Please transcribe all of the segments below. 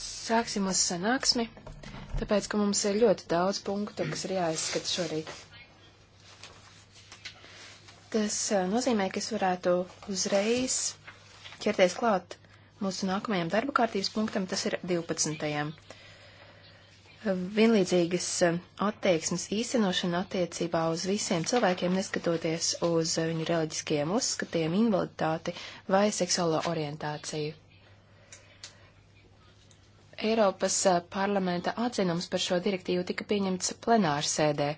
Sāksim mūsu sanāksmi, tāpēc, ka mums ir ļoti daudz punktu, kas ir jāizskata šorīt. Tas eh, nozīmē, ka es varētu uzreiz ķerties klāt mūsu nākamajam darba kārtības punktam, tas ir 12. Vienlīdzīgas eh, attieksmes īstenošana attiecībā uz visiem cilvēkiem, neskatoties uz viņu reliģiskajiem uzskatiem, invaliditāti vai seksuālo orientāciju. Eiropas eh, parlamenta atzinums par šo direktīvu tika pieņemts plenārsēdē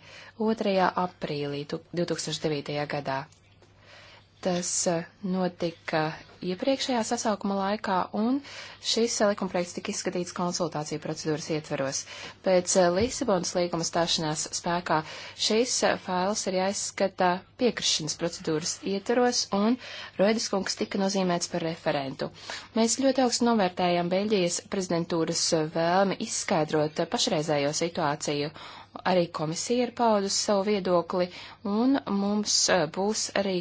2. aprīlī 2009. gadā. Tas eh, notika iepriekšējā sasaukuma laikā, un šis eh, likumprojekts tika izskatīts konsultāciju procedūras ietveros. Pēc eh, Lisabonas līguma stāšanās spēkā šis fails ir jāizskata piekrišanas procedūras ietveros, un Roedis kungs tika nozīmēts par referentu. Mēs ļoti augstu novērtējam Beļģijas prezidentūras vēlmi izskaidrot pašreizējo situāciju arī komisija ir paudusi savu viedokli, un mums eh, būs arī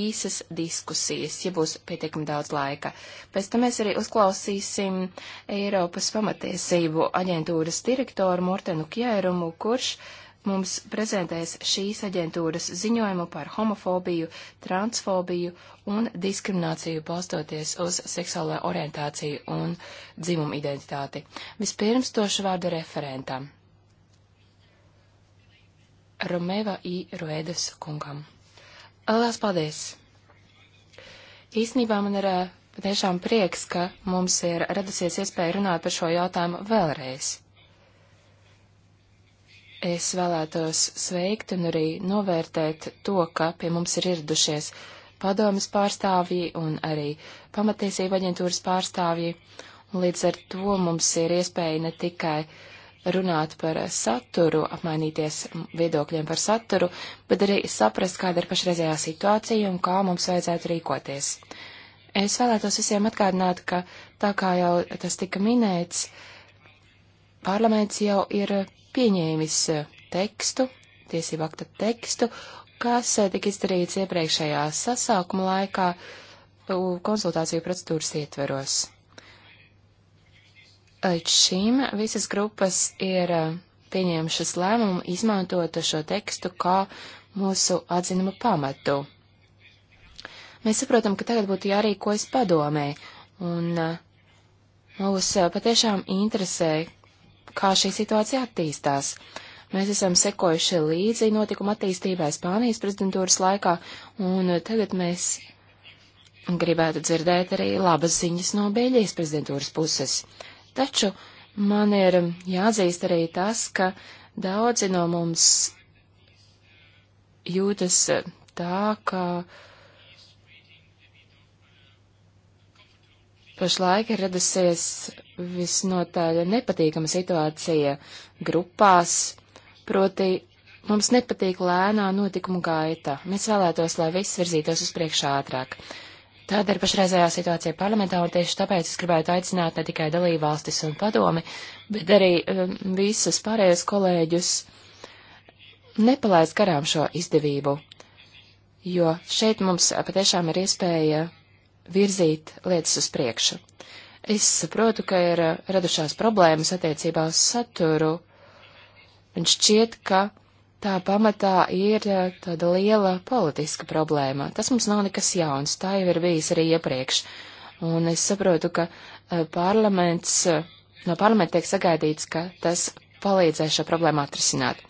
īsas diskusijas, ja būs pietiekami daudz laika. Pēc tam mēs arī uzklausīsim Eiropas pamatiesību aģentūras direktoru Mortenu Kjērumu, kurš mums prezentēs šīs aģentūras ziņojumu par homofobiju, transfobiju un diskrimināciju balstoties uz seksuālo orientāciju un dzimumu identitāti. Vispirms došu vārdu referentam. Romeva I. Ruedas kungam. Lielas paldies! Īsnībā man ir patiešām eh, prieks, ka mums ir radusies iespēja runāt par šo jautājumu vēlreiz. Es vēlētos sveikt un arī novērtēt to, ka pie mums ir ieradušies padomas pārstāvji un arī pamatiesība aģentūras pārstāvji. Un līdz ar to mums ir iespēja ne tikai uh, runāt par saturu, apmainīties viedokļiem par saturu, bet arī saprast, kāda ir pašreizējā situācija un kā mums vajadzētu rīkoties. Es vēlētos visiem atgādināt, ka tā kā jau tas tika minēts, parlaments jau ir pieņēmis tekstu, tiesību akta tekstu, kas tika izdarīts iepriekšējā sasākuma laikā konsultāciju procedūras ietveros. Līdz šim visas grupas ir uh, pieņēmušas lēmumu izmantot šo tekstu kā mūsu atzinumu pamatu. Mēs saprotam, ka tagad būtu jārīkojas padomē, un uh, mūs uh, patiešām interesē, kā šī situācija attīstās. Mēs esam sekojuši līdzi notikuma attīstībai Spānijas prezidentūras laikā, un tagad mēs gribētu dzirdēt arī labas ziņas no Beļģijas prezidentūras puses. Uh, Taču man ir um, jāzīst arī tas, ka daudzi no mums jūtas uh, tā, ka pašlaik ir radusies visnotaļ nepatīkama situācija grupās, proti mums nepatīk lēnā notikumu gaita. Mēs vēlētos, lai viss virzītos uz priekšu ātrāk. Tāda ir pašreizējā situācija parlamentā, un tieši tāpēc es gribētu aicināt ne tikai dalībvalstis un padomi, bet arī um, visus pārējos kolēģus nepalaist garām šo izdevību, jo šeit mums patiešām ir iespēja virzīt lietas uz priekšu. Es saprotu, ka ir radušās problēmas attiecībā uz saturu, un šķiet, ka tā pamatā ir e, tāda liela politiska problēma. Tas mums nav nekas jauns, tā jau ir bijis arī iepriekš. Un es saprotu, ka e, parlaments, e, no parlamenta tiek sagaidīts, ka tas palīdzēs šo problēmu atrisināt.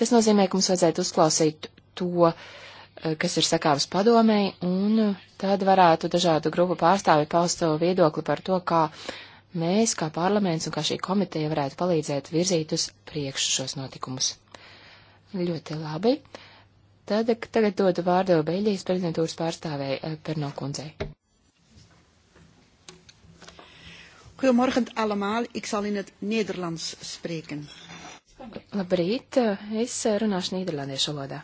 Tas nozīmē, ka mums vajadzētu uzklausīt to, kas ir sakāms padomēji, un tad varētu dažādu grupu pārstāvi paust savu viedokli par to, kā mēs, kā parlaments un kā šī komiteja varētu palīdzēt virzīt uz priekšu šos notikumus. Ļoti labi. Tad tagad dodu vārdu Beļģijas prezidentūras pārstāvēja eh, Perno kundzei. Goedemorgen allemaal, ik zal in het Nederlands spreken. Labrīt, es eh, runāšu nīderlandiešu valodā.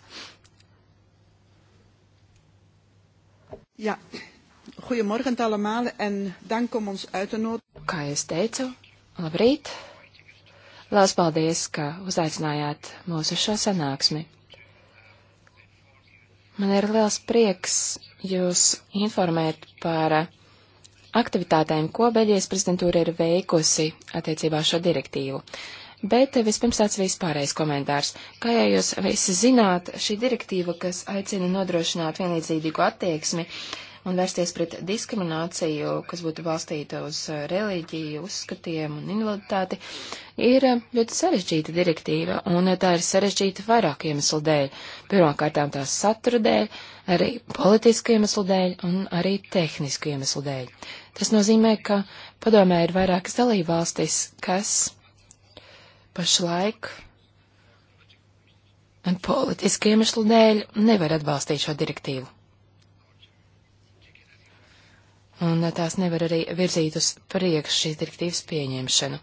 Ja, goedemorgen allemaal en dank om ons uit te nodigen. Kā es teicu, labrīt, Lās paldies, ka uzaicinājāt mūsu šo sanāksmi. Man ir liels prieks jūs informēt par aktivitātēm, ko Beļģijas prezidentūra ir veikusi attiecībā šo direktīvu. Bet vispirms tāds vispārējais komentārs. Kā jau jūs visi zināt, šī direktīva, kas aicina nodrošināt vienlīdzīgu attieksmi, uh, un vērsties pret diskrimināciju, kas būtu balstīta uz uh, reliģiju, uzskatiem un invaliditāti, ir uh, ļoti sarežģīta direktīva, un uh, tā ir sarežģīta vairāk iemeslu dēļ. Pirmkārtām tās satura dēļ, arī politisku iemeslu dēļ un arī tehnisku iemeslu dēļ. Tas nozīmē, ka padomē ir vairākas dalībvalstis, kas pašlaik un politisku iemeslu dēļ nevar atbalstīt šo direktīvu un tās nevar arī virzīt uz priekšu šīs direktīvas pieņemšanu.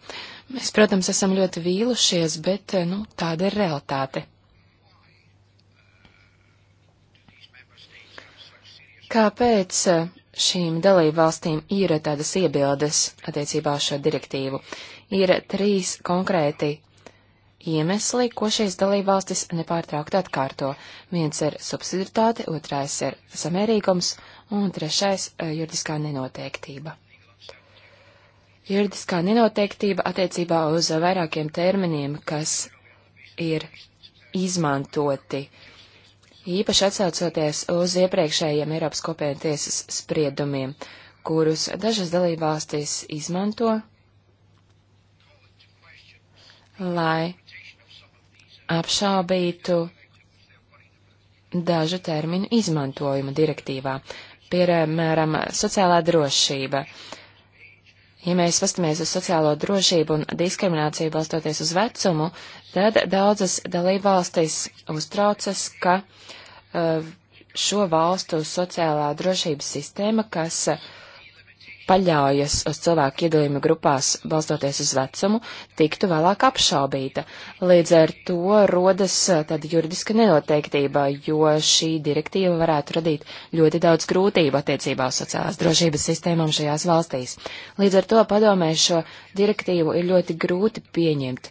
Mēs, protams, esam ļoti vīlušies, bet, eh, nu, tāda ir realitāte. Kāpēc eh, šīm dalībvalstīm ir tādas iebildes attiecībā uz šo direktīvu? Ir trīs konkrēti iemesli, ko šīs dalībvalstis nepārtraukti atkārto. Viens ir subsidiaritāte, otrais ir samērīgums, un trešais eh, - juridiskā nenoteiktība. Juridiskā nenoteiktība attiecībā uz vairākiem terminiem, kas ir izmantoti, īpaši atsaucoties uz iepriekšējiem Eiropas kopienas tiesas spriedumiem, kurus dažas dalībvalstis izmanto, lai apšaubītu dažu terminu izmantojumu direktīvā piemēram, sociālā drošība. Ja mēs pastamies uz sociālo drošību un diskrimināciju balstoties uz vecumu, tad daudzas dalībvalstis uztraucas, ka uh, šo valstu sociālā drošības sistēma, kas uh, paļaujas uz cilvēku iedalījumu grupās balstoties uz vecumu, tiktu vēlāk apšaubīta. Līdz ar to rodas eh, tāda juridiska nenoteiktība, jo šī direktīva varētu radīt ļoti daudz grūtību attiecībā uz sociālās drošības sistēmām šajās valstīs. Līdz ar to padomē šo direktīvu ir ļoti grūti pieņemt.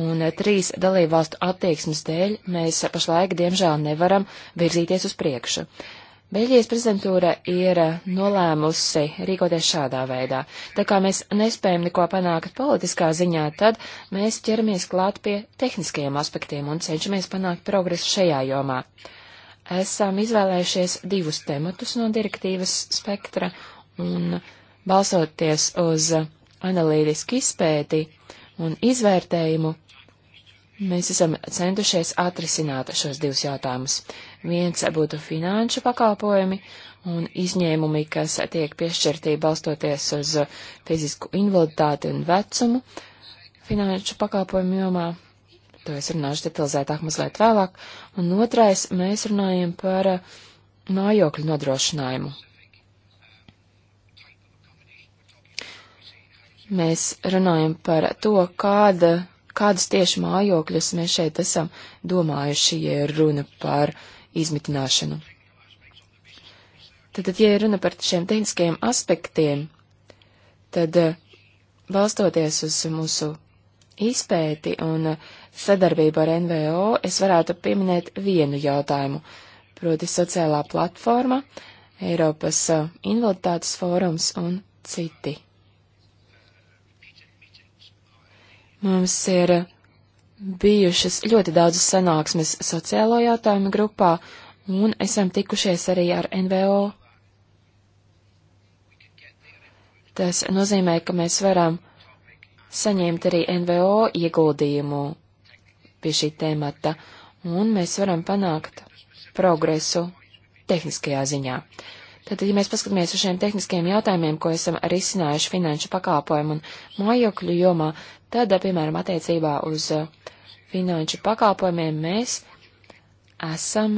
Un eh, trīs dalībvalstu attieksmes dēļ mēs pašlaik, diemžēl, nevaram virzīties uz priekšu. Uh, Beļģijas prezidentūra ir eh, nolēmusi rīkoties šādā veidā. Tā kā mēs nespējam neko panākt politiskā ziņā, tad mēs ķeramies klāt pie tehniskajiem aspektiem un cenšamies panākt progresu šajā jomā. Esam izvēlējušies divus tematus no direktīvas spektra un balsoties uz analītisku izpēti un izvērtējumu, Mēs esam centušies atrisināt šos divus jautājumus. Viens būtu finanšu pakalpojumi un izņēmumi, kas tiek piešķirtī balstoties uz fizisku invaliditāti un vecumu finanšu pakalpojumu jomā. To es runāšu detalizētāk mazliet vēlāk. Un otrais, mēs runājam par mājokļu nodrošinājumu. Mēs runājam par to, kāda kādus tieši mājokļus mēs šeit esam domājuši, ja ir runa par izmitināšanu. Tātad, ja ir runa par šiem tehniskajiem aspektiem, tad eh, balstoties uz mūsu izpēti un eh, sadarbību ar NVO, es varētu pieminēt vienu jautājumu, proti sociālā platforma, Eiropas eh, invaliditātes fórums un citi. Mums ir bijušas ļoti daudzas sanāksmes sociālo jautājumu grupā, un esam tikušies arī ar NVO. Tas nozīmē, ka mēs varam saņemt arī NVO ieguldījumu pie šī temata, un mēs varam panākt progresu tehniskajā ziņā. Tātad, ja mēs paskatāmies uz šiem tehniskajiem jautājumiem, ko esam risinājuši finanšu pakāpojumu un mājokļu jomā, Tad, piemēram, attiecībā uz uh, finanšu pakalpojumiem mēs esam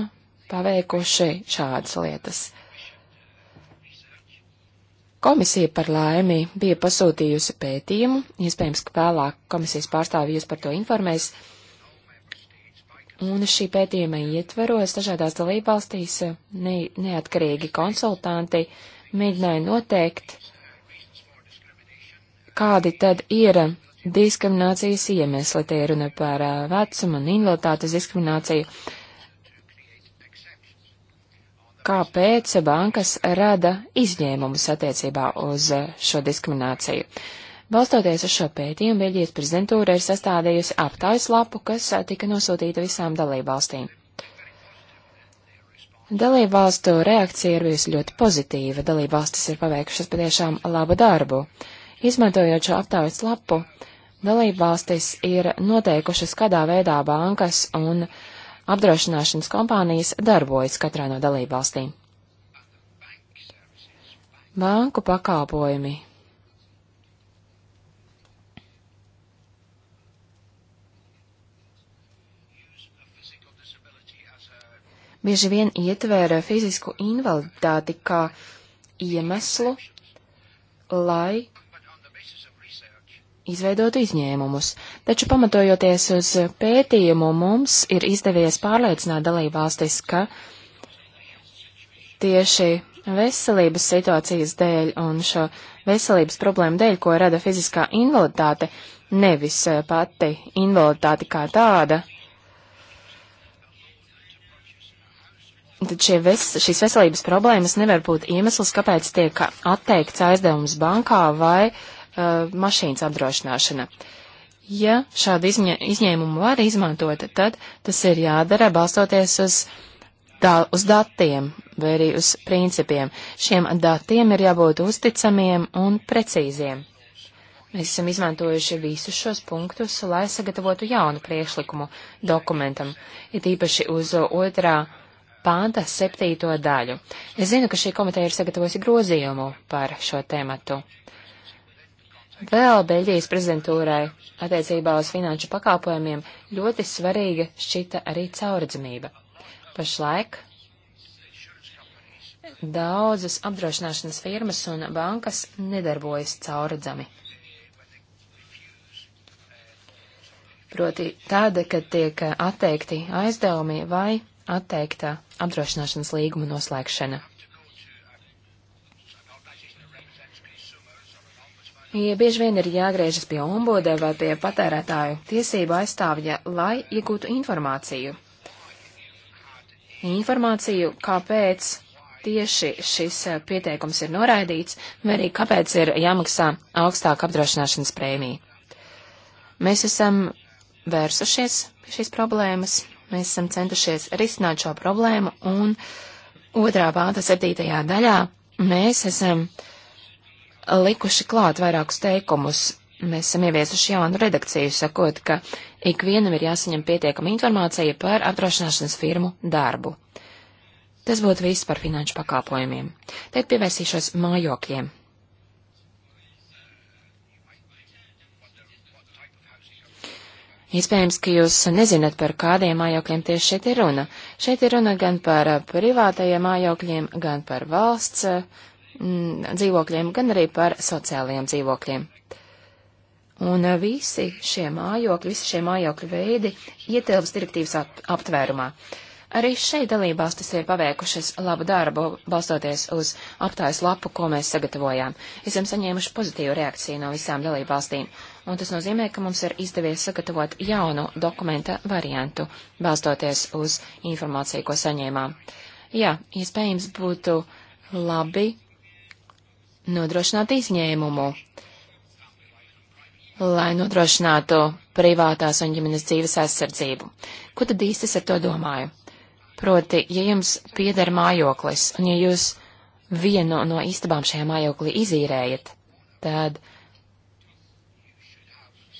paveikuši šādas lietas. Komisija par laimi bija pasūtījusi pētījumu, iespējams, ka vēlāk komisijas pārstāvji jūs par to informēs. Un šī pētījuma ietveros dažādās dalībvalstīs uh, ne, neatkarīgi konsultanti mēģināja noteikt, kādi tad ir diskriminācijas iemesli. Tie runa par vecumu un invaliditātes diskrimināciju. Kāpēc bankas rada izņēmumus attiecībā uz šo diskrimināciju? Balstoties uz šo pētījumu, Beļģijas prezidentūra ir sastādījusi aptājas lapu, kas tika nosūtīta visām dalībvalstīm. Dalībvalstu reakcija ir bijusi ļoti pozitīva. Dalībvalstis ir paveikušas patiešām labu darbu. Izmantojot šo aptaujas lapu, Dalībvalstis ir noteikušas, kādā veidā bankas un apdrošināšanas kompānijas darbojas katrā no dalībvalstīm. Banku pakalpojumi bieži vien ietvēra fizisku invaliditāti kā iemeslu, lai izveidot izņēmumus, taču pamatojoties uz pētījumu mums ir izdevies pārliecināt dalībvalstis, ka tieši veselības situācijas dēļ un šo veselības problēmu dēļ, ko rada fiziskā invaliditāte, nevis pati invaliditāte kā tāda, tad ves šīs veselības problēmas nevar būt iemesls, kāpēc tiek atteikts aizdevums bankā vai uh, uh, mašīnas apdrošināšana. Ja šādu izņē, izņēmumu var izmantot, tad tas ir jādara balstoties uz, da, uz datiem vai arī uz principiem. Šiem datiem ir jābūt uzticamiem un precīziem. Mēs esam izmantojuši visus šos punktus, lai sagatavotu jaunu priekšlikumu dokumentam, it īpaši uz otrā pānta septīto daļu. Es zinu, ka šī komiteja ir sagatavojusi grozījumu par šo tēmatu. Vēl Beļģijas prezidentūrai attiecībā uz finanšu pakalpojumiem ļoti svarīga šķita arī cauradzamība. Pašlaik daudzas apdrošināšanas firmas un bankas nedarbojas cauradzami. Proti tāda, kad tiek atteikti aizdevumi vai atteikta apdrošināšanas līguma noslēgšana. Ja bieži vien ir jāgriežas pie ombuda vai pie patērētāju tiesību aizstāvja, lai iegūtu informāciju. Informāciju, kāpēc tieši šis eh, pieteikums ir noraidīts, vai arī kāpēc ir jāmaksā augstāka apdrošināšanas prēmija. Mēs esam vērsušies pie šīs problēmas, mēs esam centušies risināt šo problēmu, un otrā pānta septītajā daļā mēs esam uh, likuši klāt vairākus teikumus. Mēs esam ieviesuši jaunu redakciju, sakot, ka ikvienam ir jāsaņem pietiekama informācija par apdrošināšanas firmu darbu. Tas būtu viss par finanšu pakāpojumiem. Tagad pievērsīšos mājokļiem. Iespējams, ka jūs nezināt, par kādiem mājokļiem tieši šeit ir runa. Šeit ir runa gan par privātajiem mājokļiem, gan par valsts Mm, dzīvokļiem, gan arī par sociālajiem dzīvokļiem. Un eh, visi šie mājokļi, visi šie mājokļu veidi ietilps direktīvas ap aptvērumā. Arī šeit dalībvalstis ir paveikušas labu darbu, balstoties uz aptājas lapu, ko mēs sagatavojām. Esam saņēmuši pozitīvu reakciju no visām dalībvalstīm, un tas nozīmē, ka mums ir izdevies sagatavot jaunu dokumenta variantu, balstoties uz informāciju, ko saņēmām. Jā, iespējams būtu labi nodrošināt izņēmumu, lai nodrošinātu privātās un ģimenes dzīves aizsardzību. Ko tad īsti es ar to domāju? Proti, ja jums pieder mājoklis un ja jūs vienu no istabām šajā mājoklī izīrējat, tad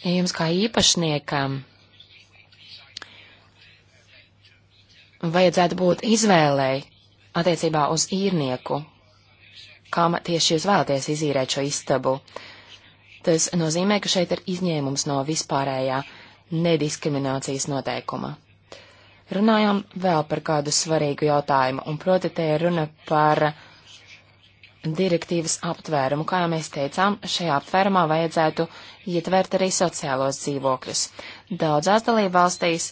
ja jums kā īpašniekam vajadzētu būt izvēlēji attiecībā uz īrnieku, kam tieši jūs vēlaties izīrēt šo istabu. Tas nozīmē, ka šeit ir izņēmums no vispārējā nediskriminācijas noteikuma. Runājām vēl par kādu svarīgu jautājumu, un proti te ir runa par direktīvas aptvērumu. Kā jau mēs teicām, šajā aptvērumā vajadzētu ietvert arī sociālos dzīvokļus. Daudzās dalībvalstīs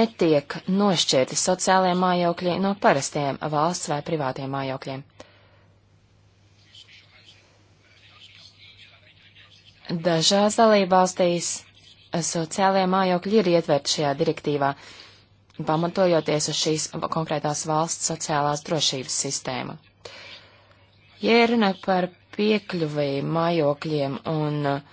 netiek nošķirti sociālie mājokļi no parastiem valsts vai privātiem mājokļiem. Dažās dalībvalstīs sociālajie mājokļi ir ietverti šajā direktīvā, pamatojoties uz šīs konkrētās valsts sociālās drošības sistēmu. Ja runa par piekļuvi mājokļiem un uh,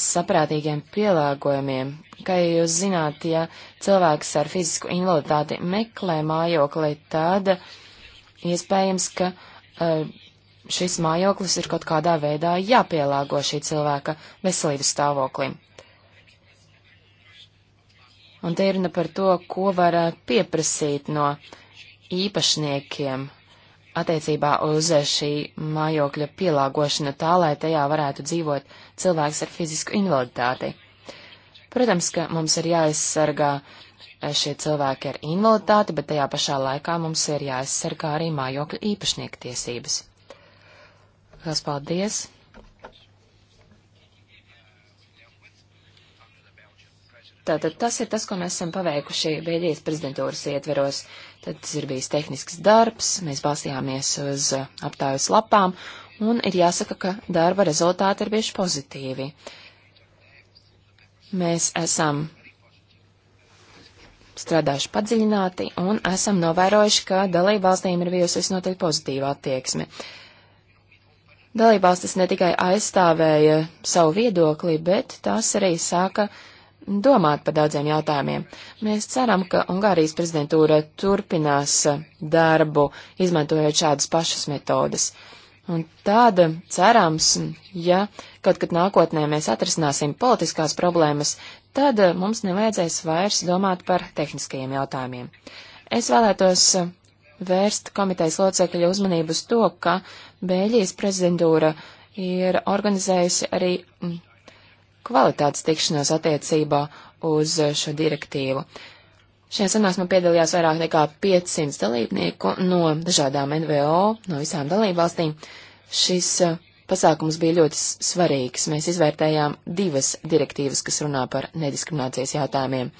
saprātīgiem pielāgojumiem, kā jūs zināt, ja cilvēks ar fizisku invaliditāti meklē mājokli, tad iespējams, ka uh, šis mājoklis ir kaut kādā veidā jāpielāgo šī cilvēka veselības stāvoklim. Un te ir ne par to, ko var eh, pieprasīt no īpašniekiem attiecībā uz eh, šī mājokļa pielāgošanu tā, lai tajā varētu dzīvot cilvēks ar fizisku invaliditāti. Protams, ka mums ir jāaizsargā eh, šie cilvēki ar invaliditāti, bet tajā pašā laikā mums ir jāaizsargā arī mājokļa īpašnieku tiesības. Lielas paldies! Tātad tas ir tas, ko mēs esam paveikuši Bēļģijas prezidentūras ietveros. Tad tas ir bijis tehnisks darbs, mēs balstījāmies uz aptājas lapām, un ir jāsaka, ka darba rezultāti ir bieži pozitīvi. Mēs esam strādājuši padziļināti un esam novērojuši, ka dalību valstīm ir bijusi visnotaļ pozitīva attieksme. Uh, Dalībvalstis ne tikai aizstāvēja savu viedokli, bet tās arī sāka domāt par daudziem jautājumiem. Mēs ceram, ka Ungārijas prezidentūra turpinās darbu, izmantojot šādas pašas metodas. Un tāda cerams, ja kaut kad nākotnē mēs atrisināsim politiskās problēmas, tad mums nevajadzēs vairs domāt par tehniskajiem jautājumiem. Es vēlētos vērst komitejas locekļu uzmanību uz to, ka Bēļijas prezidentūra ir organizējusi arī mm, kvalitātes tikšanos attiecībā uz šo direktīvu. Šajā sanāksmē piedalījās vairāk nekā 500 dalībnieku no dažādām NVO, no visām dalībvalstīm. Šis eh, pasākums bija ļoti svarīgs. Mēs izvērtējām divas direktīvas, kas runā par nediskriminācijas jautājumiem.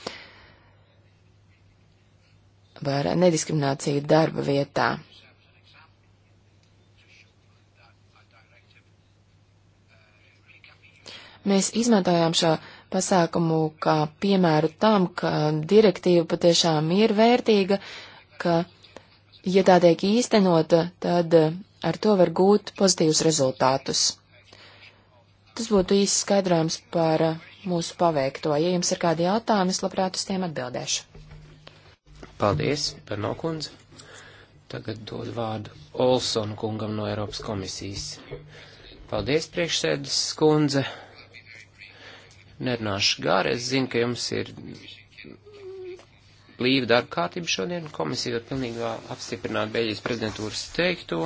Par nediskrimināciju darba vietā. Mēs izmantojām šo pasākumu kā piemēru tam, ka direktīva patiešām ir vērtīga, ka, ja tā tiek īstenota, tad ar to var gūt pozitīvus rezultātus. Tas būtu īsts skaidrojums par mūsu paveikto. Ja jums ir kādi jautājumi, es labprāt uz tiem atbildēšu. Paldies, Pernokundze. Tagad dod vārdu Olsonu kungam no Eiropas komisijas. Paldies, priekšsēdas kundze nerunāšu gāri. Es zinu, ka jums ir blīva darba kārtība šodien. Komisija var pilnībā apstiprināt Beļģijas prezidentūras teikto.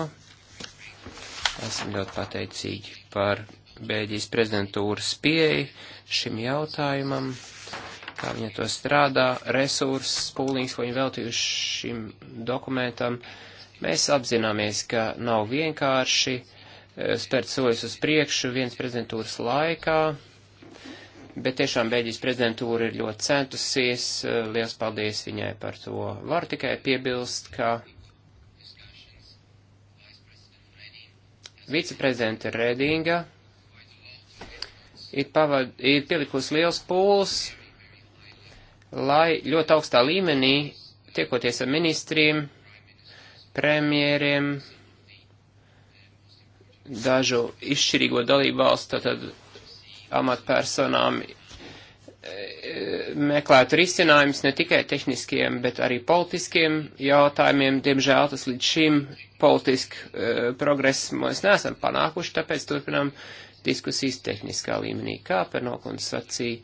Esam ļoti pateicīgi par Beļģijas prezidentūras pieeju šim jautājumam, kā viņa to strādā, resursus, pūlīgs, ko viņa veltījuši šim dokumentam. Mēs apzināmies, ka nav vienkārši eh, spērt soļus uz priekšu viens prezidentūras laikā. Bet tiešām Beļģijas prezidentūra ir ļoti centusies. Eh, liels paldies viņai par to. Var tikai piebilst, ka viceprezidenta Redinga ir, pavad, ir pielikusi liels pūls, lai ļoti augstā līmenī, tiekoties ar ministriem, premjeriem, dažu izšķirīgo dalību valstu, tātad amatpersonām e, meklētu risinājumus ne tikai tehniskiem, bet arī politiskiem jautājumiem. Diemžēl tas līdz šim politiski uh, e, progress mēs neesam panākuši, tāpēc turpinām diskusijas tehniskā līmenī. Kā par noklums sacīja,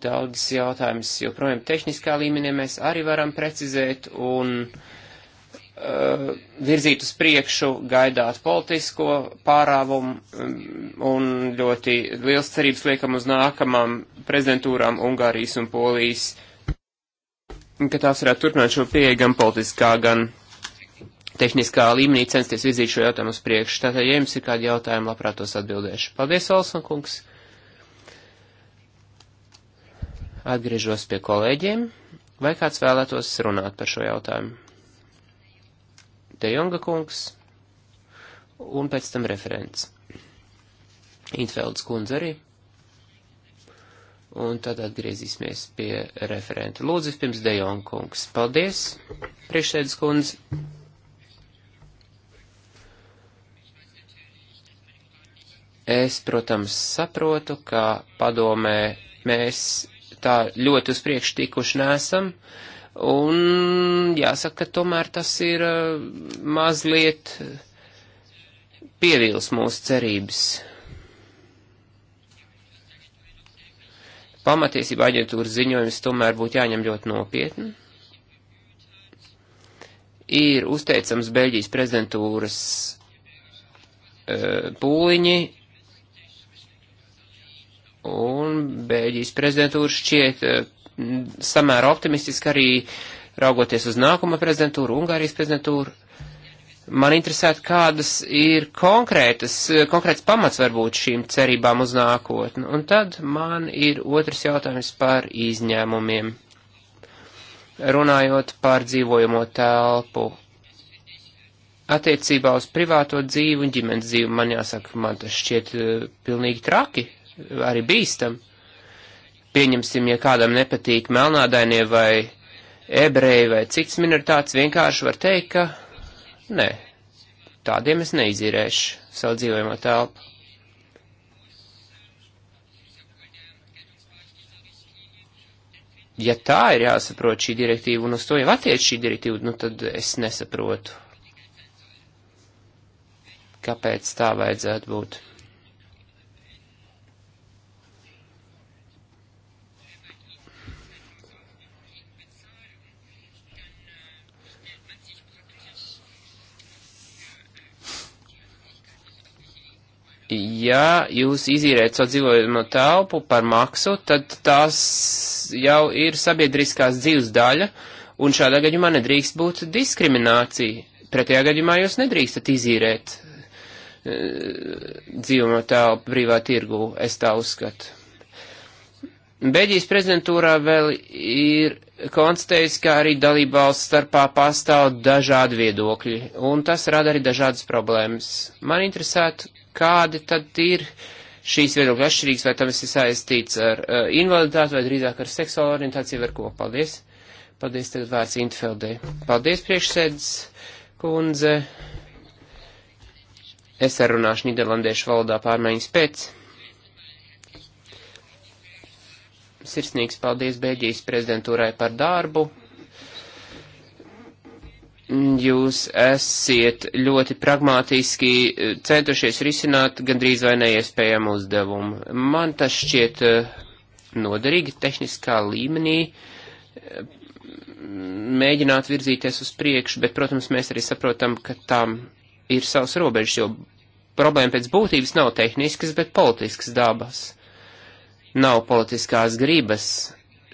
daudzas jautājumas joprojām tehniskā līmenī mēs arī varam precizēt un uh, Uh, virzīt uz priekšu, gaidāt politisko pārāvumu um, un ļoti liels cerības liekam uz nākamām prezidentūrām Ungārijas un Polijas, ka tās varētu turpināt šo pieeju gan politiskā, gan tehniskā līmenī censties virzīt šo jautājumu uz priekšu. Tātad, ja jums ir kādi jautājumi, labprāt tos atbildēšu. Paldies, Olson kungs! Atgriežos pie kolēģiem. Vai kāds vēlētos runāt par šo jautājumu? De Jonga kungs un pēc tam referents. Intfelds kundze arī. Un tad atgriezīsimies pie referenta. Lūdzu, pirms De Jonga kungs. Paldies, priekšsēdus kundze. Es, protams, saprotu, ka padomē mēs tā ļoti uz priekšu tikuši nesam. Uh, Un jāsaka, ka tomēr tas ir eh, mazliet eh, pievils mūsu cerības. Pamatiesība aģentūras ziņojums tomēr būtu jāņem ļoti nopietni. Ir uzteicams Beļģijas prezidentūras e, pūliņi, un Beļģijas prezidentūra šķiet samērā optimistiski arī raugoties uz nākamo prezidentūru, Ungārijas prezidentūru. Man interesētu, kādas ir konkrētas, konkrēts pamats varbūt šīm cerībām uz nākotni. Un tad man ir otrs jautājums par izņēmumiem. Runājot par dzīvojamo telpu, attiecībā uz privāto dzīvi un ģimenes dzīvi, man jāsaka, man tas šķiet uh, pilnīgi traki, arī bīstam pieņemsim, ja kādam nepatīk melnādainie vai ebreji vai cits minoritāts, vienkārši var teikt, ka nē, tādiem es neizīrēšu savu dzīvojamo telpu. Ja tā ir jāsaprot šī direktīva, un uz to jau attiec šī direktīva, nu tad es nesaprotu, kāpēc tā vajadzētu būt. ja jūs izīrējat savu dzīvojamo telpu par maksu, tad tās jau ir sabiedriskās dzīves daļa, un šādā gadījumā nedrīkst būt diskriminācija. Pretējā gadījumā jūs nedrīkstat izīrēt e, dzīvojamo telpu brīvā tirgū, es tā uzskatu. Beļģijas prezidentūrā vēl ir konstatējis, ka arī dalībvalsts starpā pastāv dažādi viedokļi, un tas rada arī dažādas problēmas. Man interesētu, kādi tad ir šīs viedokļa atšķirīgas, vai tam esi saistīts ar uh, invaliditāti, vai drīzāk ar seksuālu orientāciju, ar ko. Paldies! Paldies, tagad vārds Intfeldē. Paldies, priekšsēdz kundze. Es arī runāšu Nīderlandiešu valodā pārmaiņas pēc. Sirsnīgs paldies Bēģijas prezidentūrai par darbu, jūs esiet ļoti pragmātiski eh, centušies risināt gandrīz vai neiespējamu uzdevumu. Man tas šķiet eh, noderīgi tehniskā līmenī eh, mēģināt virzīties uz priekšu, bet, protams, mēs arī saprotam, ka tam ir savs robežs, jo problēma pēc būtības nav tehniskas, bet politiskas dabas. Nav politiskās gribas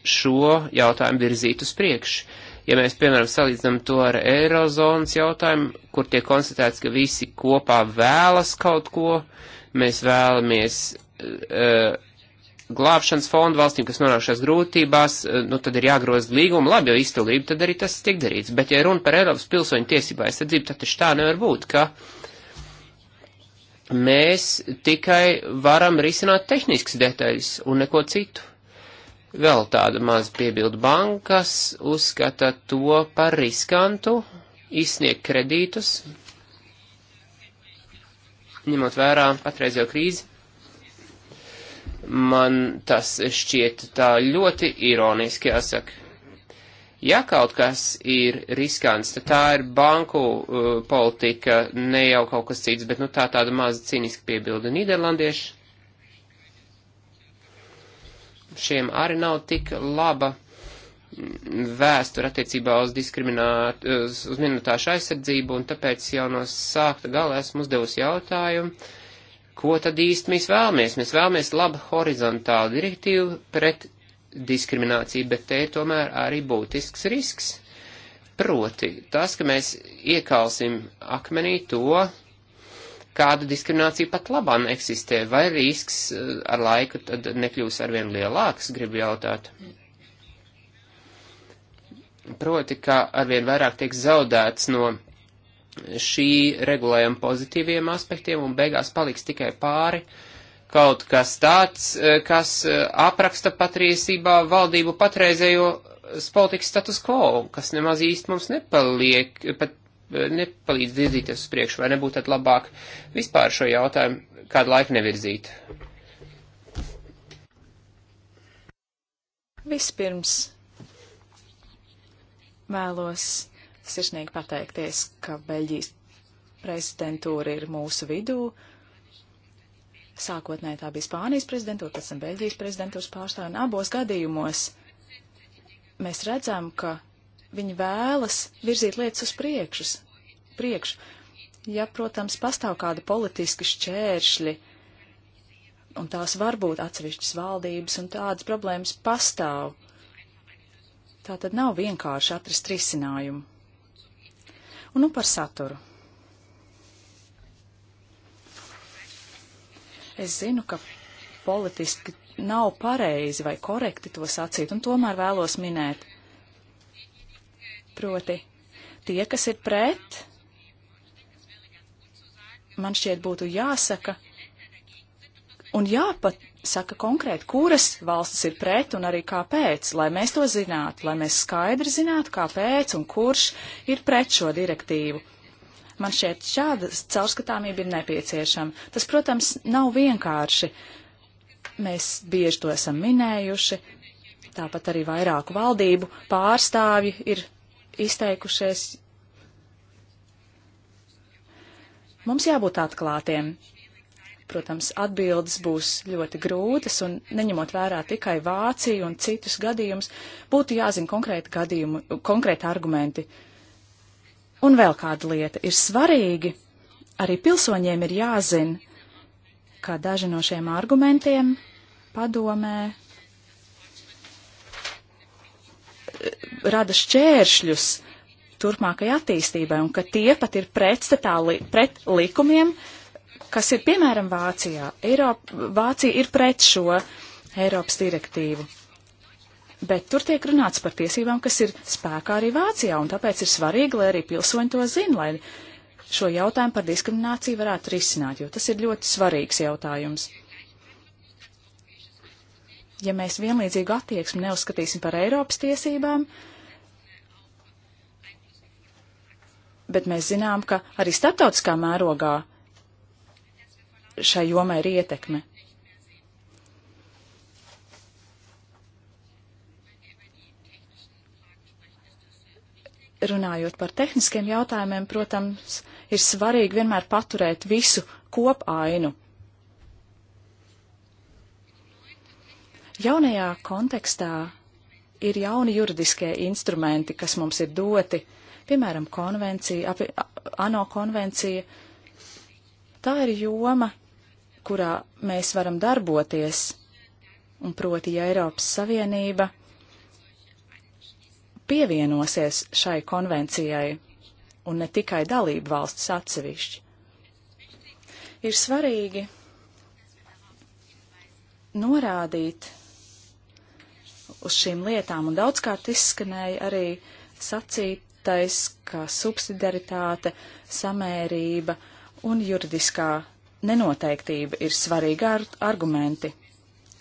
šo jautājumu virzīt uz priekšu Ja mēs, piemēram, salīdzinām to ar eirozonas jautājumu, kur tiek konstatēts, ka visi kopā vēlas kaut ko, mēs vēlamies uh, glābšanas fondu valstīm, kas nonākušās grūtībās, uh, nu tad ir jāgroza līguma, labi, jo izturība, tad arī tas tiek darīts. Bet, ja runa par Eiropas pilsoņu tiesībā aizsardzību, tad taču tā nevar būt, ka mēs tikai varam risināt tehniskas detaļas un neko citu. Vēl tāda maz piebildu bankas uzskata to par riskantu, izsniegt kredītus, ņemot vērā patreizējo krīzi. Man tas šķiet tā ļoti ironiski, jāsaka. Ja kaut kas ir riskants, tad tā ir banku uh, politika, ne jau kaut kas cits, bet nu tā tāda maza cīniska piebilda. Nīderlandieši šiem arī nav tik laba vēstura attiecībā uz, uz, uz minoritāšu aizsardzību, un tāpēc jau no sākta gala esmu uzdevusi jautājumu, ko tad īsti mēs vēlamies. Mēs vēlamies labu horizontālu direktīvu pret diskrimināciju, bet te ir tomēr arī būtisks risks. Proti, tas, ka mēs iekalsim akmenī to, kāda diskriminācija pat labam eksistē, vai risks eh, ar laiku tad nekļūs arvien lielāks, gribu jautāt. Proti, ka arvien vairāk tiek zaudēts no šī regulējuma pozitīviem aspektiem un beigās paliks tikai pāri kaut kas tāds, eh, kas eh, apraksta patriesībā valdību patreizējo politikas status quo, kas nemaz īsti mums nepaliek, pat nepalīdz virzīties uz priekšu, vai nebūtu tad labāk vispār šo jautājumu kādu laiku nevirzīt? Vispirms vēlos sirsnīgi pateikties, ka Beļģijas prezidentūra ir mūsu vidū. Sākotnēji tā bija Spānijas prezidentūra, pēc tam Beļģijas prezidentūras pārstāvja, un abos gadījumos mēs redzam, ka Viņi vēlas virzīt lietas uz priekšus, priekšu. Ja, protams, pastāv kādi politiski šķēršļi, un tās var būt atsevišķas valdības, un tādas problēmas pastāv, tā tad nav vienkārši atrast risinājumu. Un nu par saturu. Es zinu, ka politiski nav pareizi vai korekti to sacīt, un tomēr vēlos minēt. Proti, tie, kas ir pret, man šķiet būtu jāsaka un jāpasaka konkrēti, kuras valstis ir pret un arī kāpēc, lai mēs to zinātu, lai mēs skaidri zinātu, kāpēc un kurš ir pret šo direktīvu. Man šķiet, šāda caurskatāmība ir nepieciešama. Tas, protams, nav vienkārši. Mēs bieži to esam minējuši, tāpat arī vairāku valdību pārstāvji ir izteikušies. Mums jābūt atklātiem. Protams, atbildes būs ļoti grūtas un neņemot vērā tikai Vāciju un citus gadījumus, būtu jāzina konkrēti gadījumi, konkrēti argumenti. Un vēl kāda lieta ir svarīgi, arī pilsoņiem ir jāzina, kā daži no šiem argumentiem padomē rada šķēršļus turpmākai attīstībai un ka tie pat ir pretstatā li, pret likumiem, kas ir piemēram Vācijā. Eiropa, Vācija ir pret šo Eiropas direktīvu. Bet tur tiek runāts par tiesībām, kas ir spēkā arī Vācijā, un tāpēc ir svarīgi, lai arī pilsoņi to zina, lai šo jautājumu par diskrimināciju varētu risināt, jo tas ir ļoti svarīgs jautājums ja mēs vienlīdzīgu attieksmi neuzskatīsim par Eiropas tiesībām, bet mēs zinām, ka arī starptautiskā mērogā šai jomai ir ietekme. Runājot par tehniskiem jautājumiem, protams, ir svarīgi vienmēr paturēt visu kopainu Jaunajā kontekstā ir jauni juridiskie instrumenti, kas mums ir doti, piemēram, konvencija, api, ANO konvencija. Tā ir joma, kurā mēs varam darboties, un proti, ja Eiropas Savienība pievienosies šai konvencijai, un ne tikai dalību valsts atsevišķi. Ir svarīgi norādīt, uz šīm lietām, un daudzkārt izskanēja arī sacītais, kā subsidiaritāte, samērība un juridiskā nenoteiktība ir svarīgi ar argumenti.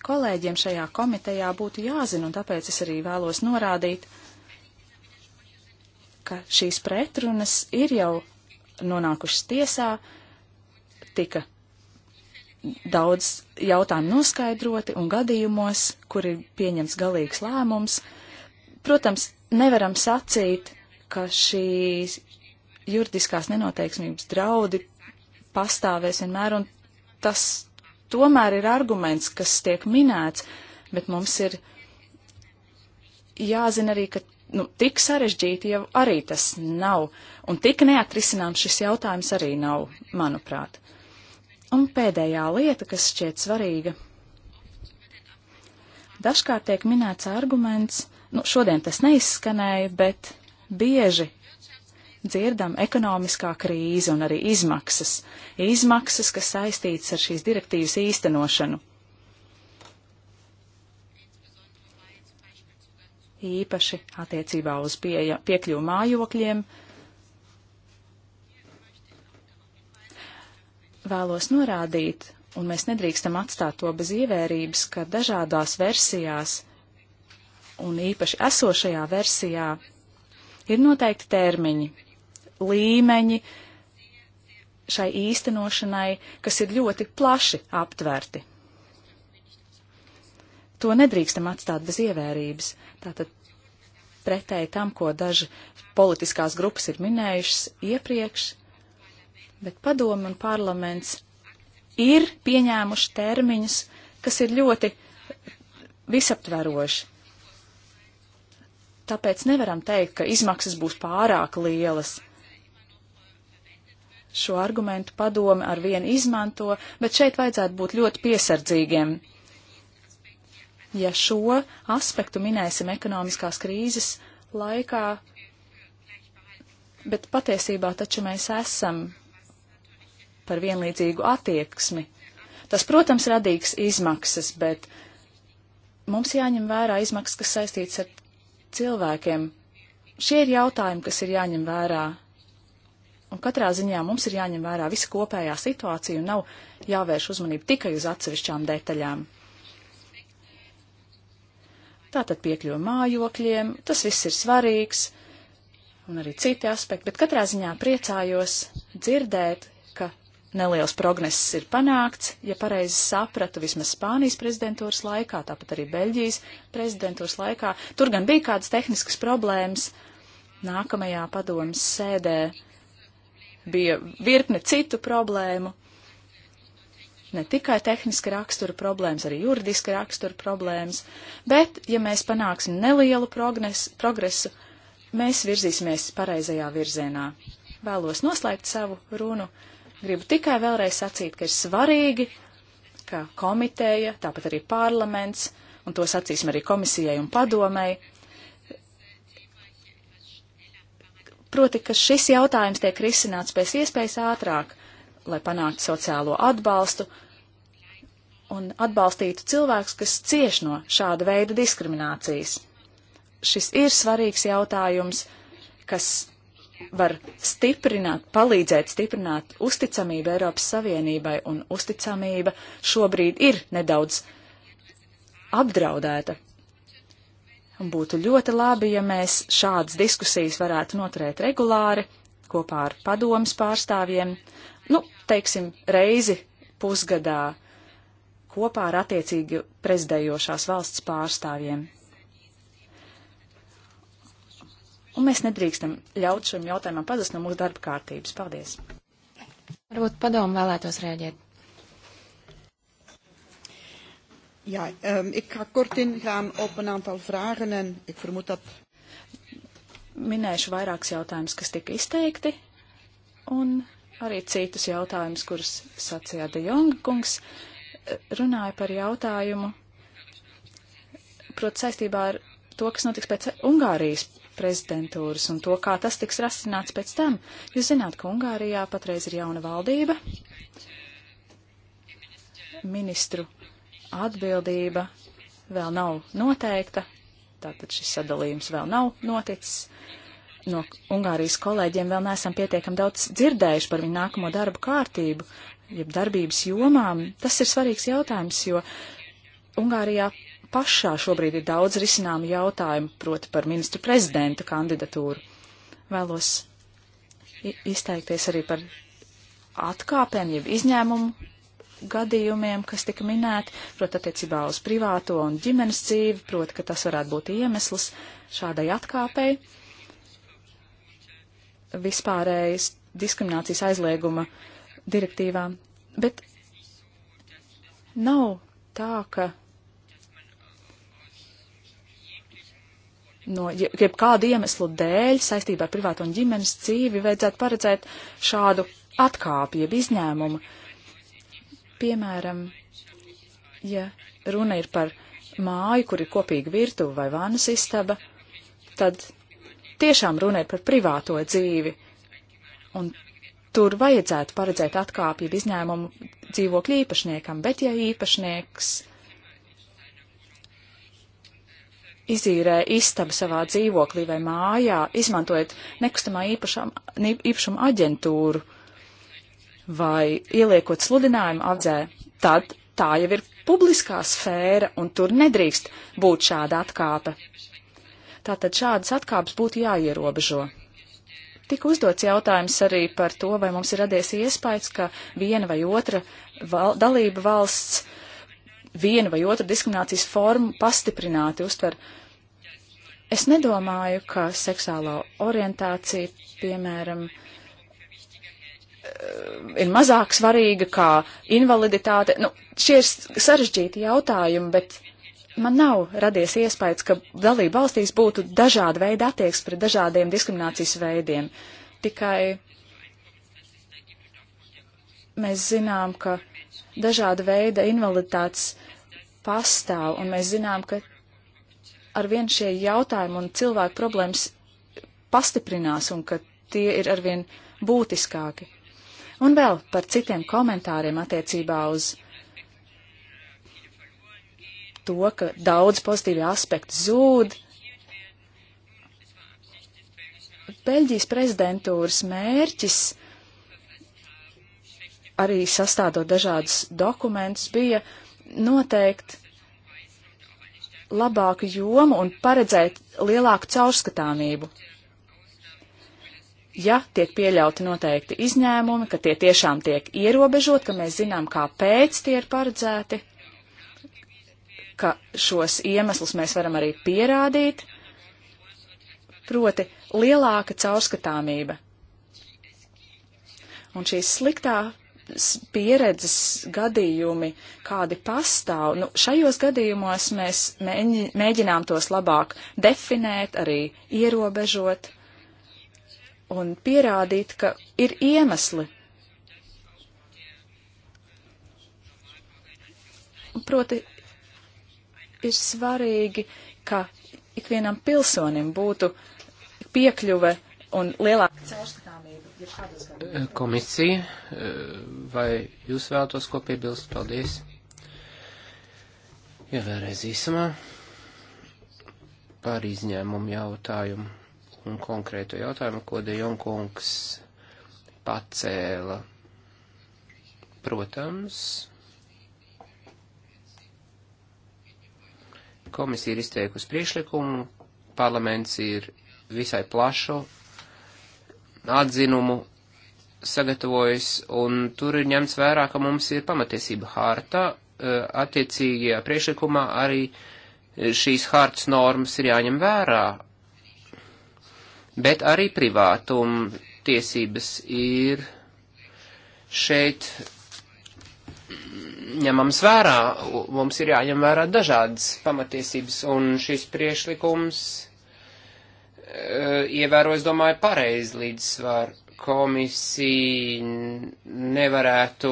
Kolēģiem šajā komitejā būtu jāzina, un tāpēc es arī vēlos norādīt, ka šīs pretrunas ir jau nonākušas tiesā, tika daudz jautājumu noskaidroti un gadījumos, kur ir pieņemts galīgs lēmums. Protams, nevaram sacīt, ka šīs juridiskās nenoteiksmības draudi pastāvēs vienmēr, un tas tomēr ir arguments, kas tiek minēts, bet mums ir jāzina arī, ka nu, tik sarežģīti jau arī tas nav, un tik neatrisinām šis jautājums arī nav, manuprāt. Un pēdējā lieta, kas šķiet svarīga. Dažkārt tiek minēts arguments, nu šodien tas neizskanēja, bet bieži dzirdam ekonomiskā krīze un arī izmaksas. Izmaksas, kas saistītas ar šīs direktīvas īstenošanu. Īpaši attiecībā uz pieeja, piekļuvu mājokļiem, uh, vēlos norādīt, un mēs nedrīkstam atstāt to bez ievērības, ka dažādās versijās, un īpaši esošajā versijā, ir noteikti termiņi, līmeņi šai īstenošanai, kas ir ļoti plaši aptverti. To nedrīkstam atstāt bez ievērības. Tātad pretēji tam, ko daži politiskās grupas ir minējušas iepriekš, bet padomu un parlaments ir pieņēmuši termiņus, kas ir ļoti visaptveroši. Tāpēc nevaram teikt, ka izmaksas būs pārāk lielas. Šo argumentu padome ar vienu izmanto, bet šeit vajadzētu būt ļoti piesardzīgiem. Ja šo aspektu minēsim ekonomiskās krīzes laikā, bet patiesībā taču mēs esam par vienlīdzīgu attieksmi. Tas, protams, radīgs izmaksas, bet mums jāņem vērā izmaksas, kas saistīts ar cilvēkiem. Šie ir jautājumi, kas ir jāņem vērā. Un katrā ziņā mums ir jāņem vērā visa kopējā situācija un nav jāvērš uzmanība tikai uz atsevišķām detaļām. Tātad piekļuva mājokļiem, tas viss ir svarīgs, un arī citi aspekti, bet katrā ziņā priecājos dzirdēt, neliels progress ir panākts, ja pareizi sapratu, vismaz Spānijas prezidentūras laikā, tāpat arī Beļģijas prezidentūras laikā. Tur gan bija kādas tehniskas problēmas. Nākamajā padomas sēdē bija virkne citu problēmu. Ne tikai tehniska rakstura problēmas, arī juridiska rakstura problēmas, bet, ja mēs panāksim nelielu progresu, progresu mēs virzīsimies pareizajā virzienā. Vēlos noslēgt savu runu Gribu tikai vēlreiz sacīt, ka ir svarīgi, ka komiteja, tāpat arī parlaments, un to sacīsim arī komisijai un padomēji, proti, ka šis jautājums tiek risināts pēc iespējas ātrāk, lai panāktu sociālo atbalstu un atbalstītu cilvēkus, kas cieš no šāda veida diskriminācijas. Šis ir svarīgs jautājums, kas var stiprināt, palīdzēt stiprināt uzticamību Eiropas Savienībai, un uzticamība šobrīd ir nedaudz apdraudēta. Un būtu ļoti labi, ja mēs šādas diskusijas varētu noturēt regulāri, kopā ar padomas pārstāvjiem, nu, teiksim, reizi pusgadā, kopā ar attiecīgi prezidējošās valsts pārstāvjiem. Un mēs nedrīkstam ļaut šim jautājumam pazust no mūsu darba kārtības. Paldies! Varbūt padomu vēlētos rēģēt. Ja, um, ik ga kort ingaan op een aantal vragen en ik vermoed dat. Minēšu vairākus jautājumus, kas tika izteikti, un arī citus jautājumus, kurus sacīja De Jonga kungs. Runāja par jautājumu, protams, saistībā ar to, kas notiks pēc Ungārijas prezidentūras un to, kā tas tiks rasināts pēc tam. Jūs zināt, ka Ungārijā patreiz ir jauna valdība, ministru atbildība vēl nav noteikta, tātad šis sadalījums vēl nav noticis. No Ungārijas kolēģiem vēl neesam pietiekam daudz dzirdējuši par viņu nākamo darbu kārtību, jeb darbības jomām. Tas ir svarīgs jautājums, jo Ungārijā pašā šobrīd ir daudz risināmu jautājumu, proti par ministru prezidenta kandidatūru. Vēlos izteikties arī par atkāpēm, jeb izņēmumu gadījumiem, kas tika minēti, proti attiecībā uz privāto un ģimenes dzīvi, proti, ka tas varētu būt iemesls šādai atkāpēji. Vispārējais diskriminācijas aizlieguma direktīvām, bet nav tā, ka no jebkāda iemesla dēļ saistībā ar privātu un ģimenes dzīvi vajadzētu paredzēt šādu atkāpi, jeb izņēmumu. Piemēram, ja runa ir par māju, kur ir kopīga virtuve vai vānas istaba, tad tiešām runa ir par privāto dzīvi. Un tur vār vajadzētu paredzēt atkāpību izņēmumu dzīvokļu īpašniekam, bet ja īpašnieks izīrē istabu savā dzīvoklī vai mājā, izmantojot nekustamā īpašuma, īpašuma aģentūru vai ieliekot sludinājumu apdzē, tad tā jau ir publiskā sfēra un tur nedrīkst būt šāda atkāpe. Tātad šādas atkāpes būtu jāierobežo. Tika uzdots jautājums arī par to, vai mums ir radies iespējas, ka viena vai otra val dalība valsts uh, vienu vai otru diskriminācijas formu pastiprināti uztver. Es nedomāju, ka seksuālā orientācija, piemēram, eh, ir mazāk svarīga kā invaliditāte. Nu, šie ir sarežģīti jautājumi, bet man nav radies iespējas, ka dalība valstīs būtu dažāda veida attieksme pret dažādiem diskriminācijas veidiem. Tikai mēs zinām, ka dažāda veida invaliditātes pastāv, un mēs zinām, ka arvien šie jautājumi un cilvēku problēmas pastiprinās, un ka tie ir arvien būtiskāki. Un vēl par citiem komentāriem attiecībā uz to, ka daudz pozitīvi aspekti zūd. Beļģijas prezidentūras mērķis arī sastādot dažādus dokumentus, bija noteikt labāku jomu un paredzēt lielāku caurskatāmību. Ja tiek pieļauti noteikti izņēmumi, ka tie tiešām tiek ierobežot, ka mēs zinām, kāpēc tie ir paredzēti, ka šos iemeslus mēs varam arī pierādīt, proti lielāka caurskatāmība. Un šī sliktā pieredzes gadījumi, kādi pastāv. Nu, šajos gadījumos mēs mēģinām tos labāk definēt, arī ierobežot un pierādīt, ka ir iemesli. Proti, ir svarīgi, ka ikvienam pilsonim būtu piekļuve un lielāka caurskatāmība Komisija, eh, vai jūs vēlatos ko piebilst? Paldies. Ja vēlreiz īsumā par izņēmumu jautājumu un konkrēto jautājumu, ko De Jonkungs pacēla. Protams, komisija ir izteikusi priekšlikumu, parlaments ir visai plašu atzinumu sagatavojis, un tur ir ņemts vērā, ka mums ir pamatiesība hārta, e, attiecīgajā priekšlikumā arī e, šīs hārtas normas ir jāņem vērā, bet arī privātuma tiesības ir šeit ņemams vērā, mums ir jāņem vērā dažādas pamatiesības, un šis priešlikums Eh, ievēro, es domāju, pareizi līdzsvaru. Komisija nevarētu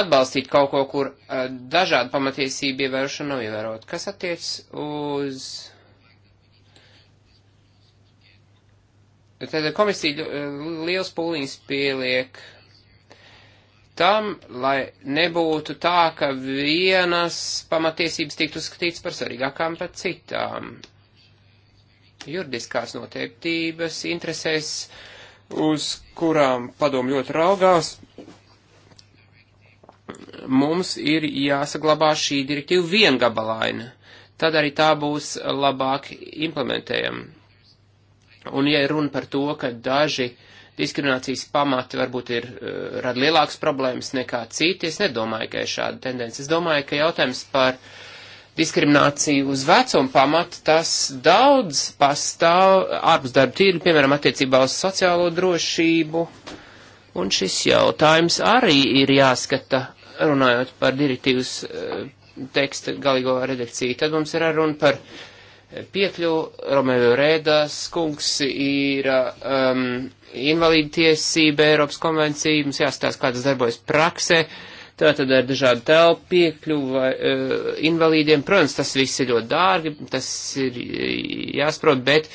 atbalstīt kaut ko, kur eh, dažādu pamatiesību ievērošanu nav ievērot. Kas attiec uz. Tad komisija eh, liels pūliņš pieliek tam, lai nebūtu tā, ka vienas pamatiesības tiktu uzskatītas par svarīgākām par citām juridiskās noteiktības interesēs, uz kurām padomu ļoti raugās, mums ir jāsaglabā šī direktīva viengabalaina. Tad arī tā būs labāk implementējama. Un, ja runa par to, ka daži diskriminācijas pamati varbūt ir eh, rada lielākas problēmas nekā citi, es nedomāju, ka ir šāda tendence. Es domāju, ka jautājums par uh, diskrimināciju uz vecumu pamatu, tas daudz pastāv ārpus darba tīri, piemēram, attiecībā uz sociālo drošību. Un šis jautājums arī ir jāskata, runājot par direktīvas eh, teksta galīgo redakciju. Tad mums ir runa par eh, piekļuvu. Romeo Rēdas kungs ir um, ehm, invalīdu tiesība Eiropas konvencija. Mums jāstāsta, kā tas darbojas praksē. Uh, Tātad ar dažādu telpu piekļuvu uh, invalīdiem, protams, tas viss ir ļoti dārgi, tas ir eh, jāsprot, bet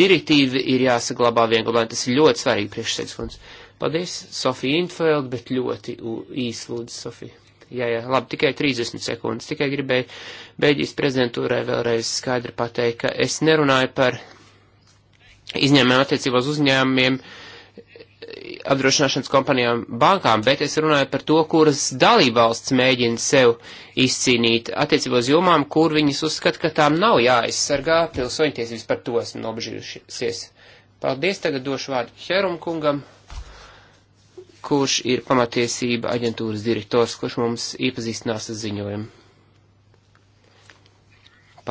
direktīvi ir jāsaglabā vienglabāni, tas ir ļoti svarīgi priekšsēdskundz. Paldies, Sofija Infeld, bet ļoti īsi lūdzu, Sofija. Jā, jā, labi, tikai 30 sekundes, tikai gribēju Beļģijas prezidentūrai vēlreiz skaidri pateikt, ka es nerunāju par izņēmumiem attiecībā uz uzņēmumiem. Uh, apdrošināšanas kompanijām, bankām, bet es runāju par to, kuras dalībvalsts mēģina sev izcīnīt attiecībā uz jomām, kur viņas uzskata, ka tām nav jāaizsargā pilsoņtiesības par to esmu nobežījušies. Paldies, tagad došu vārdu Herum kungam, kurš ir pamatiesība aģentūras direktors, kurš mums iepazīstinās ar ziņojumu.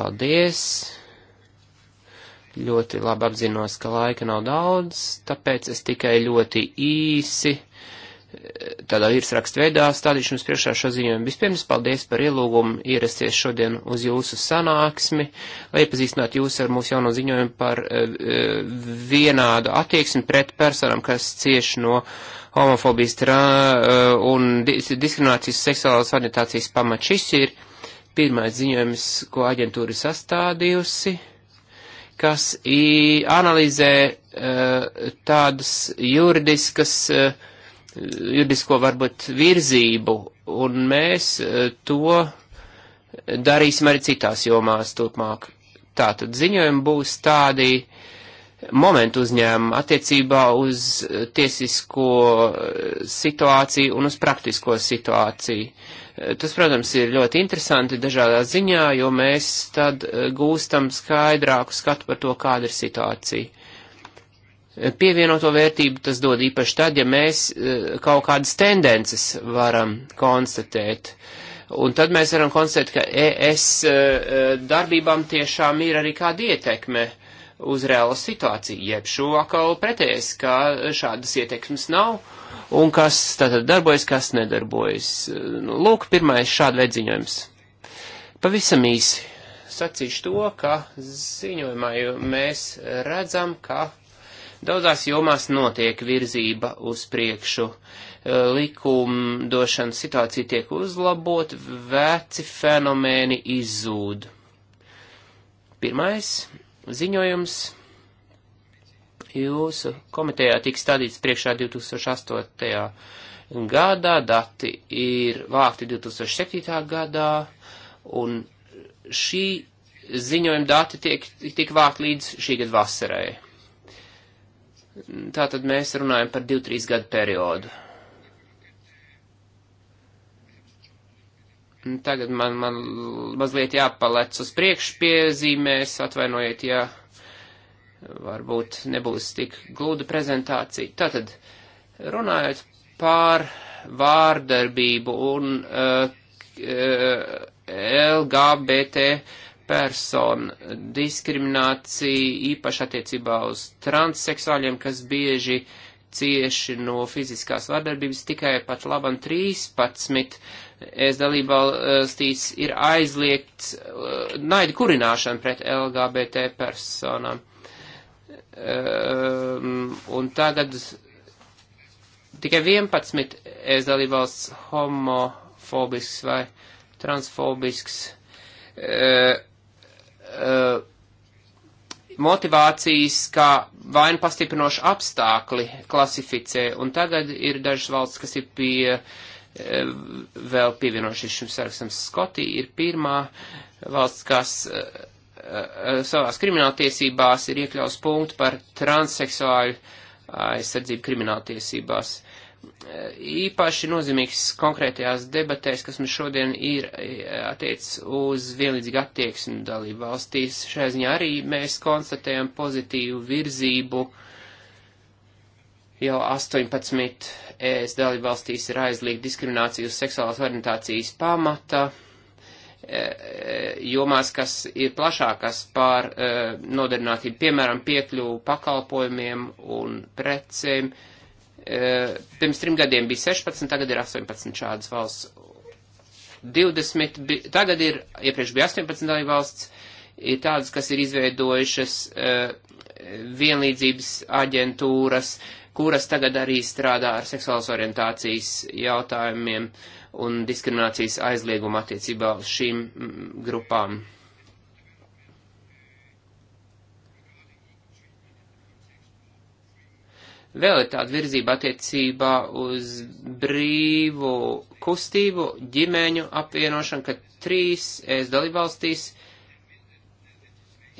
Paldies! ļoti labi apzinos, ka laika nav daudz, tāpēc es tikai ļoti īsi tādā virsrakstu veidā stādīšu jums priekšā šo ziņojumu. Vispirms paldies par ielūgumu ierasties šodien uz jūsu sanāksmi, lai iepazīstinātu jūs ar mūsu jauno ziņojumu par uh, vienādu attieksmi pret personām, kas cieši no homofobijas trā, uh, eh, un dis diskriminācijas seksuālās orientācijas pamačis ir pirmais ziņojums, ko aģentūra sastādījusi. Uh, kas analizē e, tādas juridiskas, e, juridisko varbūt virzību, un mēs e, to darīsim arī citās jomās turpmāk. Tātad ziņojumi būs tādi momentu uzņēmumi attiecībā uz tiesisko situāciju un uz praktisko situāciju. Tas, protams, ir ļoti interesanti dažādā ziņā, jo mēs tad eh, gūstam skaidrāku skatu par to, kāda ir situācija. Pievienoto vērtību tas dod īpaši tad, ja mēs eh, kaut kādas tendences varam konstatēt. Un tad mēs varam konstatēt, ka ES eh, darbībām tiešām ir arī kāda ietekme uz reālo situāciju, jeb šo atkal pretējais, ka šādas ietekmes nav un kas tātad darbojas, kas nedarbojas. Nu, lūk, pirmais šāda veida ziņojums. Pavisam īsi sacīšu to, ka ziņojumā mēs redzam, ka daudzās jomās notiek virzība uz priekšu. E, likumdošana situācija tiek uzlabot, veci fenomēni izzūd. Pirmais ziņojums jūsu komitejā tika stādīts priekšā 2008. gadā, dati ir vākti 2007. gadā, un šī ziņojuma dati tiek, tiek vākti līdz šī gada vasarai. Tātad mēs runājam par 2-3 gadu periodu. Tagad man, man mazliet jāpalec uz priekšu piezīmēs, atvainojiet, jā. Ja varbūt nebūs tik glūda prezentācija. Tātad, runājot pār vārdarbību un uh, eh, eh, LGBT personu diskrimināciju, īpaši attiecībā uz transseksuāļiem, kas bieži cieši no fiziskās vardarbības, tikai pat labam 13 es dalībvalstīs ir aizliegts uh, naida kurināšana pret LGBT personām. Uh, Um, un tagad tikai 11 es dalībvalsts homofobisks vai transfobisks uh, uh, motivācijas kā vainu pastiprinošu apstākli klasificē, un tagad ir dažas valsts, kas ir pie uh, vēl pievienojušies šim sarakstam. Skotija ir pirmā valsts, kas uh, Eh, eh, savās krimināltiesībās ir iekļaus punktu par transseksuāļu aizsardzību krimināltiesībās. Eh, īpaši nozīmīgs konkrētajās debatēs, kas mums šodien ir attiec uz vienlīdzīgu attieksmi dalību valstīs, šajā ziņā arī mēs konstatējam pozitīvu virzību uh, jau 18 ES dalībvalstīs ir aizliegta diskriminācija uz seksuālās orientācijas pamata, Eh, jomās, kas ir plašākas pār eh, nodarbinātību, piemēram, piekļuvu pakalpojumiem un precēm. Eh, pirms trim gadiem bija 16, tagad ir 18 šādas valsts. 20, bija, tagad ir, iepriekš bija 18 valsts, ir tādas, kas ir izveidojušas vienlīdzības aģentūras, kuras tagad arī strādā ar seksuālas orientācijas jautājumiem. Uh, un diskriminācijas aizliegumu attiecībā uz šīm mm, grupām. Vēl ir tāda virzība attiecībā uz brīvu kustību, ģimeņu apvienošanu, ka trīs ES dalībvalstīs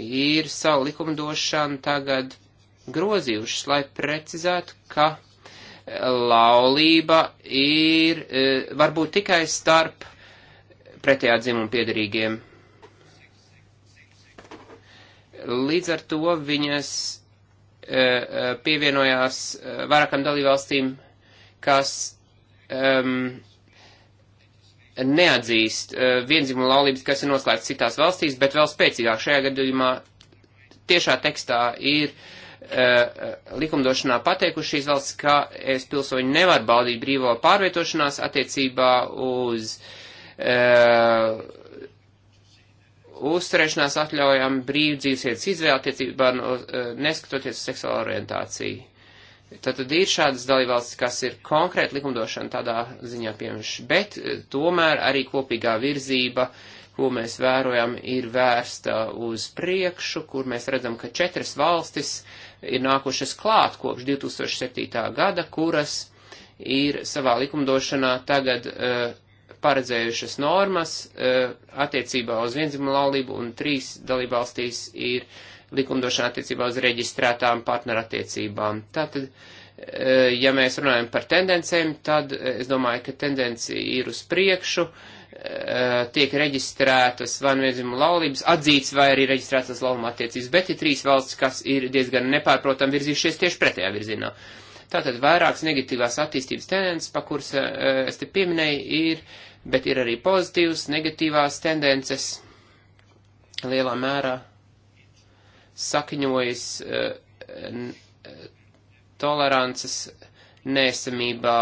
ir savu likumdošanu tagad grozījušas, lai precizētu, ka laulība ir e, varbūt tikai starp pretējā dzimuma piedarīgiem. Līdz ar to viņas e, e, pievienojās vairākam dalībvalstīm, kas um, neatzīst uh, viendzimuma laulības, kas ir noslēgts citās valstīs, bet vēl spēcīgāk šajā gadījumā tiešā tekstā ir uh, Eh, likumdošanā pateikuši šīs valsts, ka es pilsoņi nevar baudīt brīvo pārvietošanās attiecībā uz uh, uzturēšanās atļaujām brīvu dzīvesvietas izvēli attiecībā uh, neskatoties uz seksuālo orientāciju. Tātad ir šādas dalībvalstis, kas ir konkrēti likumdošana tādā ziņā piemēram, bet uh, tomēr arī kopīgā virzība uh, ko mēs vērojam, ir vērsta uz priekšu, kur mēs redzam, ka četras valstis ir nākušas klāt kopš 2007. gada, kuras ir savā likumdošanā tagad uh, paredzējušas normas uh, attiecībā uz vienzimumu laulību un trīs dalībvalstīs ir likumdošana attiecībā uz reģistrētām partnerattiecībām. Tātad, uh, ja mēs runājam par tendencēm, tad es domāju, ka tendence ir uz priekšu. Uh, Eh, tiek reģistrētas vanviedzuma nu laulības, atzīts vai arī reģistrētas lauluma attiecības, bet ir trīs valsts, kas ir diezgan nepārprotam virzījušies tieši pretējā virzienā. Tātad vairākas negatīvās attīstības tendences, pa kuras eh, es te pieminēju, ir, bet ir arī pozitīvas, negatīvās tendences lielā mērā sakņojas eh, tolerances nesamībā,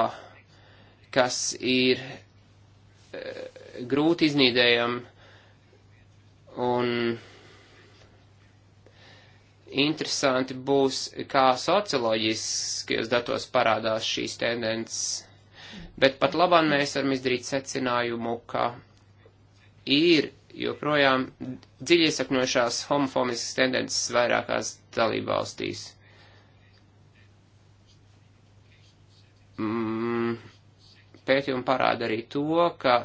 kas ir grūti iznīdējami un interesanti būs, kā socioloģiskajos datos parādās šīs tendences. Bet pat labāk mēs varam izdarīt secinājumu, ka ir joprojām dziļi iesaknojušās homofobiskas tendences vairākās dalībvalstīs. Mm, pētījumi parāda arī to, ka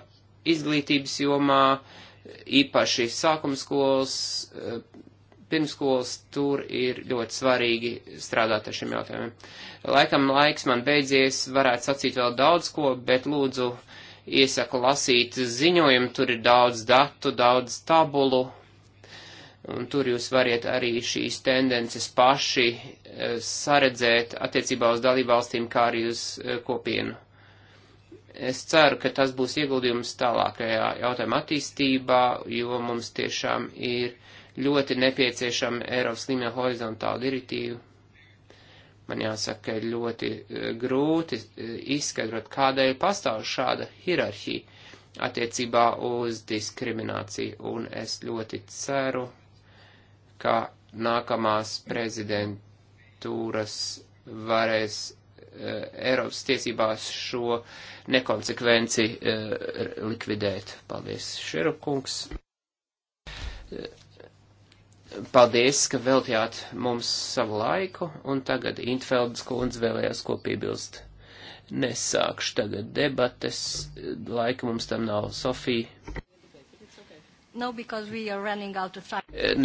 izglītības jomā, īpaši sākumskolas, eh, pirmskolas, tur ir ļoti svarīgi strādāt ar šiem jautājumiem. Laikam laiks man beidzies, varētu sacīt vēl daudz ko, bet lūdzu iesaku lasīt ziņojumu, tur ir daudz datu, daudz tabulu, un tur jūs variet arī šīs tendences paši eh, saredzēt attiecībā uz dalībvalstīm, kā arī uz eh, kopienu. Es ceru, ka tas būs ieguldījums tālākajā jautājuma attīstībā, jo mums tiešām ir ļoti nepieciešama Eiropas līmenī horizontāla direktīva. Man jāsaka, ka ir ļoti eh, grūti eh, izskaidrot, kādēļ pastāv šāda hierarhija attiecībā uz diskrimināciju, un es ļoti ceru, ka nākamās prezidentūras varēs Eh, Eiropas tiesībās šo nekonsekvenci eh, likvidēt. Paldies, Šerukungs. Eh, paldies, ka veltījāt mums savu laiku, un tagad Intfeldes kundze vēlējās ko piebilst. Nesākšu tagad debates, laika mums tam nav. Sofija. No,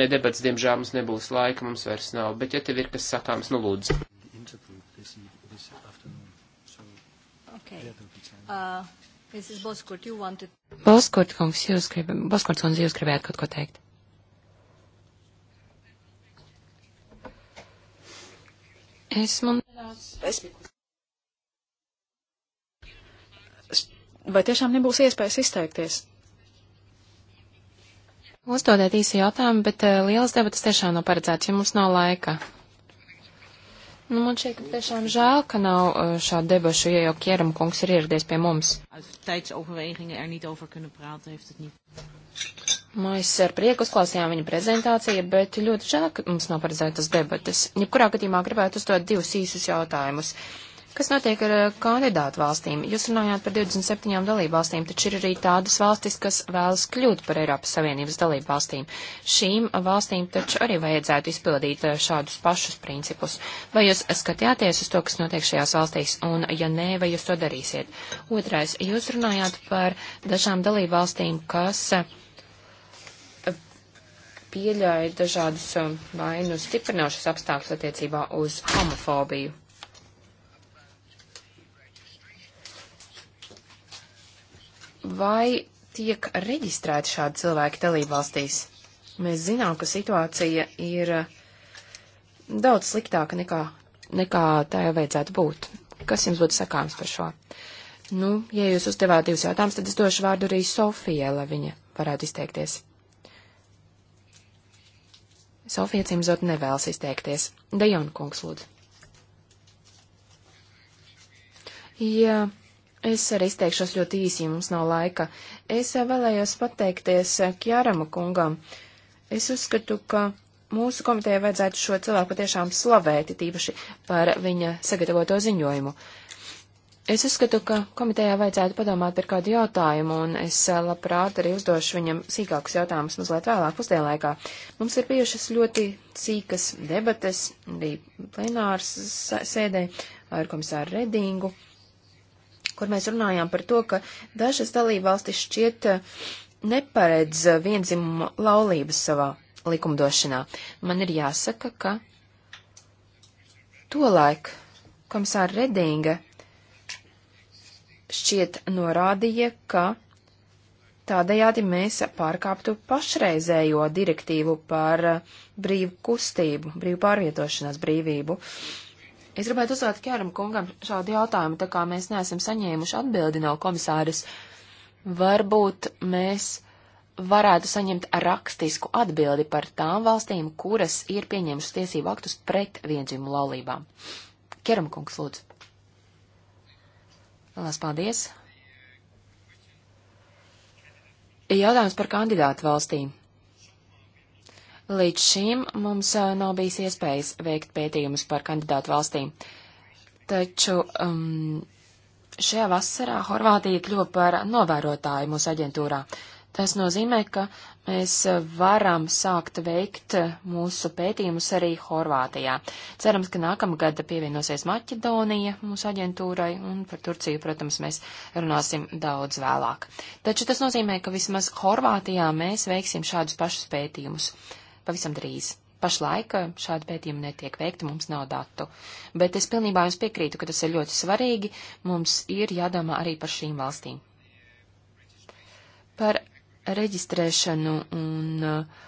ne debats, diemžēl mums nebūs laika, mums vairs nav, bet ja tev ir kas sakāms, nu lūdzu. Interpret, Uh, Boskurt, wanted... Boskurt, kungs, jūs grib... Boskurt, kungs, jūs gribējāt kaut ko teikt? Es man. Es... Vai tiešām nebūs iespējas izteikties? Uzdodiet īsi jautājumu, bet uh, lielas debatas tiešām nav paredzētas, ja mums nav laika. Nu, man šķiet, ka tiešām žēl, ka nav eh, šādu debašu, ja jau Kieram kungs ir ieradies pie mums. Mēs er nu, ar prieku uzklausījām viņa prezentāciju, bet ļoti žēl, ka mums nav paredzētas debatas. Jebkurā gadījumā gribētu uzdot divus īsus jautājumus. Kas notiek ar eh, kandidātu valstīm? Jūs runājāt par 27 dalību valstīm, taču ir arī tādas valstis, kas vēlas kļūt par Eiropas Savienības dalību valstīm. Šīm valstīm taču arī vajadzētu izpildīt eh, šādus pašus principus. Vai jūs skatījāties uz to, kas notiek šajās valstīs, un ja nē, vai jūs to darīsiet? Otrais, jūs runājāt par dažām dalību valstīm, kas eh, pieļauj dažādus vainu stiprinošus apstākļus attiecībā uz homofobiju. vai tiek reģistrēti šādi cilvēki dalībvalstīs? Mēs zinām, ka situācija ir daudz sliktāka nekā, nekā tā jau vajadzētu būt. Kas jums būtu sakāms par šo? Nu, ja jūs uzdevāt divus jautājumus, tad es došu vārdu arī Sofijai, lai viņa varētu izteikties. Sofija cimzot nevēlas izteikties. Dejona kungs lūdzu. Jā. Ja Es arī izteikšos ļoti īsi, ja mums nav laika. Es eh, vēlējos pateikties eh, Kjārama kungam. Es uzskatu, ka mūsu komitejai vajadzētu šo cilvēku patiešām slavēt, tīpaši par viņa sagatavoto ziņojumu. Es uzskatu, ka komitejā vajadzētu padomāt par kādu jautājumu, un es eh, labprāt arī uzdošu viņam sīkākus jautājumus mazliet vēlāk pusdienlaikā. Mums ir bijušas ļoti sīkas debates, arī plenārs sēdē ar komisāru Redingu kur mēs runājām par to, ka dažas dalībvalstis šķiet eh, neparedz eh, vienzimuma laulības savā likumdošanā. Man ir jāsaka, ka tolaik komisāra Redinga šķiet norādīja, ka Tādējādi mēs pārkāptu pašreizējo direktīvu par eh, brīvu kustību, brīvu pārvietošanās brīvību. Es gribētu uzdot Kjāram kungam šādu jautājumu, tā kā mēs neesam saņēmuši atbildi no komisāras. Varbūt mēs varētu saņemt rakstisku atbildi par tām valstīm, kuras ir pieņēmušas tiesību aktus pret viendzimumu laulībām. Kjāram kungs, lūdzu. Lielas paldies. Jautājums par kandidātu valstīm. Līdz šim mums nav bijis iespējas veikt pētījumus par kandidātu valstīm. Taču um, šajā vasarā Horvātija kļuva par novērotāju mūsu aģentūrā. Tas nozīmē, ka mēs varam sākt veikt mūsu pētījumus arī Horvātijā. Cerams, ka nākamgad pievienosies Maķedonija mūsu aģentūrai, un par Turciju, protams, mēs runāsim daudz vēlāk. Taču tas nozīmē, ka vismaz Horvātijā mēs veiksim šādus pašus pētījumus pavisam drīz. Pašlaik eh, šādi pētījumi netiek veikti, mums nav datu. Bet es pilnībā jums piekrītu, ka tas ir ļoti svarīgi. Mums ir jādomā arī par šīm valstīm. Par reģistrēšanu un eh,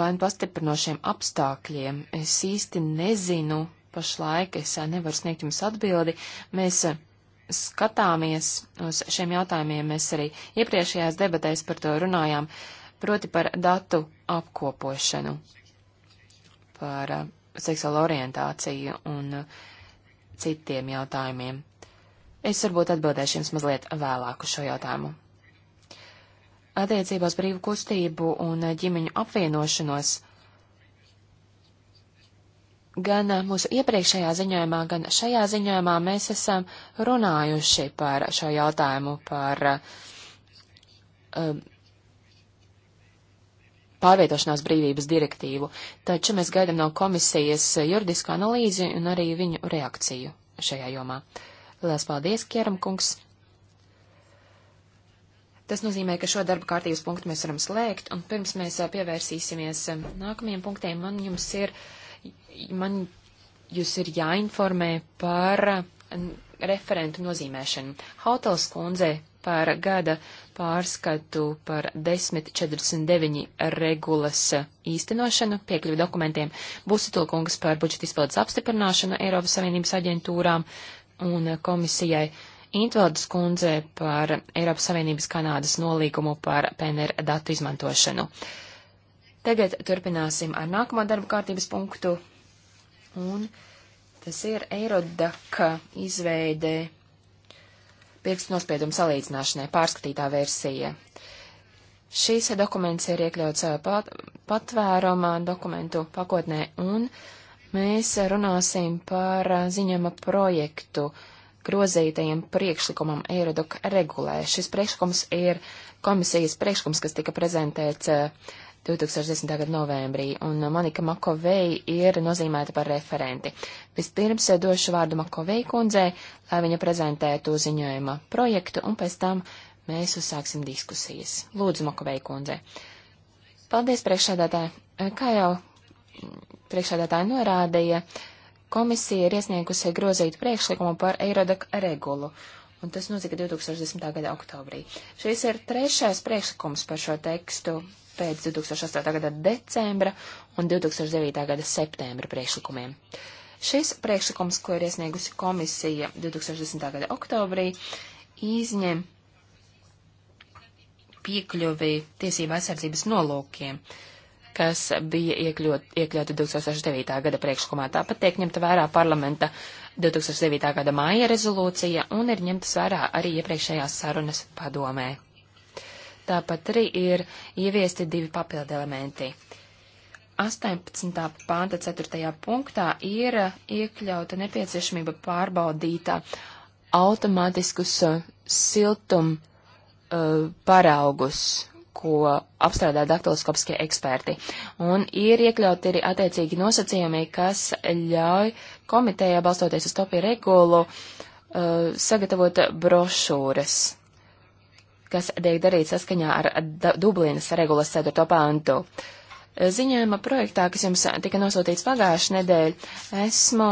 vainu pastiprinošiem apstākļiem es īsti nezinu. Pašlaik es eh, nevaru sniegt jums atbildi. Mēs skatāmies uz šiem jautājumiem. Mēs arī iepriekšējās debatēs par to runājām. Uh, proti par datu apkopošanu, par eh, seksuālo orientāciju un eh, citiem jautājumiem. Es varbūt atbildēšu jums mazliet vēlāk uz šo jautājumu. Attiecībās brīvu kustību un eh, ģimeņu apvienošanos gan mūsu iepriekšējā ziņojumā, gan šajā ziņojumā mēs esam runājuši par šo jautājumu, par uh, pārvietošanās brīvības direktīvu, taču mēs gaidām no komisijas juridisku analīzi un arī viņu reakciju šajā jomā. Lielas paldies, Kieram kungs! Tas nozīmē, ka šo darba kārtības punktu mēs varam slēgt, un pirms mēs pievērsīsimies nākamajiem punktiem, man jums ir, man jūs ir jāinformē par referentu nozīmēšanu. Hautals kundze par gada pārskatu par 1049 regulas īstenošanu, piekļuvi dokumentiem, Busitulkungs par budžeta izpildes apstiprināšanu Eiropas Savienības aģentūrām un komisijai. Intvaldes kundze par Eiropas Savienības Kanādas nolīgumu par PNR datu izmantošanu. Tagad turpināsim ar nākamo darba kārtības punktu, un tas ir Eirodaka izveide pirkstu nospiedumu salīdzināšanai pārskatītā versija. Šīs dokuments ir iekļauts pat, patvērumā dokumentu pakotnē, un mēs runāsim par ziņojuma projektu grozītajiem priekšlikumam Eirodok regulē. Šis priekšlikums ir komisijas priekšlikums, kas tika prezentēts 2010. gada novembrī, un Monika Makovei ir nozīmēta par referenti. Vispirms došu vārdu Makovei kundzei, lai viņa prezentētu ziņojuma projektu, un pēc tam mēs uzsāksim diskusijas. Lūdzu, Makovei kundze. Paldies, priekšsēdētāji. Kā jau priekšsēdētāji norādīja, komisija ir iesniegusi grozītu priekšlikumu par Eirodak regulu, un tas notika 2010. gada oktobrī. Šis ir trešais priekšlikums par šo tekstu pēc 2008. gada decembra un 2009. gada septembra priekšlikumiem. Uh, Šis priekšlikums, ko ir iesniegusi komisija 2010. gada oktobrī, izņem piekļuvi tiesība aizsardzības nolūkiem, kas bija iekļot, iekļauti 2009. gada priekšlikumā. Tāpat tiek ņemta vērā parlamenta 2009. gada māja rezolūcija un ir ņemtas vērā arī iepriekšējās sarunas padomē. Tāpat arī ir ieviesti divi papildu elementi. Uh, 18. panta 4. punktā ir iekļauta nepieciešamība pārbaudīt uh, automātiskus uh, siltum uh, paraugus, ko apstrādā daktiloskopiskie eksperti. Un ir iekļauti arī attiecīgi nosacījumi, kas ļauj komitējā balstoties uz topie regulu uh, sagatavot brošūras kas tiek darīts saskaņā ar Dublinas regulas 4. pantu. Uh, Ziņojuma projektā, kas jums tika nosūtīts pagājušajā nedēļā, esmu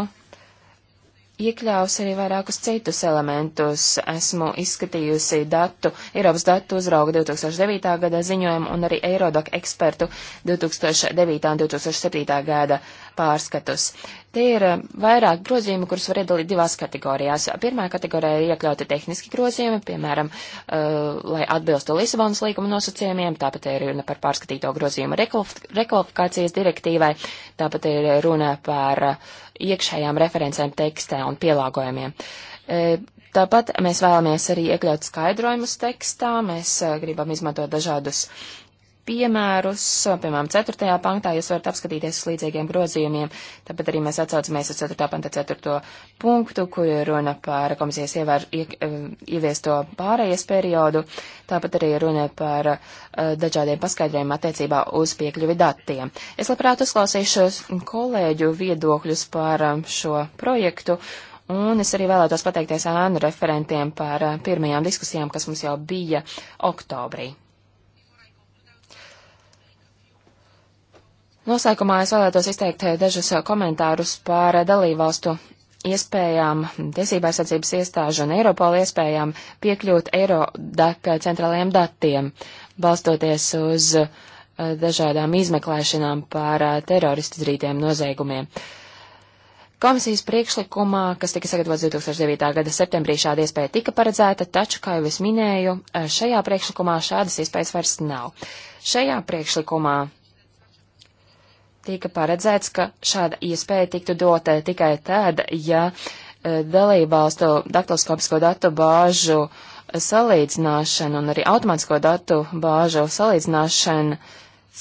iekļāvusi arī vairākus citus elementus. Esmu izskatījusi datu, Eiropas datu uzrauga 2009. gada ziņojumu un arī Eirodoka ekspertu 2009. un 2007. gada pārskatus. Te ir eh, vairāk grozījumu, kurus var iedalīt divās kategorijās. Pirmā kategorijā ir iekļauti tehniski grozījumi, piemēram, uh, lai atbilstu Lisabonas līguma nosacījumiem, tāpat ir runa par pārskatīto grozījumu rekvalifikācijas direktīvai, tāpat ir runa par eh, iekšējām referencēm tekstē un pielāgojumiem. Uh, tāpat mēs vēlamies arī iekļaut skaidrojumus tekstā, mēs uh, gribam izmantot dažādus uh, piemērus, piemēram, 4. pantā jūs varat apskatīties uz līdzīgiem grozījumiem, tāpat arī mēs atsaucamies uz 4. panta 4. punktu, kur ir runa par komisijas ievēr, ie, eh, ieviesto pārējais periodu, tāpat arī runa par uh, dažādiem paskaidrojumiem attiecībā uz piekļuvi datiem. Es labprāt uzklausīšu kolēģu viedokļus par um, šo projektu. Un es arī vēlētos pateikties ēnu referentiem par uh, pirmajām diskusijām, kas mums jau bija oktobrī. Noslēgumā es vēlētos izteikt eh, dažus eh, komentārus par eh, dalībvalstu iespējām, tiesībā aizsardzības iestāžu un Eiropola iespējām piekļūt Eirodaka centrālajiem datiem, balstoties uz dažādām izmeklēšanām par teroristu izrītiem noziegumiem. Komisijas priekšlikumā, kas tika sagatavots 2009. gada septembrī, šāda iespēja tika paredzēta, taču, kā jau es minēju, šajā priekšlikumā šādas iespējas vairs nav. Šajā priekšlikumā tika paredzēts, ka šāda iespēja tiktu dota tikai tad, ja e, dalībvalstu daktiloskopisko datu bāžu salīdzināšana un arī automātisko datu bāžu salīdzināšana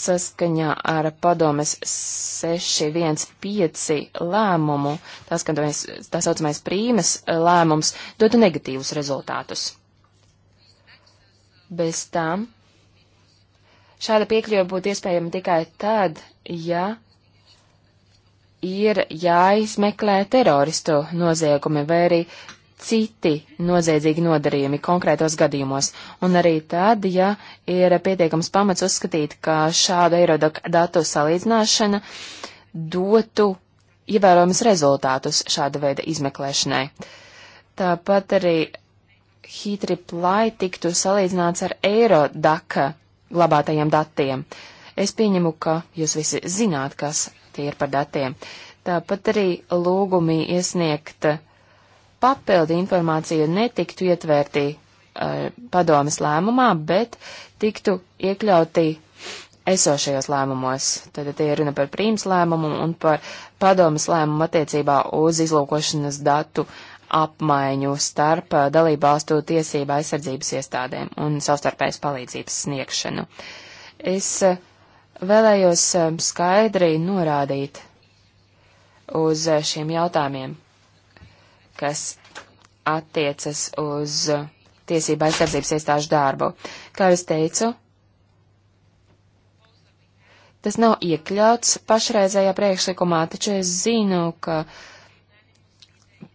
saskaņā ar padomes 615 lēmumu, tas, kad mēs, tā saucamais prīmes lēmums, dotu negatīvus rezultātus. Bez tam šāda piekļuva būtu iespējama tikai tad, ja ir jāizmeklē teroristu noziegumi vai arī citi noziedzīgi nodarījumi konkrētos gadījumos, un arī tad, ja ir pietiekams pamats uzskatīt, ka šāda eirodatu salīdzināšana dotu ievērojams rezultātus šāda veida izmeklēšanai. Tāpat arī Hītri Plai tiktu salīdzināts ar Eirodaka glabātajiem datiem. Uh, Es pieņemu, ka jūs visi zināt, kas tie ir par datiem. Tāpat arī lūgumi iesniegt papildu informāciju netiktu ietvērti uh, eh, padomas lēmumā, bet tiktu iekļauti esošajos lēmumos. Tad tie ir runa par prīms lēmumu un par padomas lēmumu attiecībā uz izlūkošanas datu apmaiņu starp eh, dalībvalstu tiesību aizsardzības iestādēm un savstarpējas palīdzības sniegšanu. Es uh, vēlējos um, skaidri norādīt uz uh, šiem jautājumiem, kas attiecas uz uh, tiesība aizsardzības iestāžu darbu. Kā jau es teicu, tas nav iekļauts pašreizējā priekšlikumā, taču es zinu, ka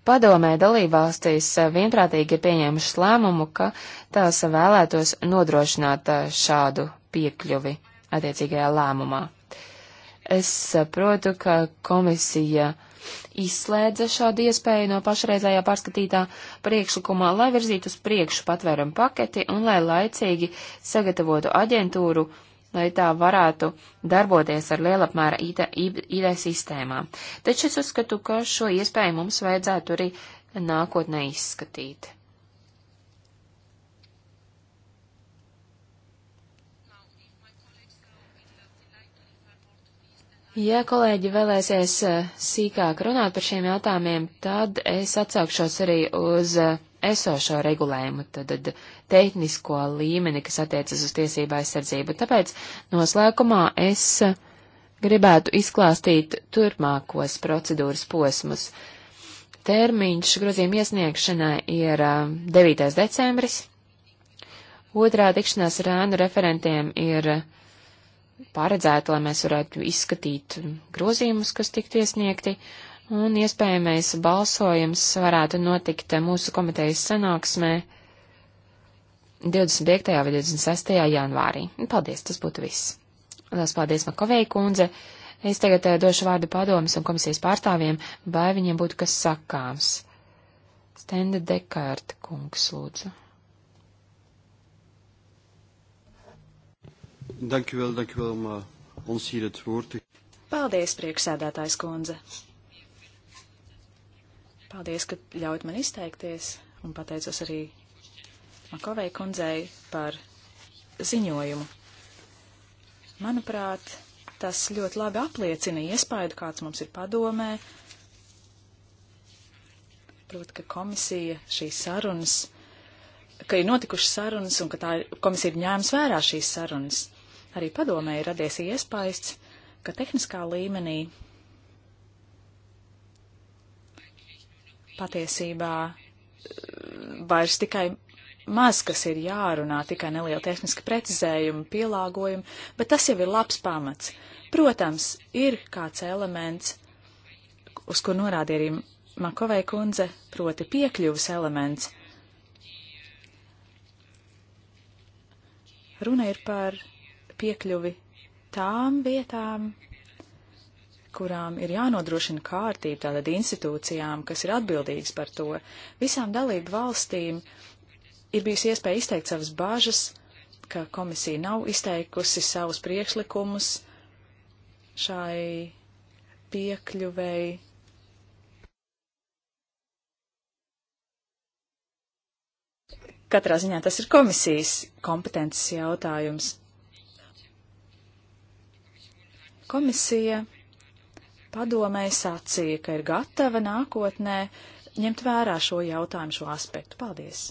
padomē dalībvalstīs uh, vienprātīgi ir pieņēmušas lēmumu, ka tās vēlētos nodrošināt šādu piekļuvi attiecīgajā lēmumā. Es saprotu, ka komisija izslēdza šādu iespēju no pašreizējā pārskatītā priekšlikumā, lai virzītu uz priekšu patvērumu paketi un lai laicīgi sagatavotu aģentūru, lai tā varētu darboties ar lielapmēra IT, IT sistēmām. Taču es uzskatu, ka šo iespēju mums vajadzētu arī nākotnē izskatīt. Ja kolēģi vēlēsies eh, sīkāk runāt par šiem jautājumiem, tad es atsaukšos arī uz esošo eh, regulējumu, tad, tad tehnisko līmeni, kas attiecas uz tiesību aizsardzību. Tāpēc noslēgumā es eh, gribētu izklāstīt turpmākos procedūras posmus. Termiņš grozījuma iesniegšanai ir 9. decembris. Otrā tikšanās ar ēnu referentiem ir paredzēta, lai mēs varētu izskatīt grozījumus, kas tiktu iesniegti, un iespējamais balsojums varētu notikt mūsu komitejas sanāksmē 25. vai 26. janvārī. Paldies, tas būtu viss. Lielas paldies, Makovei kundze. Es tagad eh, došu vārdu padomas un komisijas pārstāvjiem, vai viņiem būtu kas sakāms. Stenda Dekārta kungs, lūdzu. Dank u wel, dank u wel om uh, ons hier het woord te... Paldies, priekšsēdētājs kundze. Paldies, ka ļaut man izteikties, un pateicos arī Makovei kundzei par ziņojumu. Manuprāt, tas ļoti labi apliecina iespaidu, kāds mums ir padomē. Proti, ka komisija šīs sarunas, ka ir notikušas sarunas un ka tā komisija ir ņēmusi vērā šīs sarunas arī padomē ir radies iespējas, ka tehniskā līmenī patiesībā eh, vairs tikai maz, kas ir jārunā, tikai neliela tehniska precizējuma, pielāgojuma, bet tas jau ir labs pamats. Protams, ir kāds elements, uz kur norādīja arī Makovei kundze, proti piekļuvas elements. Runa ir par piekļuvi tām vietām, kurām ir jānodrošina kārtība, tātad institūcijām, kas ir atbildīgas par to. Visām dalību valstīm ir bijusi iespēja izteikt savas bažas, ka komisija nav izteikusi savus priekšlikumus šai piekļuvēji. Katrā ziņā tas ir komisijas kompetences jautājums. Komisija padomēja sacīja, ka ir gatava nākotnē ņemt vērā šo jautājumu, šo aspektu. Paldies!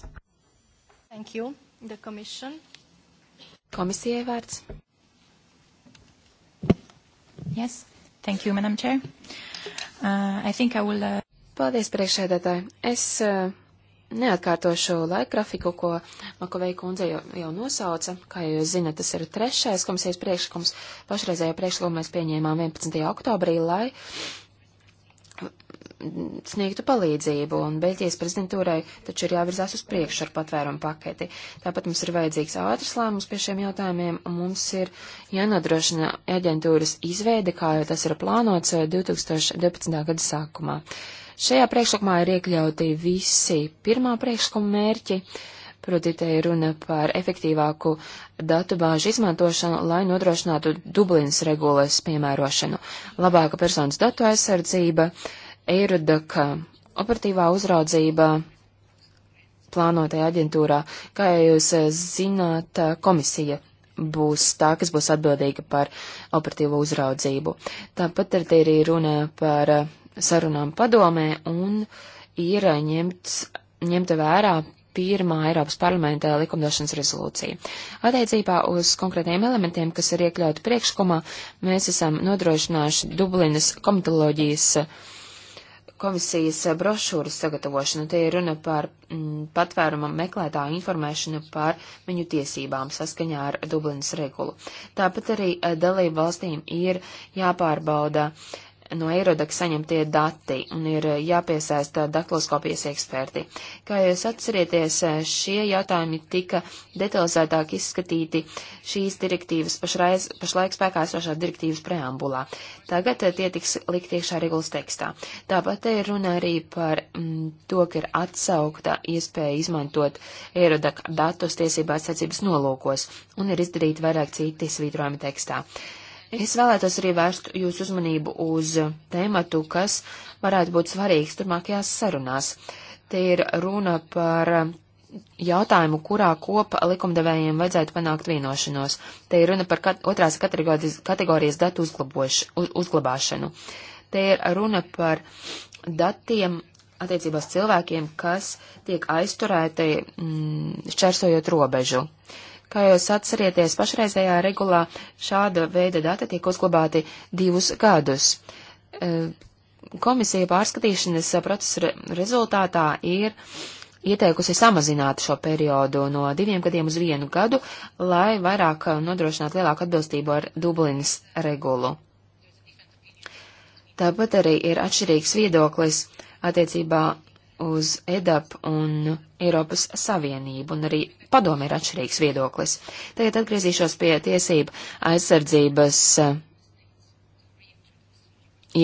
Thank you. The commission. Komisijai vārds. Yes. Thank you, Madam Chair. Uh, I think I will. Uh... Paldies, priekšēdētāji. Es uh, neatkārtošu laika grafiku, ko Makovei kundze jau, jau nosauca. Kā jau jūs zinat, tas ir trešais komisijas priekšlikums. Pašreizējo priekšlikumu mēs pieņēmām 11. oktobrī, lai sniegtu palīdzību, un Beļģijas prezidentūrai taču ir jāvirzās uz priekšu ar patvērumu paketi. Tāpat mums ir vajadzīgs ātrs lēmums pie šiem jautājumiem, un mums ir jānodrošina aģentūras izveide, kā jau tas ir plānots 2012. Eh, gada sākumā. Uh, Šajā priekšlikumā ir iekļauti visi pirmā priekšlikuma mērķi, proti te ir runa par efektīvāku datubāžu izmantošanu, lai nodrošinātu Dublinas regulas piemērošanu, labāka personas datu aizsardzība, Eirodaka operatīvā uzraudzība plānotajā aģentūrā, kā jūs zināt, komisija būs tā, kas būs atbildīga par operatīvo uzraudzību. Tāpat arī runa par sarunām padomē un ir ņemts, ņemta vērā pirmā Eiropas parlamenta likumdošanas rezolūcija. Attiecībā uz konkrētiem elementiem, kas ir iekļauti priekšlikumā, mēs esam nodrošinājuši Dublinas komitoloģijas komisijas brošūras sagatavošanu. Te ir runa par m, mm, patvēruma meklētāju informēšanu par viņu tiesībām saskaņā ar Dublinas regulu. Tāpat arī eh, dalību valstīm ir jāpārbauda uh, no Eirodaka saņemtie dati un ir eh, jāpiesaista dakloskopijas eksperti. Kā jūs atcerieties, eh, šie jautājumi tika detalizētāk izskatīti šīs direktīvas pašreiz, pašlaik spēkā esošā direktīvas preambulā. Tagad eh, tie tiks likt iekšā regulas tekstā. Tāpat te ir runa arī par m, mm, to, ka ir atsaukta iespēja izmantot Eirodaka datus tiesībā aizsardzības nolūkos un ir izdarīti vairāk citi svītrojumi tekstā. Uh, Es vēlētos arī vērst jūsu uzmanību uz tēmatu, kas varētu būt svarīgs turmākajās sarunās. Te ir runa par jautājumu, kurā kopa likumdevējiem vajadzētu panākt vienošanos. Te ir runa par kat otrās kategorijas, kategorijas datu uz, uzglabāšanu. Te ir runa par datiem attiecībās cilvēkiem, kas tiek aizturēti mm, šķērsojot robežu. Uh, Kā jūs atcerieties, pašreizējā regulā šāda veida dati tiek uzglabāti divus gadus. E, komisija pārskatīšanas procesa rezultātā ir ieteikusi samazināt šo periodu no diviem gadiem uz vienu gadu, lai vairāk nodrošinātu lielāku atbilstību ar Dublinas regulu. Tāpat arī ir atšķirīgs viedoklis attiecībā uz EDAP un Eiropas Savienību, un arī padomi ir atšķirīgs viedoklis. Tagad atgriezīšos pie tiesību aizsardzības eh,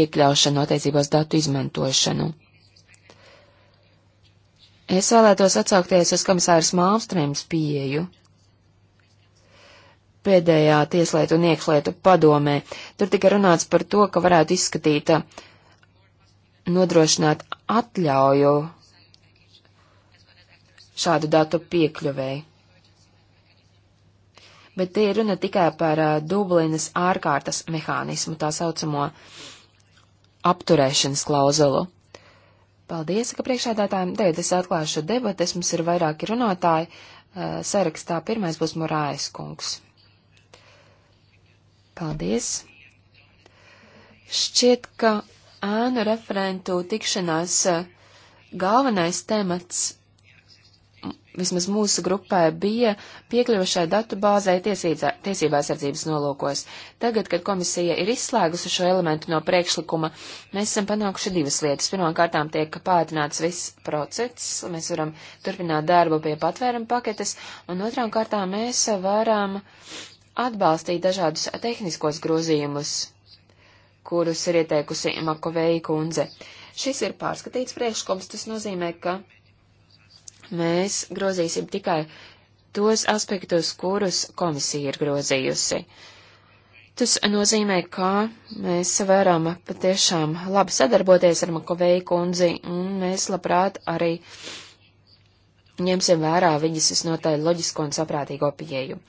iekļaušanu noteicībos datu izmantošanu. Es vēlētos atsaukties uz komisāras Mālstrēms pieeju. Pēdējā tieslietu un iekšlietu padomē tur tika runāts par to, ka varētu izskatīt uh, nodrošināt atļauju šādu datu piekļuvēju. Bet te ir runa tikai par Dublinas ārkārtas mehānismu, tā saucamo apturēšanas klauzulu. Paldies, ka priekšādātājiem teicu, es atklāšu debates, mums ir vairāki runātāji, sarakstā pirmais būs Morājas kungs. Paldies! Šķiet, ka ēnu referentu tikšanās eh, galvenais temats, vismaz mūsu grupai, bija piekļuvašai datu bāzai tiesībā aizsardzības nolūkos. Tagad, kad komisija ir izslēgusi šo elementu no priekšlikuma, mēs esam panākuši divas lietas. Pirmkārtām tiek pātrināts viss process, mēs varam turpināt darbu pie patvēruma paketes, un otrām kārtām mēs varam atbalstīt dažādus tehniskos grozījumus kurus ir ieteikusi Makovēja kundze. Šis ir pārskatīts priekšlikums, tas nozīmē, ka mēs grozīsim tikai tos aspektus, kurus komisija ir grozījusi. Tas nozīmē, ka mēs varam patiešām labi sadarboties ar Makovēju kundzi, un mēs labprāt arī ņemsim vērā viņas visnotaļ loģisko un saprātīgo pieeju.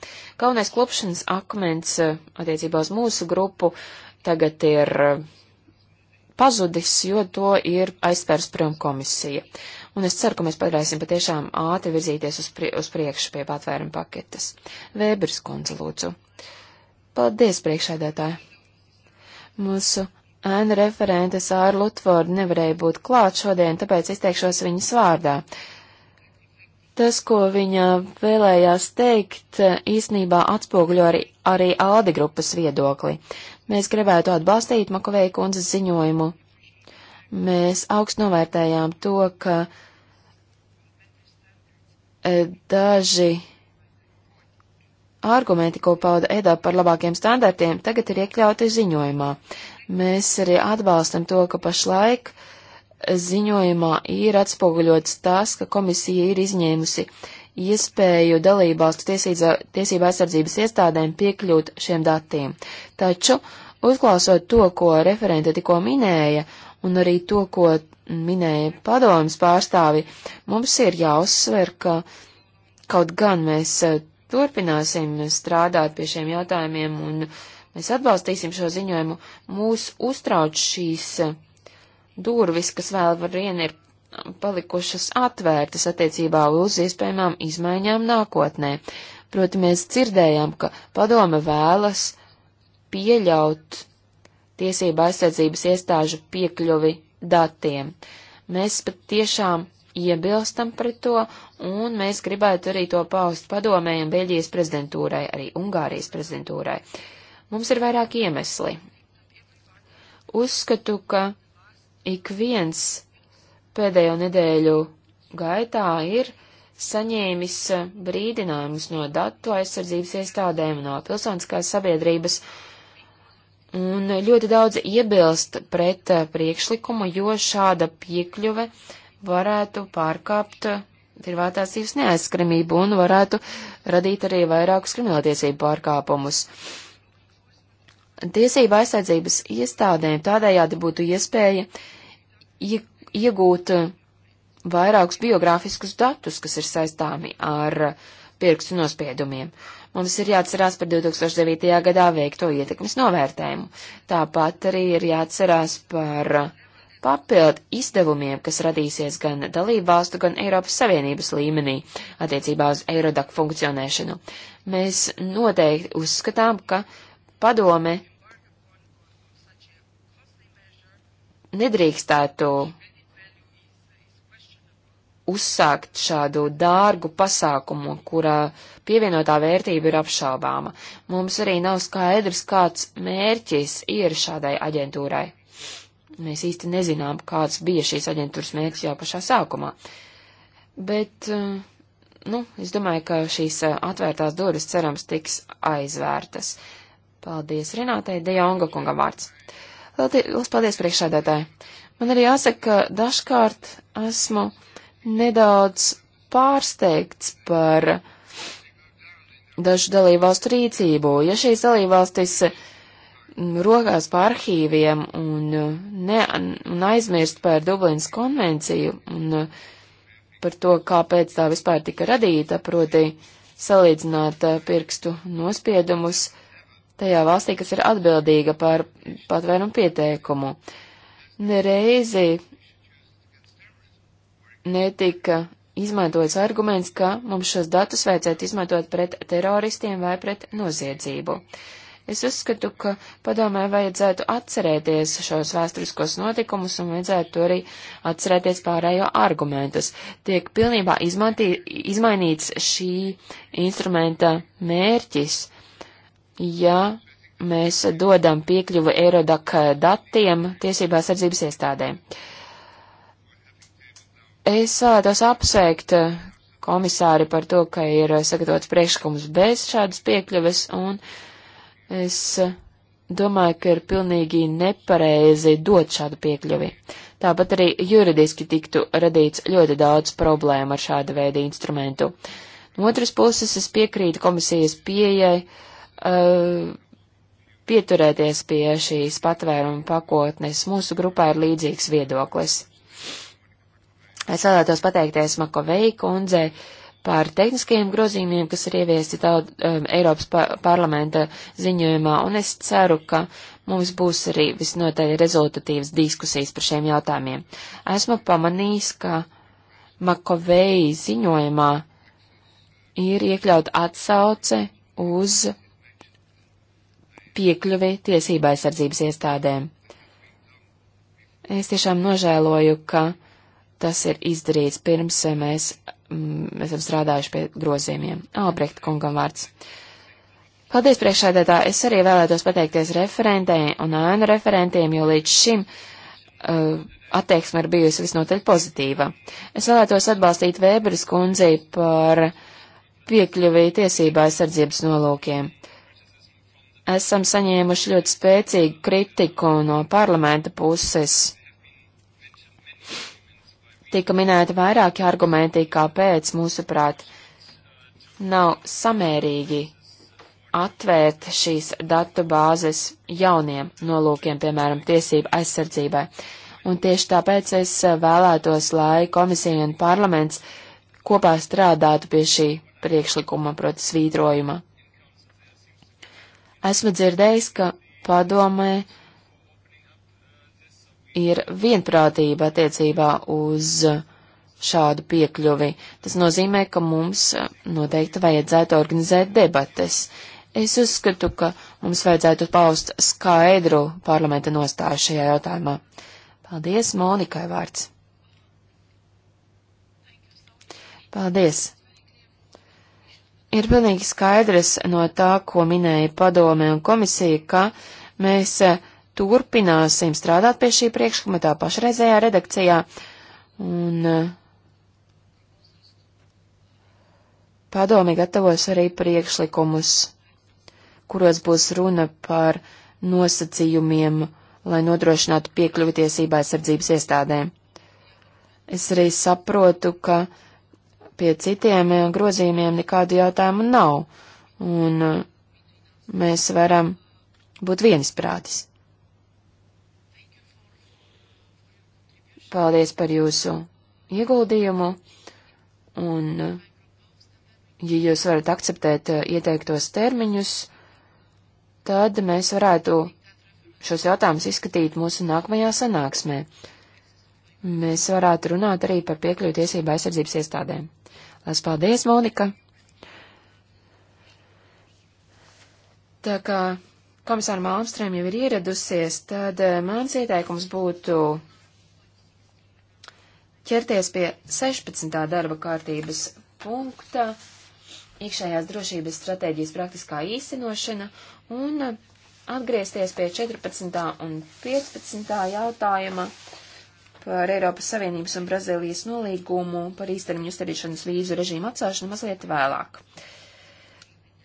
Kaunais klopšanas akmens eh, attiecībā uz mūsu grupu tagad ir eh, pazudis, jo to ir aizspērs prom komisija. Un es ceru, ka mēs padarīsim patiešām ātri virzīties uz, pri uz priekšu pie patvēruma paketes. Vēbers kundze, lūdzu. Paldies, priekšēdētāji. Mūsu ēna referente Sāra Lutvorda nevarēja būt klāt šodien, tāpēc izteikšos viņas vārdā. Tas, ko viņa vēlējās teikt, īsnībā atspoguļo arī, arī Aldi grupas viedokli. Mēs gribētu atbalstīt Makovēja kundzes ziņojumu. Mēs augstu novērtējām to, ka e, daži argumenti, ko pauda Edā par labākiem standartiem, tagad ir iekļauti ziņojumā. Mēs arī atbalstam to, ka pašlaik ziņojumā ir atspoguļots tas, ka komisija ir izņēmusi iespēju dalībvalstu tiesību aizsardzības iestādēm piekļūt šiem datiem. Taču, uzklausot to, ko referente tikko minēja, un arī to, ko minēja padomjas pārstāvi, mums ir jāuzsver, ka kaut gan mēs e, turpināsim strādāt pie šiem jautājumiem un mēs atbalstīsim šo ziņojumu, mūs uztrauc šīs e, durvis, kas vēl vien ir palikušas atvērtas attiecībā uz iespējamām izmaiņām nākotnē. Proti, mēs dzirdējām, ka padome vēlas pieļaut tiesība aizsardzības iestāžu piekļuvi datiem. Mēs pat tiešām iebilstam pret to, un mēs gribētu arī to paust padomējiem Beļģijas prezidentūrai, arī Ungārijas prezidentūrai. Mums ir vairāk iemesli. Uzskatu, ka ik viens pēdējo nedēļu gaitā ir saņēmis eh, brīdinājumus no datu aizsardzības iestādēm, no pilsoniskās sabiedrības, un ļoti daudz iebilst pret eh, priekšlikumu, jo šāda piekļuve varētu pārkāpt eh, privātās dzīves neaizskaramību un varētu radīt arī vairākus krimināltiesību pārkāpumus. Tiesība aizsardzības iestādēm tādējādi būtu iespēja ja iegūt eh, vairākus biogrāfiskus datus, kas ir saistāmi ar eh, pirkstu nospiedumiem. Mums ir jāatcerās par 2009. gadā veikto ietekmes novērtējumu. Tāpat arī ir jāatcerās par eh, papildu izdevumiem, kas radīsies gan dalību valstu, gan Eiropas Savienības līmenī attiecībā uz Eirodak funkcionēšanu. Mēs noteikti uzskatām, ka padome nedrīkstētu uzsākt šādu dārgu pasākumu, kura pievienotā vērtība ir apšaubāma. Mums arī nav skaidrs, kāds mērķis ir šādai aģentūrai. Mēs īsti nezinām, kāds bija šīs aģentūras mērķis jau pašā sākumā. Bet, eh, nu, es domāju, ka šīs eh, atvērtās durvis cerams tiks aizvērtas. Paldies Renātei Dejonga kungam vārds. Lielas paldies priekšādātāji. Man arī jāsaka, ka dažkārt esmu nedaudz pārsteigts par dažu dalībvalstu rīcību. Ja šīs dalībvalstis mm, rokās pa arhīviem un, mm, ne, un aizmirst par Dublinas konvenciju un mm, par to, kāpēc tā vispār tika radīta, proti salīdzināt pirkstu nospiedumus tajā valstī, kas ir atbildīga par patvērumu pieteikumu. Nereizi netika izmantots arguments, ka mums šos datus vajadzētu izmantot pret teroristiem vai pret noziedzību. Es uzskatu, ka padomē vajadzētu atcerēties šos vēsturiskos notikumus un vajadzētu arī atcerēties pārējo argumentus. Tiek pilnībā izmantī, izmainīts šī instrumenta mērķis, ja mēs dodam piekļuvu Eirodak datiem tiesībās ardzības iestādēm. Uh, Es vēlētos apsveikt eh, komisāri par to, ka ir sagatavots priekšlikums bez šādas piekļuves, un es eh, domāju, ka ir pilnīgi nepareizi dot šādu piekļuvi. Tāpat arī juridiski tiktu radīts ļoti daudz problēmu ar šādu veidu instrumentu. No otras puses, es piekrītu komisijas pieejai uh, pieturēties pie šīs patvēruma pakotnes. Mūsu grupā ir līdzīgs viedoklis. Es vēlētos pateikties Makovei kundzei par tehniskajiem grozījumiem, kas ir ieviesti daudz um, Eiropas par parlamenta ziņojumā, un es ceru, ka mums būs arī visnotaļ rezultatīvas diskusijas par šiem jautājumiem. Esmu pamanījis, ka Makovei ziņojumā ir iekļaut atsauce uz piekļuvi tiesībā aizsardzības iestādēm. Es tiešām nožēloju, ka tas ir izdarīts pirms eh, mēs mm, esam strādājuši pie grozījumiem. Albrecht kungam vārds. Paldies priekšādētā. Es arī vēlētos pateikties referentēm un ēnu referentiem, jo līdz šim uh, attieksme ir bijusi visnotaļ pozitīva. Es vēlētos atbalstīt Vēberis kundzei par piekļuvi tiesībā aizsardzības nolūkiem. Esam saņēmuši ļoti spēcīgu kritiku no parlamenta puses Tika minēti vairāki argumenti, kāpēc, mūsuprāt, nav samērīgi atvērt šīs datu bāzes jauniem nolūkiem, piemēram, tiesību aizsardzībai. Un tieši tāpēc es vēlētos, lai komisija un parlaments kopā strādātu pie šī priekšlikuma, proti svītrojuma. Esmu dzirdējis, ka padomē ir vienprātība attiecībā uz šādu piekļuvi. Tas nozīmē, ka mums noteikti vajadzētu organizēt debates. Es uzskatu, ka mums vajadzētu paust skaidru parlamenta nostāju šajā jautājumā. Paldies, Monikai vārds. Paldies. Ir pilnīgi skaidrs no tā, ko minēja padome un komisija, ka mēs uh, turpināsim strādāt pie šī priekšlikuma tā pašreizējā redakcijā. Un eh, padomi gatavos arī priekšlikumus, kuros būs runa par nosacījumiem, lai nodrošinātu piekļuvi tiesībā aizsardzības iestādēm. Es arī saprotu, ka pie citiem eh, grozījumiem nekādu jautājumu nav, un eh, mēs varam būt viensprātis. Paldies par jūsu ieguldījumu, un, ja jūs varat akceptēt eh, ieteiktos termiņus, tad mēs varētu šos jautājumus izskatīt mūsu nākamajā sanāksmē. Mēs varētu runāt arī par piekļuvu tiesību aizsardzības iestādēm. Lās paldies, Monika! Tā kā komisāra Malmstrēm jau ir ieradusies, tad eh, mans ieteikums būtu ķerties pie 16. darba kārtības punkta - iekšējās drošības stratēģijas praktiskā īstenošana un atgriezties pie 14. un 15. jautājuma par Eiropas Savienības un Brazīlijas nolīgumu par īstermiņu uzturēšanas vīzu režīmu atcelšanu mazliet vēlāk. Uh,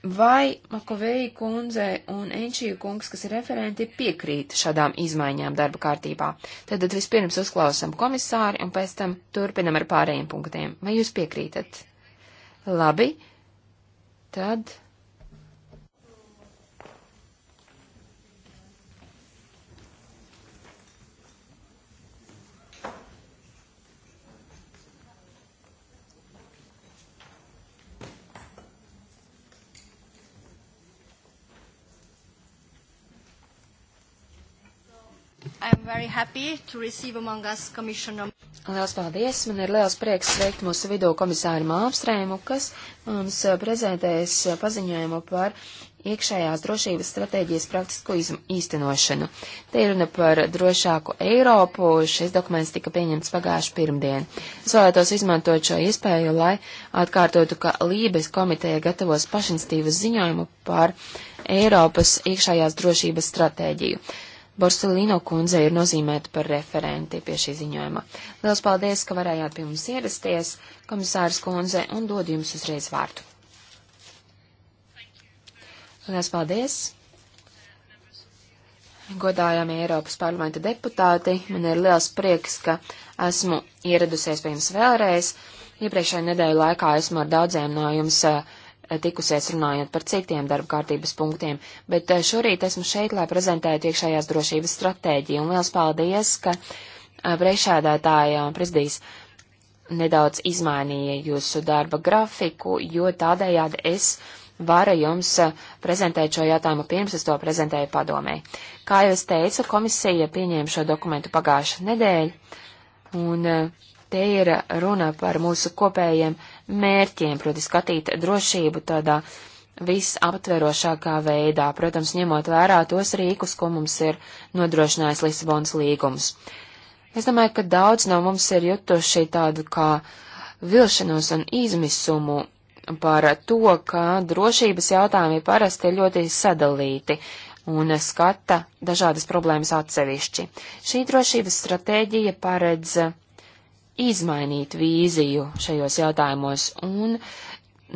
Vai Makovēja kundze un Enčija kungs, kas ir referenti, piekrīt šādām izmaiņām darba kārtībā? Tad, tad vispirms uzklausam komisāri un pēc tam turpinam ar pārējiem punktiem. Vai jūs piekrītat? Labi, tad Liels paldies! Man ir liels prieks sveikt mūsu vidū komisāru Mālstrēmu, kas mums eh, prezentēs eh, paziņojumu par iekšējās drošības stratēģijas praktisko īstenošanu. Te ir runa par drošāku Eiropu, šis dokuments tika pieņemts pagājuši pirmdien. Es vēlētos izmantot šo iespēju, lai atkārtotu, ka Lībes komiteja gatavos pašinstīvas ziņojumu par Eiropas iekšējās drošības stratēģiju. Borsalino kundze ir nozīmēta par referenti pie šī ziņojuma. Liels paldies, ka varējāt pie mums ierasties, komisārs kundze, un dod jums uzreiz vārdu. Liels paldies! Godājami Eiropas parlamenta deputāti, man ir liels prieks, ka esmu ieradusies pie jums vēlreiz. Iepriekšējā nedēļa laikā esmu ar daudziem no jums uh, tikusies runājot par citiem darba kārtības punktiem, bet eh, šorīt esmu šeit, lai prezentētu iekšējās drošības stratēģiju, un liels paldies, ka eh, priekšēdētāja prezidijas nedaudz izmainīja jūsu darba grafiku, jo tādējādi es varu jums eh, prezentēt šo jautājumu pirms es to prezentēju padomē. Kā jau es teicu, komisija pieņēma šo dokumentu pagājušā nedēļa, un te ir runa par mūsu kopējiem mērķiem, proti skatīt drošību tādā visaptverošākā veidā, protams, ņemot vērā tos rīkus, ko mums ir nodrošinājis Lisabonas līgums. Es domāju, ka daudz no mums ir jutuši tādu kā vilšanos un izmisumu par to, ka drošības jautājumi parasti ir ļoti sadalīti un skata dažādas problēmas atsevišķi. Šī drošības stratēģija paredz izmainīt vīziju šajos jautājumos un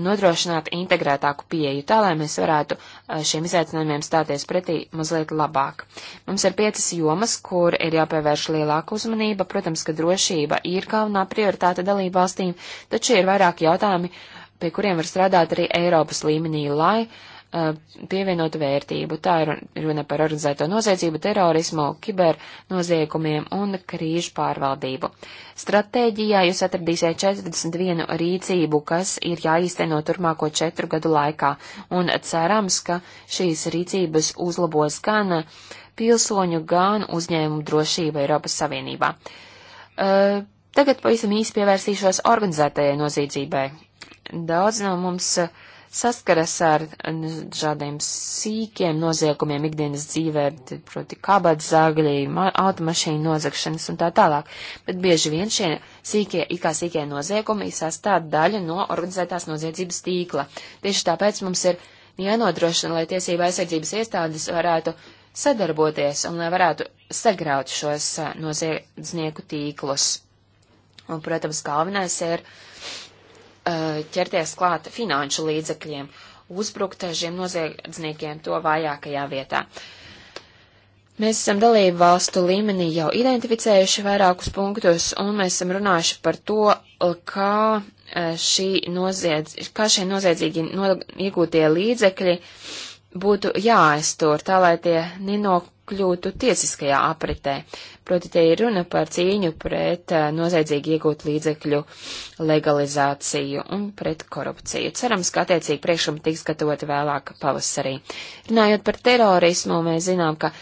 nodrošināt integrētāku pieeju, tā lai mēs varētu eh, šiem izaicinājumiem stāties pretī mazliet labāk. Mums ir piecas jomas, kur ir jāpievērš lielāka uzmanība. Protams, ka drošība ir galvenā prioritāte dalību valstīm, taču ir vairāk jautājumi, pie kuriem var strādāt arī Eiropas līmenī, lai uh, Uh, pievienot vērtību. Tā ir runa par organizēto noziedzību, terorismu, kibernoziegumiem un krīžu pārvaldību. Stratēģijā jūs atradīsiet 41 rīcību, kas ir jāīsteno turpmāko četru gadu laikā, un cerams, ka šīs rīcības uzlabos gan pilsoņu, gan uzņēmumu drošību Eiropas Savienībā. Uh, tagad pavisam īsi pievērsīšos organizētajai noziedzībai. Daudz no mums uh, saskaras ar šādiem sīkiem noziegumiem ikdienas dzīvē, proti kabats zāgļi, automašīnu nozagšanas un tā tālāk. Bet bieži vien šie sīkie, ikā sīkie noziegumi sastāv daļa no organizētās noziedzības tīkla. Tieši tāpēc mums ir jānodrošina, lai tiesība aizsardzības iestādes varētu sadarboties un lai varētu sagraut šos noziedznieku tīklus. Un, protams, galvenais ir uh, Eh, ķerties klāt finanšu līdzekļiem, uzbrukt eh, šiem noziedzniekiem to vājākajā vietā. Mēs esam dalību valstu līmenī jau identificējuši vairākus punktus, un mēs esam runājuši par to, kā, eh, noziedz, kā šie noziedzīgi no, iegūtie līdzekļi būtu jāaiztur, tā lai tie nenok, iekļūtu tiesiskajā apritē. Proti, te ir runa par cīņu pret eh, noziedzīgi iegūt līdzekļu legalizāciju un pret korupciju. Cerams, ka attiecīgi priekšumi tiks gatavoti vēlāk pavasarī. Runājot par terorismu, mēs zinām, ka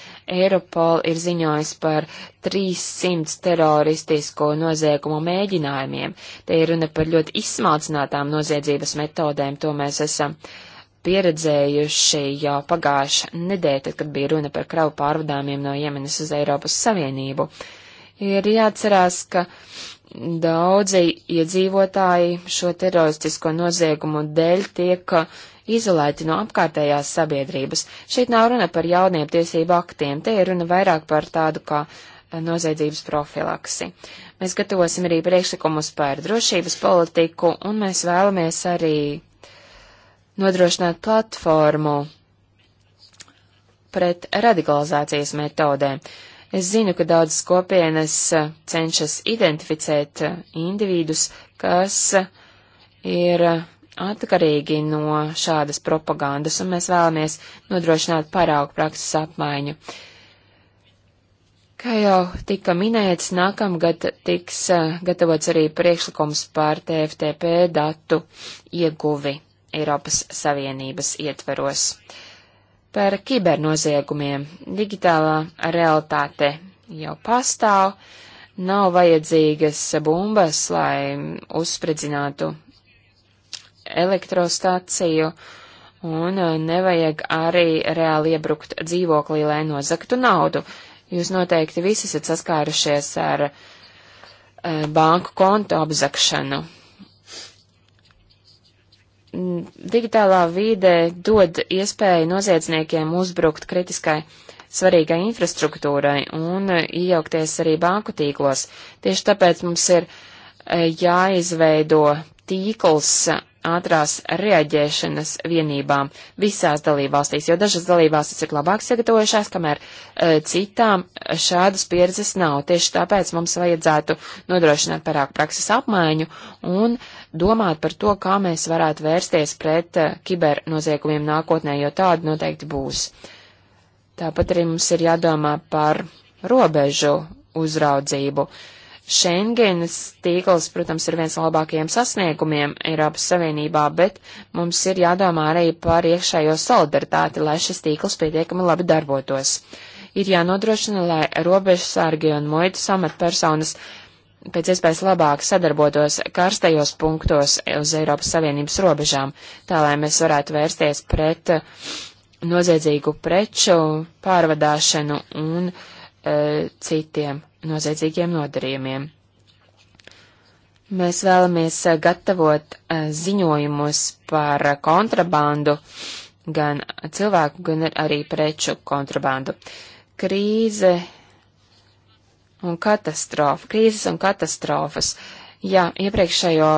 Eiropol ir ziņojis par 300 teroristisko noziegumu mēģinājumiem. Te ir runa par ļoti izsmalcinātām noziedzības metodēm, to mēs esam uh, pieredzējuši jau pagājušā nedēļa, tad, kad bija runa par kravu pārvadāmiem no Jemenas uz Eiropas Savienību. Ir jāatcerās, ka daudzi iedzīvotāji šo teroristisko noziegumu dēļ tiek izolēti no apkārtējās sabiedrības. Šeit nav runa par jauniem tiesību aktiem, te ir runa vairāk par tādu kā noziedzības profilaksi. Mēs gatavosim arī priekšlikumus par drošības politiku, un mēs vēlamies arī nodrošināt platformu pret radikalizācijas metodēm. Es zinu, ka daudzas kopienas eh, cenšas identificēt eh, individus, kas eh, ir atkarīgi no šādas propagandas, un mēs vēlamies nodrošināt paraugu prakses apmaiņu. Kā jau tika minēts, nākamgad tiks gatavots arī priekšlikums par TFTP datu ieguvi. Eiropas Savienības ietveros. Par kibernoziegumiem digitālā realitāte jau pastāv, nav vajadzīgas bumbas, lai uzspridzinātu elektrostaciju, un uh, nevajag arī reāli iebrukt dzīvoklī, lai nozaktu naudu. Jūs noteikti visi esat saskārušies ar uh, banku kontu apzakšanu digitālā vīde dod iespēju noziedzniekiem uzbrukt kritiskai svarīgai infrastruktūrai un e, iejaukties arī banku tīklos. Tieši tāpēc mums ir e, jāizveido tīkls ātrās reaģēšanas vienībām visās dalībvalstīs, jo dažas dalībvalstis ir labāk sagatavojušās, kamēr e, citām šādas pieredzes nav. Tieši tāpēc mums vajadzētu nodrošināt parāk prakses apmaiņu un e, domāt par to, kā mēs varētu vērsties pret eh, kibernoziegumiem nākotnē, jo tādi noteikti būs. Tāpat arī mums ir jādomā par robežu uzraudzību. Schengenas tīkls, protams, ir viens no labākajiem sasniegumiem Eiropas Savienībā, bet mums ir jādomā arī par iekšējo solidaritāti, lai šis tīkls pietiekami labi darbotos. Ir jānodrošina, lai robežsargi un muitas amatpersonas pēc iespējas labāk sadarbotos karstajos punktos uz Eiropas Savienības robežām, tā lai mēs varētu vērsties pret eh, noziedzīgu preču pārvadāšanu un e, citiem noziedzīgiem nodarījumiem. Mēs vēlamies eh, gatavot ziņojumus par kontrabandu, gan cilvēku, gan arī preču kontrabandu. Krīze un katastrofa, krīzes un katastrofas. Jā, iepriekšējo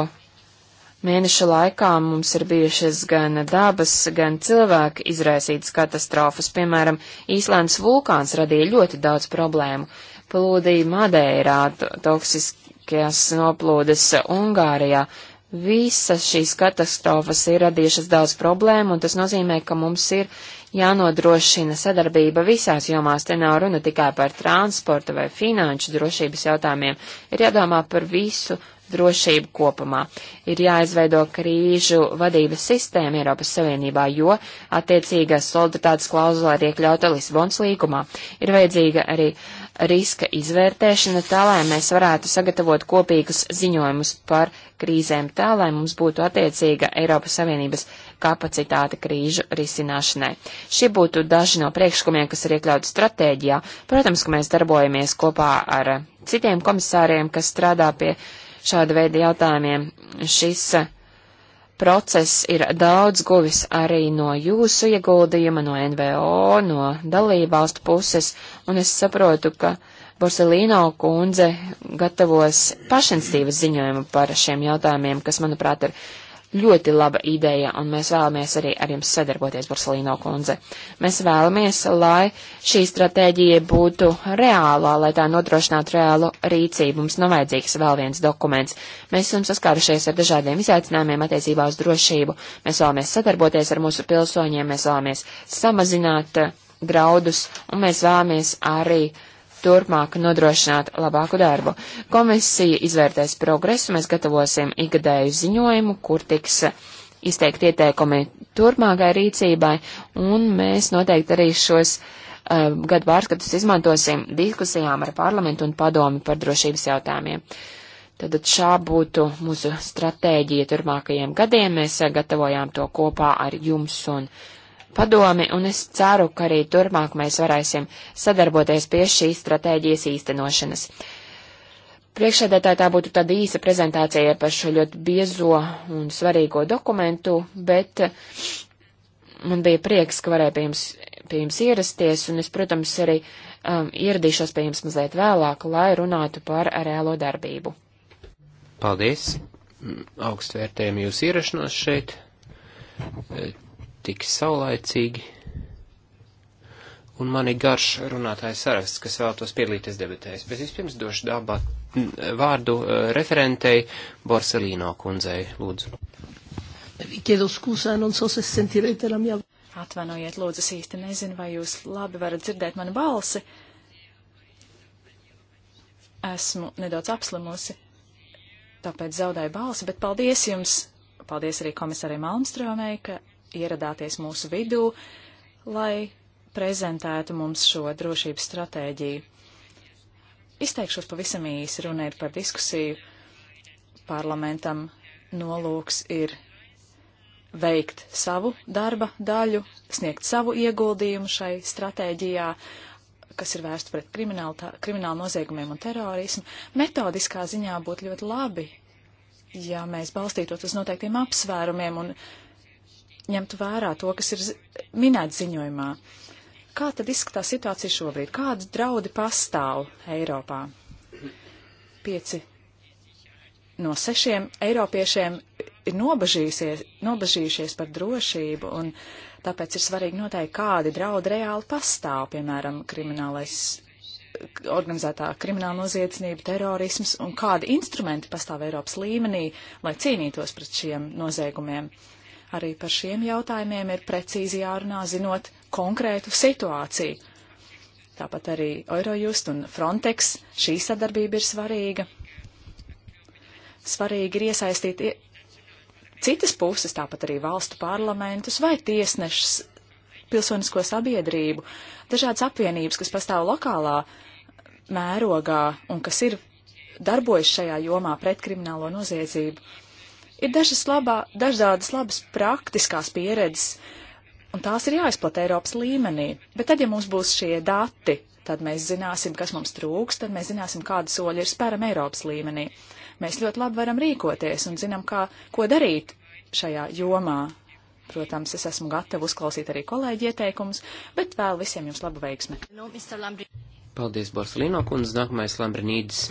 mēnešu laikā mums ir bijušas gan dabas, gan cilvēku izraisītas katastrofas. Piemēram, Īslandes vulkāns radīja ļoti daudz problēmu. Plūdīja Madeirā, toksiskajās noplūdes Ungārijā. Visas šīs katastrofas ir radījušas daudz problēmu, un tas nozīmē, ka mums ir jānodrošina sadarbība visās jomās. Te nav runa tikai par transporta vai finanšu drošības jautājumiem. Ir jādomā par visu drošību kopumā. Ir jāizveido krīžu vadības sistēma Eiropas Savienībā, jo attiecīgā solidaritātes klauzula ir iekļauta Lisbonas līgumā. Ir vajadzīga arī uh, riska izvērtēšana tā, lai mēs varētu sagatavot kopīgus ziņojumus par krīzēm tā, lai mums būtu attiecīga Eiropas Savienības kapacitāte krīžu risināšanai. Šie būtu daži no priekšlikumiem, kas ir iekļauti stratēģijā. Protams, ka mēs darbojamies kopā ar citiem komisāriem, kas strādā pie šāda veida jautājumiem. Šis uh, Process ir daudz guvis arī no jūsu ieguldījuma, no NVO, no dalībvalstu puses, un es saprotu, ka Borselīno kundze gatavos pašinstīvas ziņojumu par šiem jautājumiem, kas, manuprāt, ir ļoti laba ideja, un mēs vēlamies arī ar jums sadarboties, Barcelīno kundze. Mēs vēlamies, lai šī stratēģija būtu reālā, lai tā nodrošinātu reālu rīcību. Mums nav vajadzīgs vēl viens dokuments. Mēs esam saskārušies ar dažādiem izaicinājumiem attiecībā uz drošību. Mēs vēlamies sadarboties ar mūsu pilsoņiem, mēs vēlamies samazināt eh, draudus, un mēs vēlamies arī uh, turpmāk nodrošināt labāku darbu. Komisija izvērtēs progresu, mēs gatavosim ikgadēju ziņojumu, kur tiks izteikt ieteikumi turpmākai rīcībai, un mēs noteikti arī šos uh, gadu pārskatus izmantosim diskusijām ar parlamentu un padomi par drošības jautājumiem. Tad šā būtu mūsu stratēģija turpmākajiem gadiem. Mēs eh, gatavojām to kopā ar jums un jums padomi, un es ceru, ka arī turpmāk mēs varēsim sadarboties pie šīs stratēģijas īstenošanas. Priekšsēdētāji tā būtu tāda īsa prezentācija par šo ļoti biezo un svarīgo dokumentu, bet eh, man bija prieks, ka varēju pie jums, pie jums ierasties, un es, protams, arī um, ieradīšos pie jums mazliet vēlāk, lai runātu par reālo darbību. Paldies! Mm, Augstvērtējam jūs ierašanos šeit eh, tik saulaicīgi. Un man ir garš runātājs saraksts, kas vēlētos piedalīties debatēs. Bet vispirms došu dabā vārdu e, referentei Borselīno kundzei, lūdzu. Atvainojiet, lūdzu, es īsti nezinu, vai jūs labi varat dzirdēt manu balsi. Esmu nedaudz apslimusi, tāpēc zaudēju balsi, bet paldies jums! Paldies arī komisarai Malmstrāmei, ka ieradāties mūsu vidū, lai prezentētu mums šo drošības stratēģiju. Izteikšos pavisam īsi runēt par diskusiju. Parlamentam nolūks ir veikt savu darba daļu, sniegt savu ieguldījumu šai stratēģijā, kas ir vērsta pret kriminālu noziegumiem un terorismu. Metodiskā ziņā būtu ļoti labi, ja mēs balstītos uz noteiktiem apsvērumiem un uh, ņemtu vērā to, kas ir minēts ziņojumā. Kā tad izskatās situācija šobrīd? Kādi draudi pastāv Eiropā? Pieci no sešiem eiropiešiem ir nobažījušies par drošību, un tāpēc ir svarīgi noteikti, kādi draudi reāli pastāv, piemēram, kriminālais organizētā krimināla noziedznība, terorisms un kādi instrumenti pastāv Eiropas līmenī, lai cīnītos pret šiem noziegumiem. Uh, Arī par šiem jautājumiem ir precīzi jārunā, zinot konkrētu situāciju. Tāpat arī Eurojust un Frontex šī sadarbība ir svarīga. Svarīgi ir iesaistīt citas puses, tāpat arī valstu parlamentus vai tiesnešus, pilsonisko sabiedrību, dažādas apvienības, kas pastāv lokālā mērogā un kas ir darbojas šajā jomā pret kriminālo noziedzību. Ir dažas labā, dažādas labas praktiskās pieredzes, un tās ir jāizplata Eiropas līmenī. Bet tad, ja mums būs šie dati, tad mēs zināsim, kas mums trūks, tad mēs zināsim, kāda soļa ir spēram Eiropas līmenī. Mēs ļoti labi varam rīkoties un zinām, kā, ko darīt šajā jomā. Protams, es esmu gatava uzklausīt arī kolēģi ieteikumus, bet vēl visiem jums labu veiksmi. Nu, Paldies, Borsalino kundze, nākamais Lambrinīdis.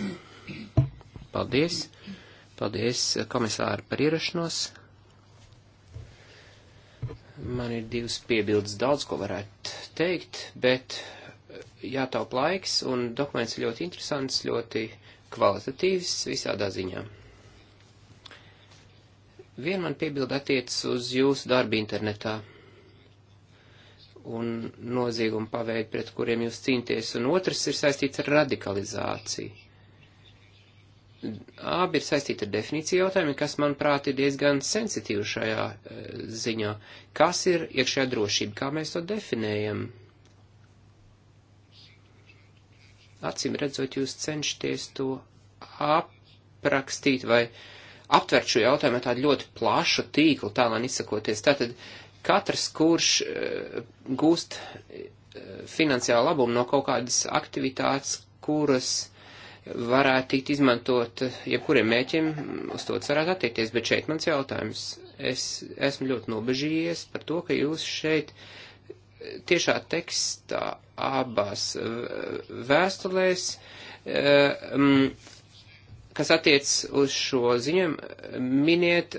Paldies. Mm. Paldies komisāru par ierašanos. Man ir divas piebildes, daudz ko varētu teikt, bet eh, jātaup laiks, un dokuments ir ļoti interesants, ļoti kvalitatīvs visādā ziņā. Vien man piebilda attiecas uz jūsu darbu internetā un noziegumu paveidu, pret kuriem jūs cīnties, un otrs ir saistīts ar radikalizāciju. Abi ir saistīti ar definīciju jautājumi, kas, manuprāt, ir diezgan sensitīvi šajā e, ziņā. Kas ir iekšējā drošība? Kā mēs to definējam? Acīm redzot, jūs cenšaties to aprakstīt vai aptvert šo jautājumu ar tādu ļoti plašu tīklu, tālāk izsakoties. Tātad katrs, kurš e, gūst e, finansiālu labumu no kaut kādas aktivitātes, kuras varētu tikt izmantot eh, jebkuriem mēķiem, uz to tas varētu attiekties, bet šeit mans jautājums. Es esmu ļoti nobežījies par to, ka jūs šeit eh, tiešā tekstā abās eh, vēstulēs, mm, kas attiec uz šo ziņam, miniet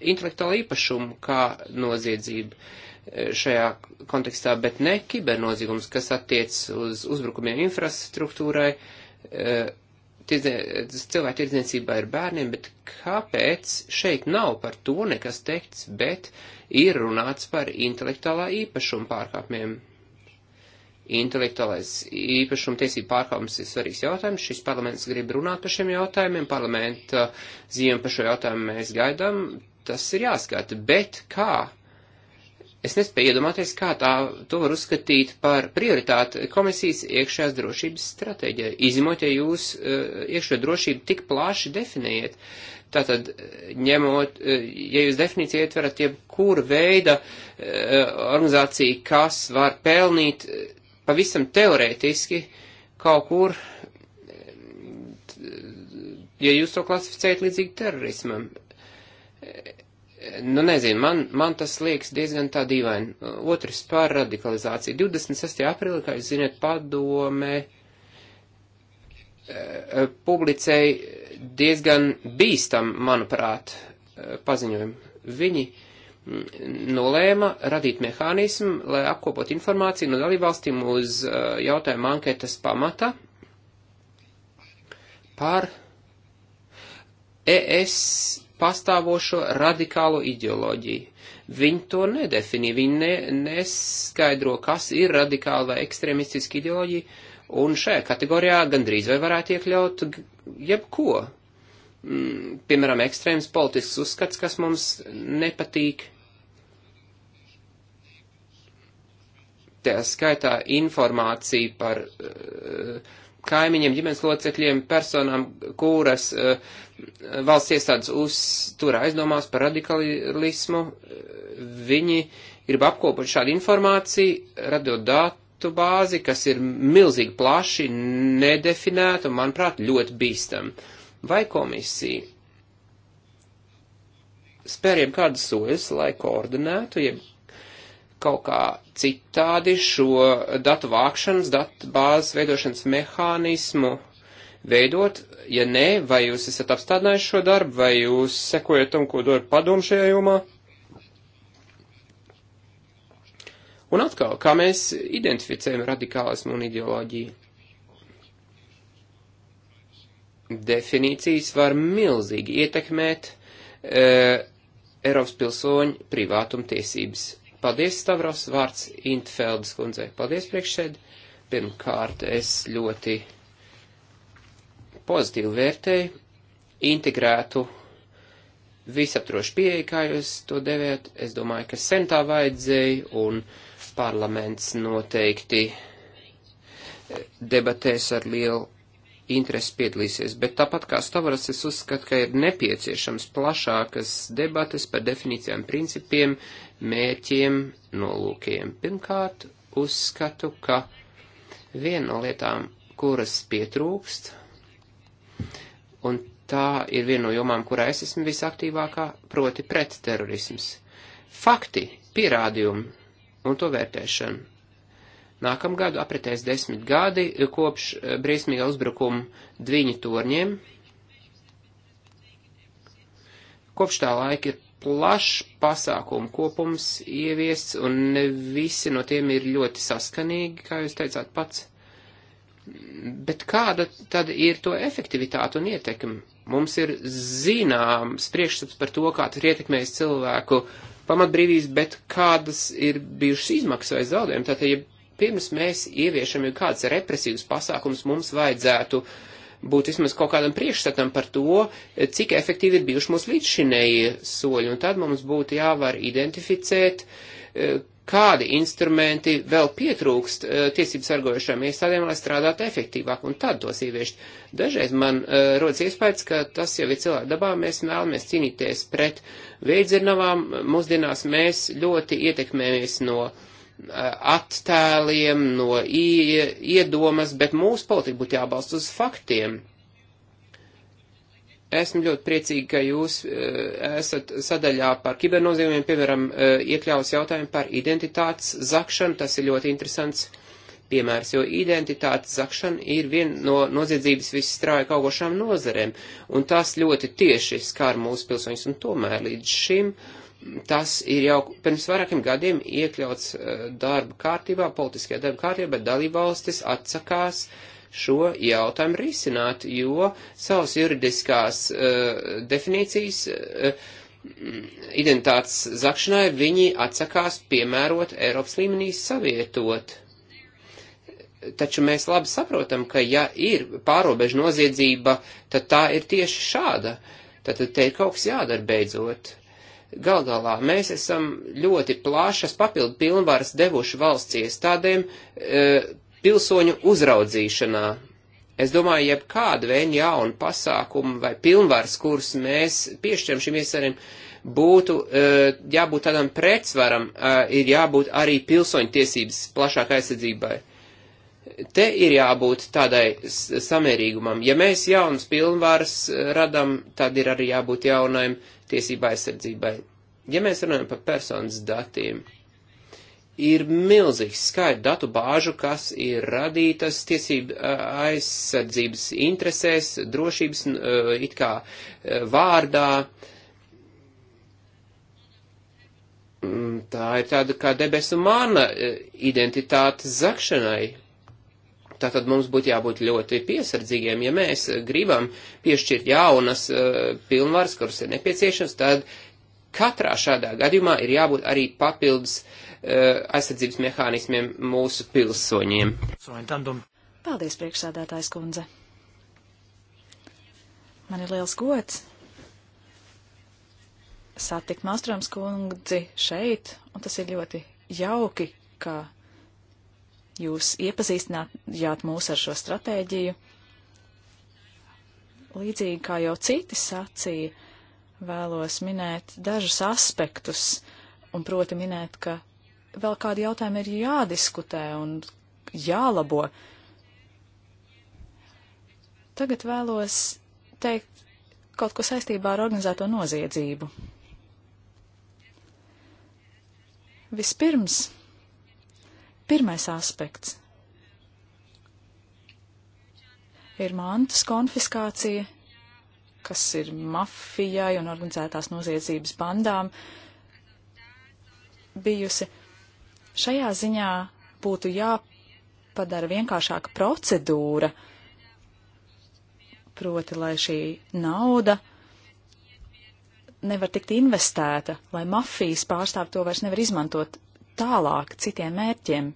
intelektuālu īpašumu kā noziedzību šajā kontekstā, bet ne kibernozīgums, kas attiec uz uzbrukumiem infrastruktūrai, uh, Eh, cilvēku tirdzniecībā ir bērniem, bet kāpēc šeit nav par to nekas teikts, bet ir runāts par intelektuālā īpašuma pārkāpumiem? Intelektuālais īpašuma tiesība pārkāpums ir svarīgs jautājums. Šis parlaments grib runāt par šiem jautājumiem. Parlamenta ziņojumu par šo jautājumu mēs gaidām. Tas ir jāskata. Bet kā Es nespēju iedomāties, kā tā to var uzskatīt par prioritāti komisijas iekšējās drošības stratēģijai, izņemot, ja jūs uh, iekšējo drošību tik plaši definējat. Tātad, eh, ņemot, uh, ja jūs definīciju ietverat jebkuru veidu uh, organizāciju, kas var pelnīt pavisam teorētiski kaut kur, ja jūs to klasificējat līdzīgi terorismam. Nu, nezinu, man, man tas liekas diezgan tā dīvaini. Otrs par radikalizāciju. 26. aprīlī, kā jūs ziniet, padome eh, eh, publicēja diezgan bīstam, manuprāt, eh, paziņojumu. Viņi mm, nolēma radīt mehānismu, lai apkopot informāciju no dalībvalstīm uz jautājumu anketas pamata par ES pastāvošo radikālo ideoloģiju. Viņi to nedefinē, viņi ne, neskaidro, kas ir radikāla vai ekstremistiska ideoloģija, un šajā kategorijā gandrīz vai varētu iekļaut jebko. Mm, piemēram, ekstrēms politisks uzskats, kas mums nepatīk, tā skaitā informācija par uh, kaimiņiem, ģimenes locekļiem, personām, kuras uh, valsts iestādes uztur aizdomās par radikalismu, viņi grib apkopot šādu informāciju, radot datu bāzi, kas ir milzīgi plaši, nedefinēta un, manuprāt, ļoti bīstam. Vai komisija spēriem kādas soļus, lai koordinētu, jeb kaut kā citādi šo datu vākšanas, datu bāzes veidošanas mehānismu veidot, ja nē, vai jūs esat apstādinājuši šo darbu, vai jūs sekojat tam, ko dod padomu šajā jomā? Un atkal, kā mēs identificējam radikālismu un ideoloģiju? Definīcijas var milzīgi ietekmēt e, Eiropas pilsoņu privātumtiesības Paldies, Stavros, vārds Intfeldes kundzei. Paldies, priekšsēd. Pirmkārt, es ļoti pozitīvi vērtēju integrētu visaptrošu pieeja, kā jūs to devēt. Es domāju, ka sen tā vajadzēja un parlaments noteikti debatēs ar lielu interesi piedalīsies, bet tāpat kā Stavaras es uzskatu, ka ir nepieciešams plašākas debates par definīcijām, principiem, mērķiem, nolūkiem. Pirmkārt, uzskatu, ka viena no lietām, kuras pietrūkst, un tā ir viena no jomām, kurā es esmu visaktīvākā, proti pretterorisms. Fakti, pierādījumi un to vērtēšana Nākamgad apritēs desmit gadi eh, kopš eh, briesmīgā uzbrukuma dviņu torņiem. Kopš tā laika ir plašs pasākumu kopums ieviests, un ne visi no tiem ir ļoti saskanīgi, kā jūs teicāt pats. Bet kāda tad ir to efektivitāte un ietekme? Mums ir zināms priekšstats par to, kā tas ir ietekmējis cilvēku pamatbrīvīs, bet kādas ir bijušas izmaksas vai zaudējumi. Tātad, ja pirms mēs ieviešam jau kāds represīvs pasākums, mums vajadzētu būt vismaz kaut kādam priekšstatam par to, cik efektīvi ir bijuši mūsu līdzšinēji soļi, un tad mums būtu jāvar identificēt, e, kādi instrumenti vēl pietrūkst e, tiesību sargojušām iestādēm, lai strādātu efektīvāk, un tad tos ieviešt. Dažreiz man uh, rodas iespējas, ka tas jau ir cilvēku dabā, mēs vēlamies cīnīties pret veidzirnavām, mūsdienās mēs ļoti ietekmējamies no uh, attēliem, no iedomas, bet mūsu politika būtu jābalst uz faktiem. Esmu ļoti priecīgi, ka jūs eh, esat sadaļā par kibernozīmēm, piemēram, eh, iekļaus jautājumu par identitātes zakšanu. Tas ir ļoti interesants piemērs, jo identitātes zakšana ir viena no noziedzības visstrāja augošām nozarēm, un tas ļoti tieši skar mūsu pilsoņus, un tomēr līdz šim uh, tas ir jau pirms vairākiem gadiem iekļauts eh, darba kārtībā, politiskajā darba kārtībā, bet dalībvalstis atsakās šo jautājumu risināt, jo savas juridiskās uh, definīcijas uh, identitātes zakšanai viņi atsakās piemērot Eiropas līmenī savietot. Taču mēs labi saprotam, ka ja ir pārobežu noziedzība, tad tā ir tieši šāda. Tad te ir kaut kas jādara beidzot Gal galā mēs esam ļoti plašas papildu pilnvaras devuši valsts iestādēm e, pilsoņu uzraudzīšanā. Es domāju, jebkāda veida jauna pasākuma vai pilnvaras, kuras mēs piešķiram šim iestādēm, būtu e, jābūt tādam pretsvaram, e, ir jābūt arī pilsoņu tiesības plašāk aizsardzībai te ir jābūt tādai samērīgumam. Ja mēs jaunas pilnvaras e, radam, tad ir arī jābūt jaunajam tiesība aizsardzībai. Ja mēs runājam par personas datiem, ir milzīgs skaits datu bāžu, kas ir radītas tiesība aizsardzības interesēs, drošības it kā vārdā. Mm, tā ir tāda kā debesu māna identitātes zakšanai. Tātad mums būtu jābūt ļoti piesardzīgiem. Ja mēs gribam piešķirt jaunas uh, pilnvaras, kuras ir nepieciešams, tad katrā šādā gadījumā ir jābūt arī papildus uh, aizsardzības mehānismiem mūsu pilsoņiem. Paldies, priekšsādātājs kundze. Man ir liels gods satikt Mastrams kundzi šeit, un tas ir ļoti jauki, ka jūs iepazīstinājāt mūs ar šo stratēģiju. Līdzīgi kā jau citi sacīja, vēlos minēt dažus aspektus, un proti minēt, ka vēl kādi jautājumi ir jādiskutē un jālabo. Tagad vēlos teikt kaut ko saistībā ar organizēto noziedzību. Vispirms Pirmais aspekts ir mantas konfiskācija, kas ir mafijai un organizētās noziedzības bandām bijusi. Šajā ziņā būtu jāpadara vienkāršāka procedūra, proti, lai šī nauda nevar tikt investēta, lai mafijas pārstāvi to vairs nevar izmantot tālāk citiem mērķiem.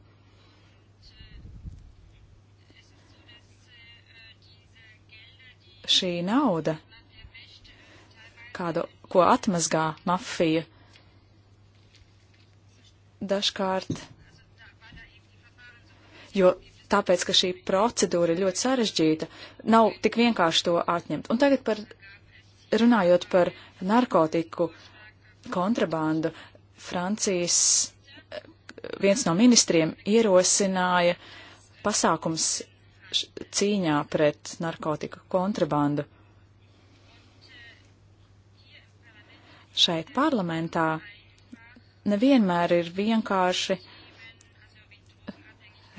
šī nauda, kādu, ko atmazgā mafija, dažkārt, jo tāpēc, ka šī procedūra ir ļoti sarežģīta, nav tik vienkārši to atņemt. Un tagad par, runājot par narkotiku kontrabandu, Francijas eh, viens no ministriem ierosināja pasākums cīņā pret narkotiku kontrabandu. Šeit parlamentā nevienmēr ir vienkārši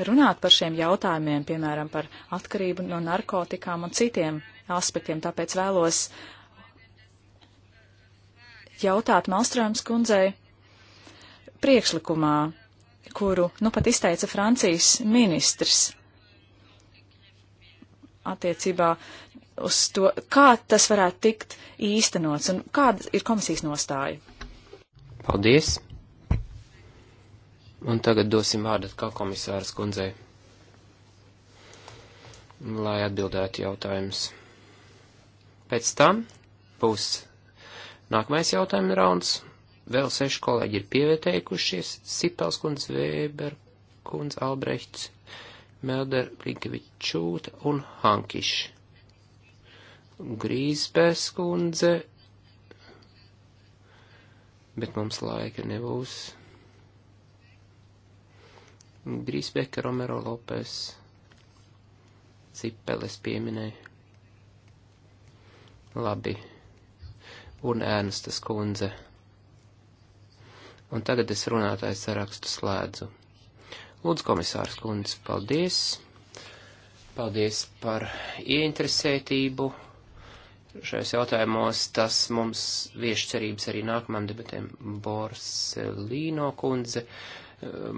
runāt par šiem jautājumiem, piemēram, par atkarību no narkotikām un citiem aspektiem. Tāpēc vēlos jautāt Malstrāms kundzei priekšlikumā, kuru nu pat izteica Francijas ministrs attiecībā uz to, kā tas varētu tikt īstenots un kāda ir komisijas nostāja. Paldies! Un tagad dosim vārdu atkal komisāras kundzei, lai atbildētu jautājumus. Pēc tam būs nākamais jautājuma rauns. Vēl seši kolēģi ir pievietējušies - Sipels kundze, Vēber kundze, Albrechts Melder, Blinkevičūta un Hankiš. Grīzbēs kundze, bet mums laika nebūs. Grīsbeka Romero Lopes cipeles pieminēja. Labi. Un Ērnstas kundze. Un tagad es runātāju sarakstu slēdzu. Lūdzu, komisārs kundze, paldies. Paldies par ieinteresētību šajos jautājumos. Tas mums vieš cerības arī nākamajam debatēm. Borselīno kundze,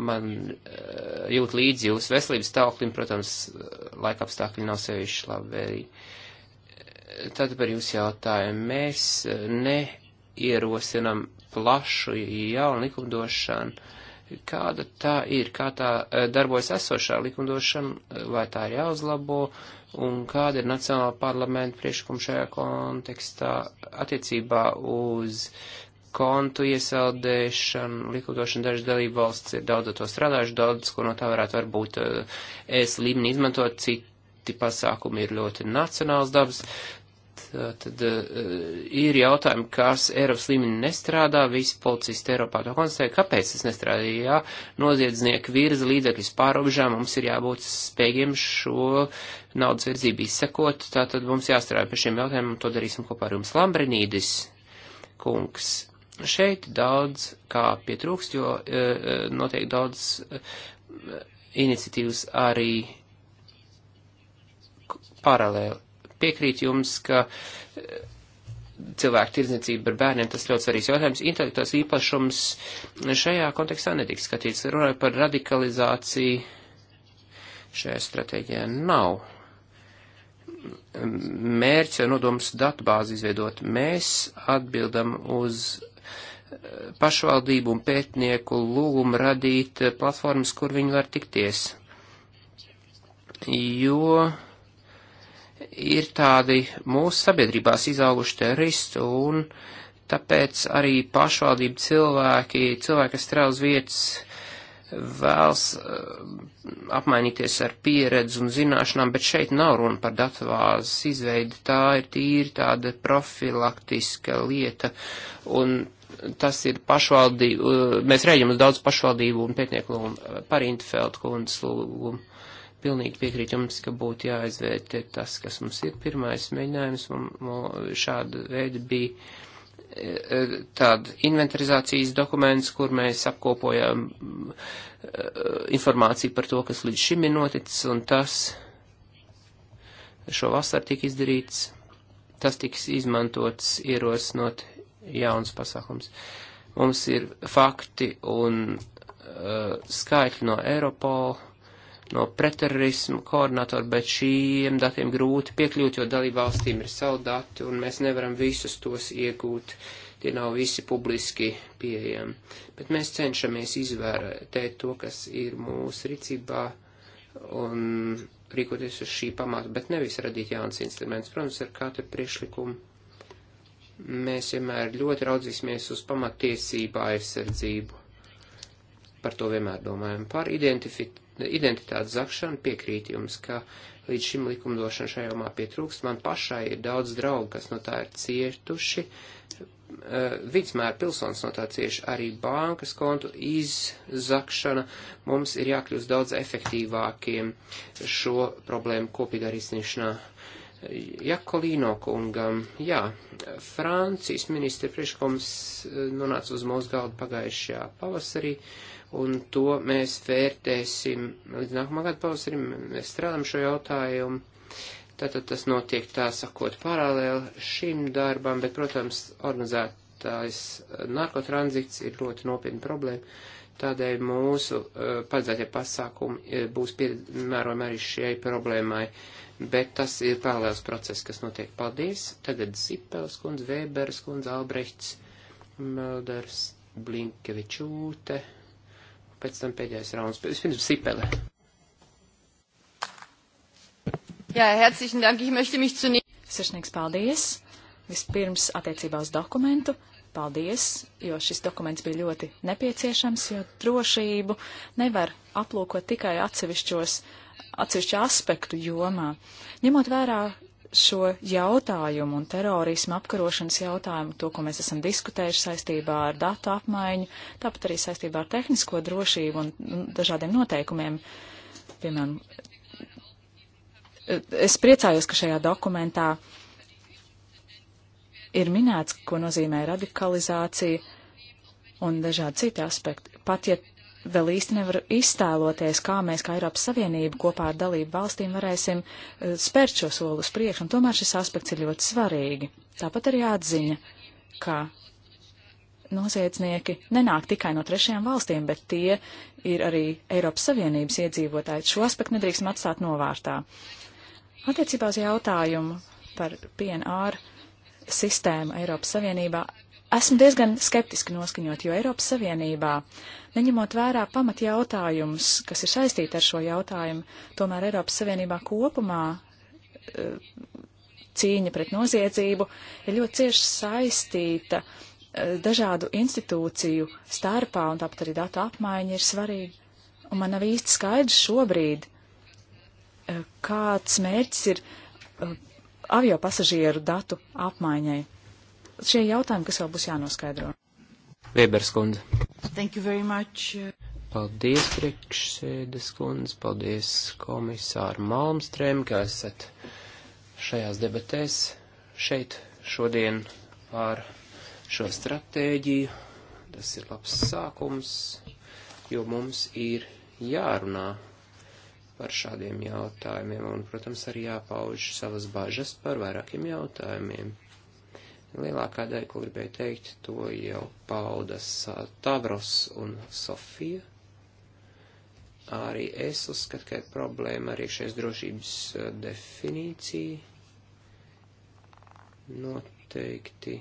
man eh, jūt līdzi jūsu veselības stāvoklim, protams, laika apstākļi nav sevišķi labvēlīgi. Tad par jūsu jautājumu mēs neierosinam plašu jaunu likumdošanu kāda tā ir, kā tā eh, darbojas esošā likumdošana, eh, vai tā ir jāuzlabo, un kāda ir Nacionāla parlamenta priekšlikuma šajā kontekstā attiecībā uz kontu iesaldēšanu, likumdošanu dažas dalību valsts ir daudz to strādājuši, daudz, ko no tā varētu varbūt eh, es līmeni izmantot, citi pasākumi ir ļoti nacionāls dabas. Eh, tad eh, ir jautājumi, kas Eiropas līmenī nestrādā, visi policisti Eiropā to konstatē, kāpēc tas nestrādā. Jā, noziedznieki virza līdzekļus pārobežām, mums ir jābūt spējiem šo naudas virzību izsekot, tātad mums jāstrādā pie šiem jautājumiem, to darīsim kopā ar jums. Lambrinīdis, kungs, šeit daudz kā pietrūkst, jo e, notiek daudz e, iniciatīvas arī paralēli piekrīt jums, ka eh, cilvēku tirdzniecība ar bērniem tas ļoti svarīgs jautājums. Intelektuāls īpašums šajā kontekstā netiks skatīts. Runājot par radikalizāciju, šajā stratēģijā nav mērķa un nodoms datubāzi izveidot. Mēs atbildam uz eh, pašvaldību un pētnieku lūgumu radīt eh, platformas, kur viņi var tikties. Jo ir tādi mūsu sabiedrībās izauguši teroristi un tāpēc arī pašvaldību cilvēki, cilvēki, kas strādā uz vietas, vēlas eh, apmainīties ar pieredzi un zināšanām, bet šeit nav runa par datvāzes izveidi, tā ir tīri tāda profilaktiska lieta, un tas ir pašvaldību, eh, mēs rēģam uz daudz pašvaldību un pētnieku lūgumu, par Intfeld kundas lūgumu pilnīgi piekrīt jums, ka būtu jāizvērtē tas, kas mums ir pirmais mēģinājums. Mums šāda veida bija e, e, tāda inventarizācijas dokuments, kur mēs apkopojam e, informāciju par to, kas līdz šim ir noticis, un tas šo vasaru tika izdarīts. Tas tiks izmantots ierosinot jauns pasākums. Mums ir fakti un uh, skaitļi no Eiropola no pretterorismu koordinatora, bet šiem datiem grūti piekļūt, jo dalībvalstīm ir savu dati, un mēs nevaram visus tos iegūt. Tie nav visi publiski pieejami. Bet mēs cenšamies izvērtēt to, kas ir mūsu rīcībā, un rīkoties uz šī pamata, bet nevis radīt jauns instruments. Protams, ar katru priešlikumu mēs vienmēr ļoti raudzīsimies uz pamatiesību aizsardzību. Par to vienmēr domājam. Par identifikāciju identitātes zakšanu piekrīt jums, ka līdz šim likumdošana šajā jomā pietrūkst. Man pašai ir daudz draugu, kas no tā ir cietuši. Eh, Vidusmēra pilsonis no tā cieši arī bankas kontu izzakšana. Mums ir jākļūst daudz efektīvākiem šo problēmu kopīgā risināšanā. Jakolīno kungam, jā, Francijas ministra priekškoms eh, nonāca uz mūsu galdu pagājušajā pavasarī. Uh, un to mēs vērtēsim līdz nākamā gada pavasarim. Mēs strādājam šo jautājumu. Tātad tas notiek tā sakot paralēli šim darbam, bet, protams, organizētājs narkotranzits ir ļoti nopietna problēma. Tādēļ mūsu uh, paredzētie pasākumi eh, būs piemērojami arī šai problēmai, bet tas ir paralēls process, kas notiek. Paldies! Tagad Zipels kundze, Vēberas kundze, Albrechts, Melders, Blinkevičūte pēc tam pēdējais rauns. Vispirms Sipele. Jā, herzlichen dank, ich möchte mich zu Sirsnīgs paldies. Vispirms attiecībā uz dokumentu. Paldies, jo šis dokuments bija ļoti nepieciešams, jo drošību nevar aplūkot tikai atsevišķos, atsevišķu aspektu jomā. Ņemot vērā šo jautājumu un terorismu apkarošanas jautājumu, to, ko mēs esam diskutējuši saistībā ar datu apmaiņu, tāpat arī saistībā ar tehnisko drošību un dažādiem noteikumiem. Piemēram, es priecājos, ka šajā dokumentā ir minēts, ko nozīmē radikalizācija un dažādi citi aspekti. Pat ja vēl īsti nevaru iztēloties, kā mēs kā Eiropas Savienība kopā ar dalību valstīm varēsim eh, spērt šo soli uz priekšu, un tomēr šis aspekts ir ļoti svarīgi. Tāpat arī atziņa, ka noziedznieki nenāk tikai no trešajām valstīm, bet tie ir arī Eiropas Savienības iedzīvotāji. Šo aspektu nedrīkstam atstāt novārtā. Attiecībā uz jautājumu par PNR sistēmu Eiropas Savienībā Esmu diezgan skeptiski noskaņot, jo Eiropas Savienībā, neņemot vērā pamat jautājumus, kas ir saistīti ar šo jautājumu, tomēr Eiropas Savienībā kopumā eh, cīņa pret noziedzību ir ļoti cieši saistīta eh, dažādu institūciju starpā, un tāpat arī datu apmaiņa ir svarīga. Un man nav īsti skaidrs šobrīd, eh, kāds mērķis ir avio pasažieru datu apmaiņai šie jautājumi, kas vēl būs jānoskaidro. Vēbers kundze. Thank you very much. Paldies, priekšsēdes kundze, paldies komisāru Malmstrēm, ka esat šajās debatēs šeit šodien par šo stratēģiju. Tas ir labs sākums, jo mums ir jārunā par šādiem jautājumiem un, protams, arī jāpauž savas bažas par vairākiem jautājumiem. Lielākā daļa, ko gribēju teikt, to jau pauda Tavros un Sofija. Arī es uzskatu, ka ir problēma ar iekšējas drošības eh, definīciju. Noteikti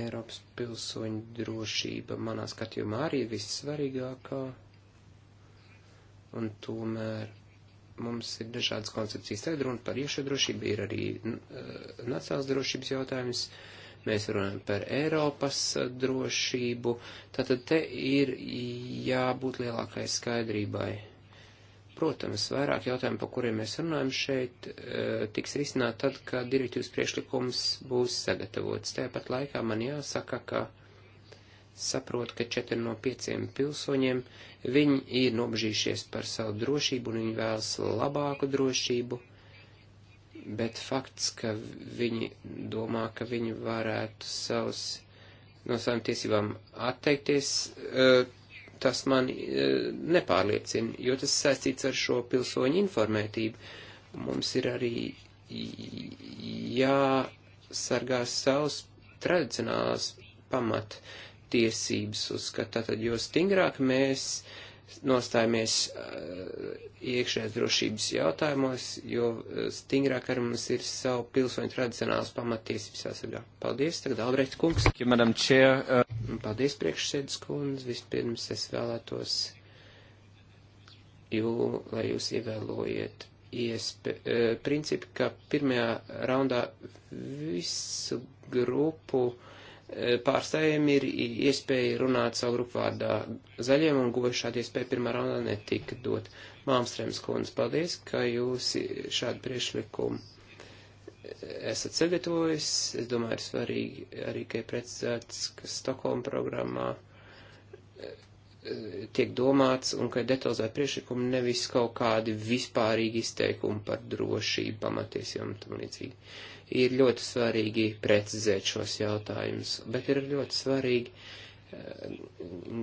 Eiropas pilsoņu drošība manā skatījumā arī ir vissvarīgākā. Un tomēr mums ir dažādas koncepcijas. Tad runa par iekšā drošību, ir arī eh, nacionāls drošības jautājums, mēs runājam par Eiropas eh, drošību. Tātad te ir jābūt lielākai skaidrībai. Protams, vairāk jautājumu, par kuriem mēs runājam šeit, eh, tiks risināt tad, kad direktīvas priekšlikums būs sagatavots. Tāpat laikā man jāsaka, ka saprot, ka četri no pieciem pilsoņiem viņi ir nobežījušies par savu drošību un viņi vēlas labāku drošību, bet fakts, ka viņi domā, ka viņi varētu savus, no savām tiesībām atteikties, e, tas mani e, nepārliecina, jo tas saistīts ar šo pilsoņu informētību. Mums ir arī jāsargās savus tradicionālās pamatu tiesības uzskata. Tātad, jo stingrāk mēs nostājamies uh, iekšējās drošības jautājumos, jo uh, stingrāk ar mums ir savu pilsoņu tradicionālas pamatiesības jāsargā. Paldies, tagad Albrecht kungs. Paldies, priekšsēdus kundze. Vispirms es vēlētos, jū, lai jūs ievēlojiet iespē, uh, principu, ka pirmajā raundā visu grupu Eh, pārstājiem ir iespēja runāt savu grupu vārdā zaļiem un goju šādu iespēju pirmā raundā netika dot. Māmstrēms kundze, paldies, ka jūs šādu priešlikumu eh, esat sagatavojis. Es domāju, ir svarīgi arī, ka ir precizēts, ka Stokholma programmā tiek domāts un ka ir detalizēti priekšlikumi, nevis kaut kādi vispārīgi izteikumi par drošību, pamatiesībām un tam līdzīgi. Ir ļoti svarīgi precizēt šos jautājumus, bet ir ļoti svarīgi eh,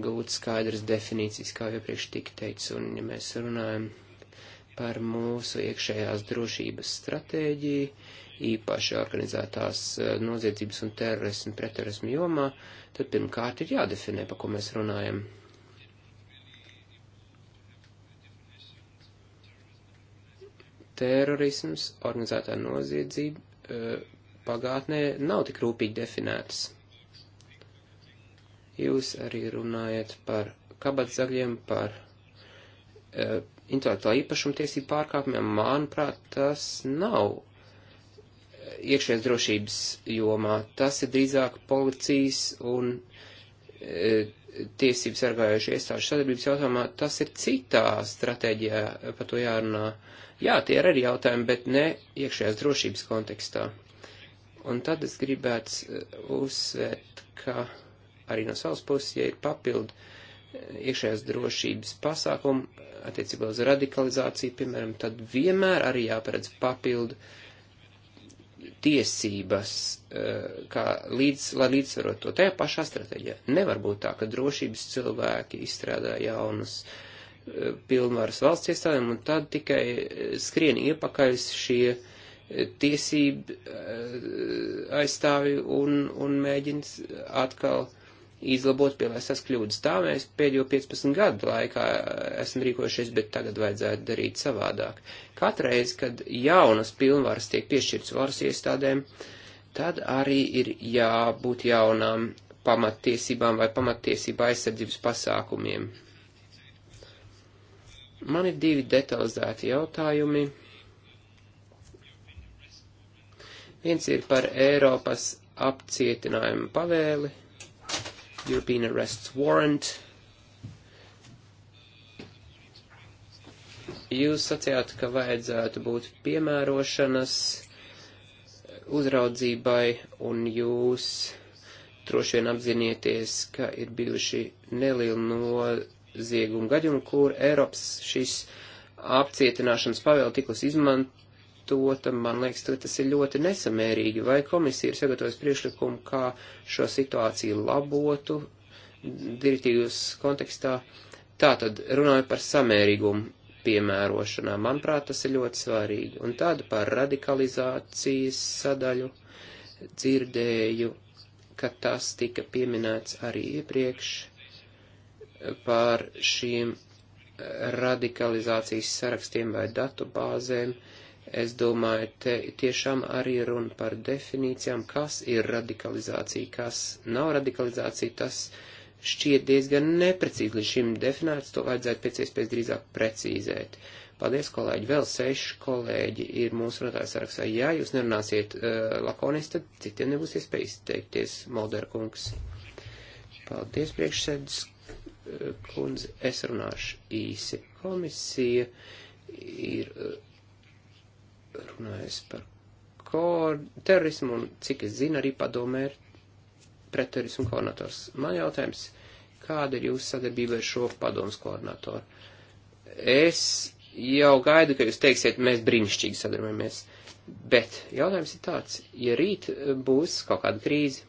gūt skaidras definīcijas, kā iepriekš tika teicis, un ja mēs runājam par mūsu iekšējās drošības stratēģiju, īpaši organizētās eh, noziedzības un terorismu pretterorismu jomā, tad pirmkārt ir jādefinē, pa ko mēs runājam Terorisms, organizētā noziedzība eh, pagātnē nav tik rūpīgi definētas. Jūs arī runājat par kabatzagļiem, par e, intelektuālā īpašumtiesību pārkāpumiem. Manuprāt, tas nav eh, iekšējās drošības jomā. Tas ir drīzāk policijas un e, tiesības sargājuši iestāžu sadarbības jautājumā. Tas ir citā stratēģijā, par to jārunā. E, Jā, tie ir arī jautājumi, bet ne iekšējās drošības kontekstā. Un tad es gribētu uh, uzsvērt, ka arī no savas puses, ja ir papildu uh, iekšējās drošības pasākumu uh, attiecībā uz radikalizāciju, piemēram, tad vienmēr arī jāparedz papildu tiesības, kā līdz, lai līdzsvarot to tajā pašā stratēģijā. Nevar būt tā, ka drošības cilvēki izstrādā jaunus uh, pilnvaras valsts iestādēm, un tad tikai skrien iepakaļ šie eh, tiesību eh, aizstāvi un, un mēģins atkal izlabot pielēsās kļūdas. Tā mēs pēdējo 15 gadu laikā eh, esam rīkojušies, bet tagad vajadzētu darīt savādāk. Katreiz, kad jaunas pilnvaras tiek piešķirts varas iestādēm, tad arī ir jābūt jaunām pamattiesībām vai pamattiesība aizsardzības pasākumiem. Man ir divi detalizēti jautājumi. Viens ir par Eiropas apcietinājumu pavēli, European Arrest Warrant. Jūs sacījāt, ka vajadzētu būt piemērošanas uzraudzībai, un jūs droši vien apzināties, ka ir bijuši nelieli no noziegumu gadījumu, kur Eiropas šis apcietināšanas pavēle tikus izmantota, man liekas, ka tas ir ļoti nesamērīgi. Vai komisija ir sagatavojusi priekšlikumu, kā šo situāciju labotu direktīvas kontekstā? Tātad, runājot par samērīgumu piemērošanā, manuprāt, tas ir ļoti svarīgi. Un tad par radikalizācijas sadaļu dzirdēju, ka tas tika pieminēts arī iepriekš pār šiem radikalizācijas sarakstiem vai datu bāzēm. Es domāju, te tiešām arī runa par definīcijām, kas ir radikalizācija, kas nav radikalizācija, tas šķiet diezgan neprecīzi līdz šim definēts, to vajadzētu pēc iespējas drīzāk precīzēt. Paldies, kolēģi, vēl seši kolēģi ir mūsu runātājs sarakstā. Ja jūs nerunāsiet uh, lakonis, tad citiem nebūs iespējas teikties, Molderkungs. Paldies, priekšsēdus kundze, es runāšu īsi. Komisija ir eh, runājusi par terorismu un, cik es zinu, arī padomē ir pretterorismu koordinators. Man jautājums, kāda ir jūsu sadarbība ar šo padomus koordinatoru? Es jau gaidu, ka jūs teiksiet, mēs brīnišķīgi sadarbojamies. Bet jautājums ir tāds, ja rīt eh, būs kaut kāda krīze,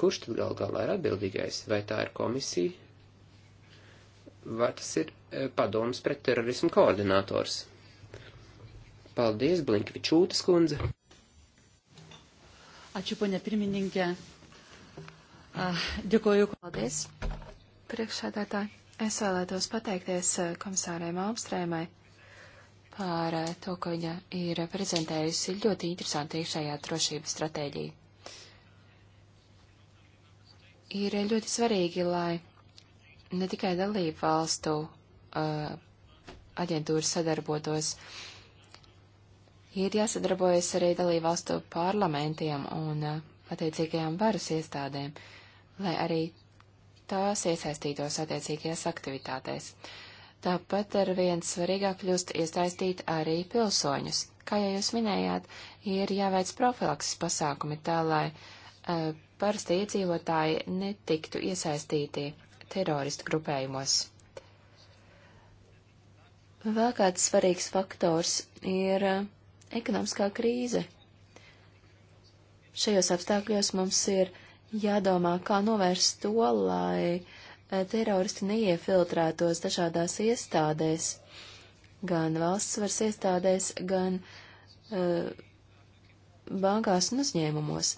Kurš tad gal galā ir atbildīgais? Vai tā ir komisija? Vai tas ir e, padoms pret terorismu koordinators? Paldies, Blinkvičūtas kundze. Ačiū, poņa pirmininkė. Dėkoju. Paldies, priekšsēdētāji. Es vēlētos pateikties e, komisārai Malmstrēmai par e, to, ka viņa ir prezentējusi ļoti interesantu iekšējā drošības stratēģiju ir ļoti svarīgi, lai ne tikai dalību valstu uh, aģentūras sadarbotos, ir jāsadarbojas arī dalību valstu parlamentiem un uh, attiecīgajām varas iestādēm, lai arī tās iesaistītos attiecīgajās aktivitātēs. Tāpat ar vien svarīgāk kļūst iesaistīt arī pilsoņus. Kā jau jūs minējāt, ir jāveic profilakses pasākumi tā, lai uh, Eh, parasti iedzīvotāji netiktu iesaistīti teroristu grupējumos. Vēl kāds svarīgs faktors ir eh, ekonomiskā krīze. Šajos apstākļos mums ir jādomā, kā novērst to, lai eh, teroristi neiefiltrētos dažādās iestādēs, gan valsts varas iestādēs, gan uh, bankās un uzņēmumos.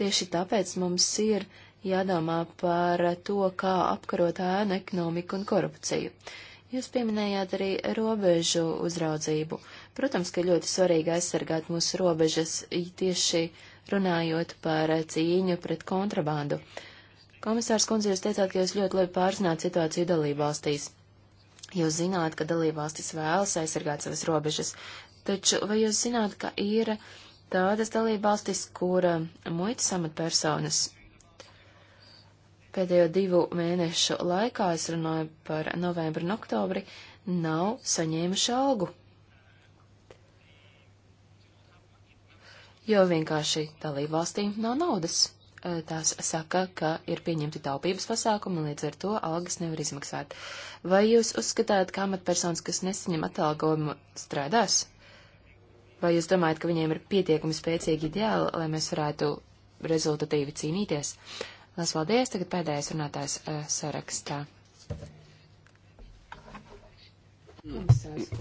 Tieši tāpēc mums ir jādomā par to, kā apkarot ēnu ekonomiku un korupciju. Jūs pieminējāt arī robežu uzraudzību. Protams, ka ļoti svarīgi aizsargāt mūsu robežas tieši runājot par cīņu pret kontrabandu. Komisārs kundze, jūs teicāt, ka jūs ļoti labi pārzināt situāciju dalībvalstīs. Jūs zināt, ka dalībvalstis vēlas aizsargāt savas robežas, taču vai jūs zināt, ka ir tādas dalībvalstis, kur muitas amatpersonas pēdējo divu mēnešu laikā, es runāju par novembru un oktobri, nav saņēmuši algu. Jo vienkārši dalībvalstīm nav naudas. Tās saka, ka ir pieņemti taupības pasākumi, līdz ar to algas nevar izmaksāt. Vai jūs uzskatāt, ka amatpersonas, kas nesaņem atalgojumu, strādās? Vai jūs domājat, ka viņiem ir pietiekami spēcīgi ideāli, lai mēs varētu rezultatīvi cīnīties? Lās valdies, tagad pēdējais runātājs uh, sarakstā. Komisārs,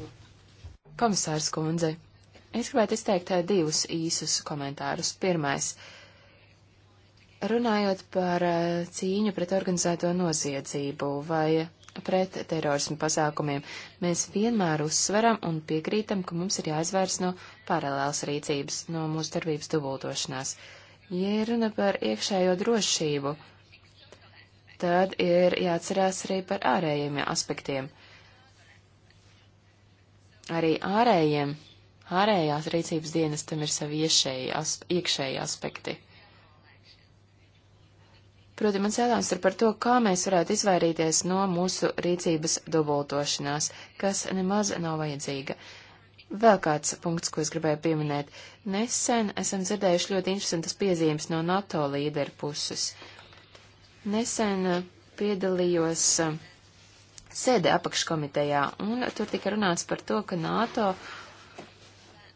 Komisārs kundze, es gribētu izteikt uh, divus īsus komentārus. Pirmais runājot par eh, cīņu pret organizēto noziedzību, vai pret terorismu pasākumiem. Mēs vienmēr uzsveram un piekrītam, ka mums ir jāizvērs no paralēlas rīcības, no mūsu darbības dubultošanās. Ja runa par iekšējo drošību, tad ir jāatcerās arī par ārējiem aspektiem. Arī ārējiem, ārējās rīcības dienestam ir savi iešēji, as, iekšēji aspekti. Proti, mans jautājums ir par to, kā mēs varētu izvairīties no mūsu rīcības dubultošanās, kas nemaz nav vajadzīga. Vēl kāds punkts, ko es gribēju pieminēt. Nesen esam dzirdējuši ļoti interesantas piezīmes no NATO līderu puses. Nesen piedalījos eh, sēde apakškomitejā, un tur tika runāts par to, ka NATO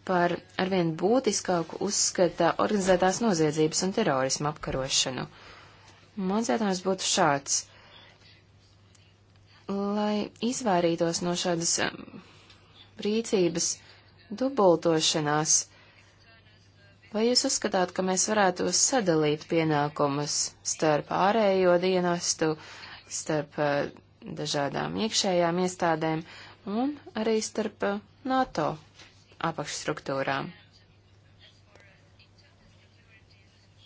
par arvien būtiskāku uzskata organizētās noziedzības un terorismu apkarošanu. Mans jautājums būtu šāds. Lai izvairītos no šādas um, rīcības dubultošanās, vai jūs uzskatāt, ka mēs varētu sadalīt pienākumus starp ārējo dienestu, starp uh, dažādām iekšējām iestādēm un arī starp uh, NATO apakšstruktūrām?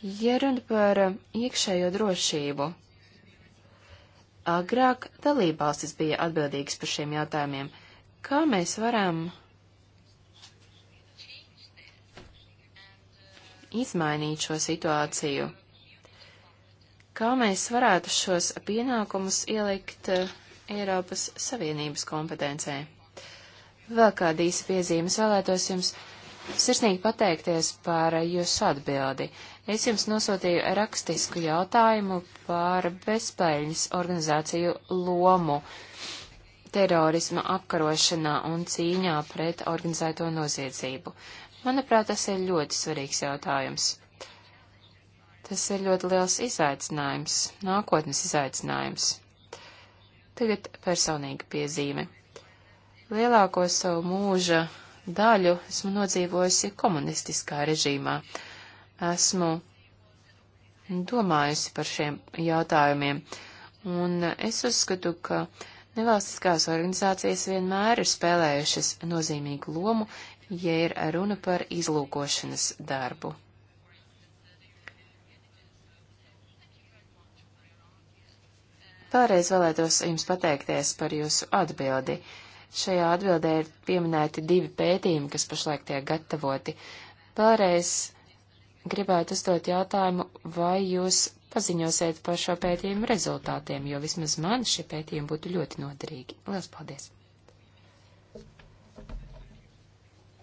Ja runa par eh, iekšējo drošību, agrāk dalībvalstis bija atbildīgas par šiem jautājumiem. Kā mēs varam izmainīt šo situāciju? Kā mēs varētu šos pienākumus ielikt eh, Eiropas Savienības kompetencē? Vēl kāda īsa piezīme vēlētos jums sirsnīgi pateikties par eh, jūsu atbildi. Es jums nosūtīju rakstisku jautājumu par bezpēļņas organizāciju lomu terorisma apkarošanā un cīņā pret organizēto noziedzību. Manuprāt, tas ir ļoti svarīgs jautājums. Tas ir ļoti liels izaicinājums, nākotnes izaicinājums. Tagad personīga piezīme. Lielāko savu mūža daļu esmu nodzīvojusi komunistiskā režīmā esmu domājusi par šiem jautājumiem, un es uzskatu, ka nevalstiskās organizācijas vienmēr ir spēlējušas nozīmīgu lomu, ja ir runa par izlūkošanas darbu. Pārreiz vēlētos jums pateikties par jūsu atbildi. Šajā atbildē ir pieminēti divi pētījumi, kas pašlaik tiek gatavoti. Pārreiz gribētu uzdot jautājumu, vai jūs paziņosiet par šo pētījumu rezultātiem, jo vismaz man šie pētījumi būtu ļoti noderīgi. Lielas paldies!